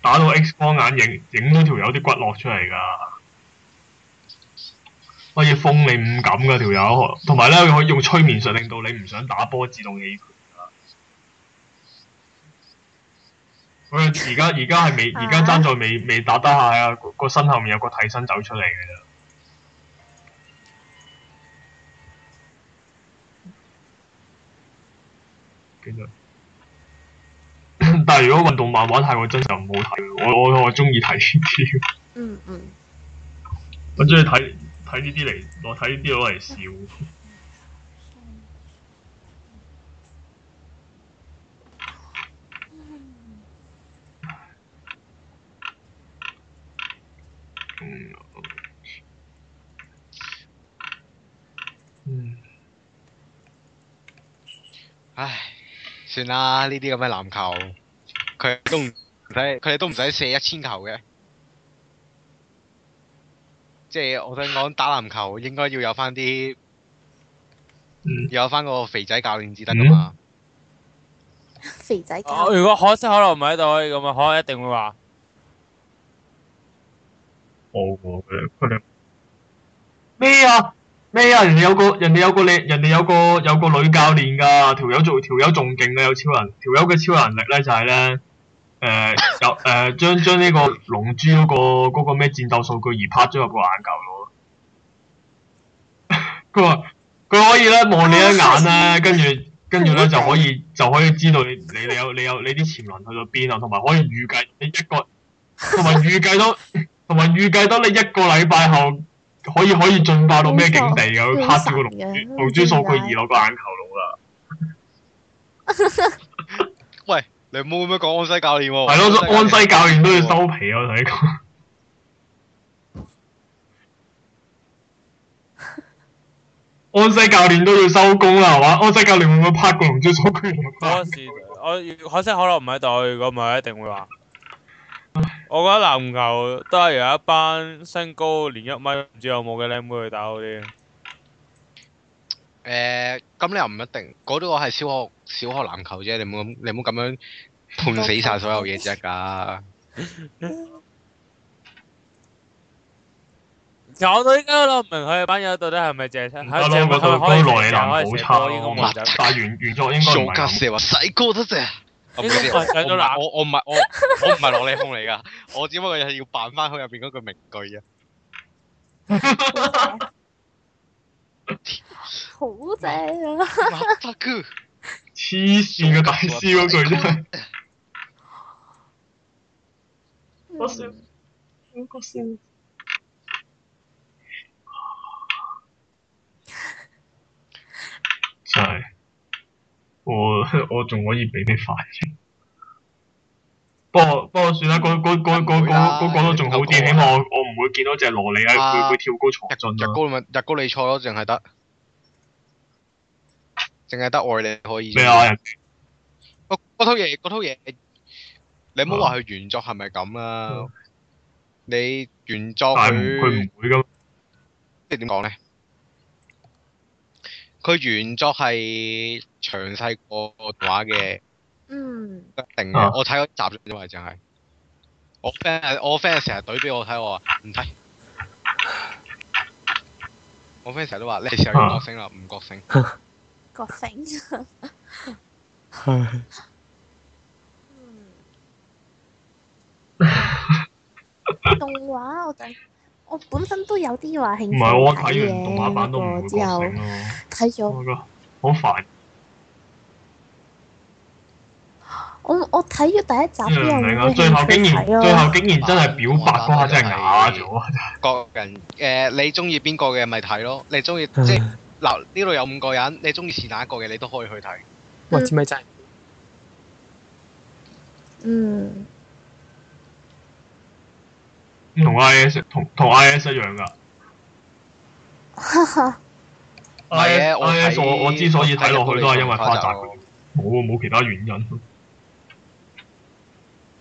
打到 X 光眼影影咗條友啲骨落出嚟噶，可以封你五感噶條友，同埋咧可以用催眠術令到你唔想打波自動棄權啊！佢而家而家係未而家爭在未未打得下啊，個身後面有個替身走出嚟嘅啫。.但係如果運動漫畫太過真就唔好睇。我我我中意睇呢啲。嗯嗯，我中意睇睇呢啲嚟，我睇呢啲我係笑。嗯。唉，算啦，呢啲咁嘅籃球。佢都唔使，佢哋都唔使射一千球嘅。即係我想講打籃球應該要有翻啲，要有翻個肥仔教練至得噶嘛、嗯嗯。肥仔教練、啊，如果可惜可能唔喺度，可以咁啊！可能一定會話咩啊咩啊？人哋有個人哋有個你，人哋有個有個女教練噶條友仲條友仲勁啊！有超人條友嘅超能力咧就係、是、咧。誒，有誒、 <laughs> 呃，將將呢個龍珠嗰個個咩戰鬥數據而拍咗入個眼球咯。佢話佢可以咧望你一眼咧， <laughs> 跟住跟住咧就可以就可以知道你你有你有你啲潛能去到邊啊，同埋可以預計你一個，同埋預計到同埋預計到你一個禮拜後可以可以進化到咩境地嘅，拍住個龍珠龍 <laughs> 珠數據而落個眼球度啦。 <laughs> <laughs> 你唔好咁樣講安西教練喎，係咯，安西教練都要收皮啊！我同你講，安西教練都要收工啦，係嘛？安西教練會唔會拍過龍珠出圈？當時我可惜可能唔喺度，如果唔係一定會話。我覺得籃球都係有一班身高連一米唔知有冇嘅靚妹去打好啲。誒，咁你又唔一定，嗰啲我係小學小學籃球啫，你唔好你唔好咁樣判死晒所有嘢啫，噶。搞到依家我都唔明佢班友到底係咪淨係聽，淨係開內冷好差，我唔係，但係完完咗應該唔係。笑嘉少啊，細哥得啫。我我我唔係我唔係內冷嚟噶，我只不過係要扮翻佢入邊嗰句名句啫。好正啊！白 <laughs> 骨，黐線嘅大師嗰句真係，嗯、我笑，我笑。 <laughs> 真係，我我仲可以俾你快啲，不過不過算啦，嗰嗰嗰嗰嗰嗰嗰仲好啲，起碼、啊、我你、啊、我唔會見到隻蘿莉啊會會跳高賽、啊，日高日高你賽咯，淨係得。淨係得愛你可以。套嘢麼，套嘢，哎那個那個，你唔好話佢原作係咪咁啦？啊、你原作佢唔會㗎，即係點講呢？佢原作係詳細個動畫嘅，嗯，一定嘅，啊。我睇咗集啫嘛，淨係我 friend，我 friend 成日懟俾我睇，我話唔睇。我 friend 成日都話你成日五角星啦，五角星。 <laughs> 個聲，係動畫，我我本身都有啲話興趣版嘢，之後睇咗好煩。我我睇咗第一集，最後竟然，最後竟然，最後竟然真係表白嗰、啊、真係啞咗。各人誒，你中意邊個嘅咪睇咯，你中意即。嗯嗱，呢度有五個人，你中意是哪一個嘅，你都可以去睇。我知咪真係。嗯。同 I S 同同 I S 一樣噶。係嘅，I S 我，我之所以睇落去都係因為花澤，冇冇其他原因。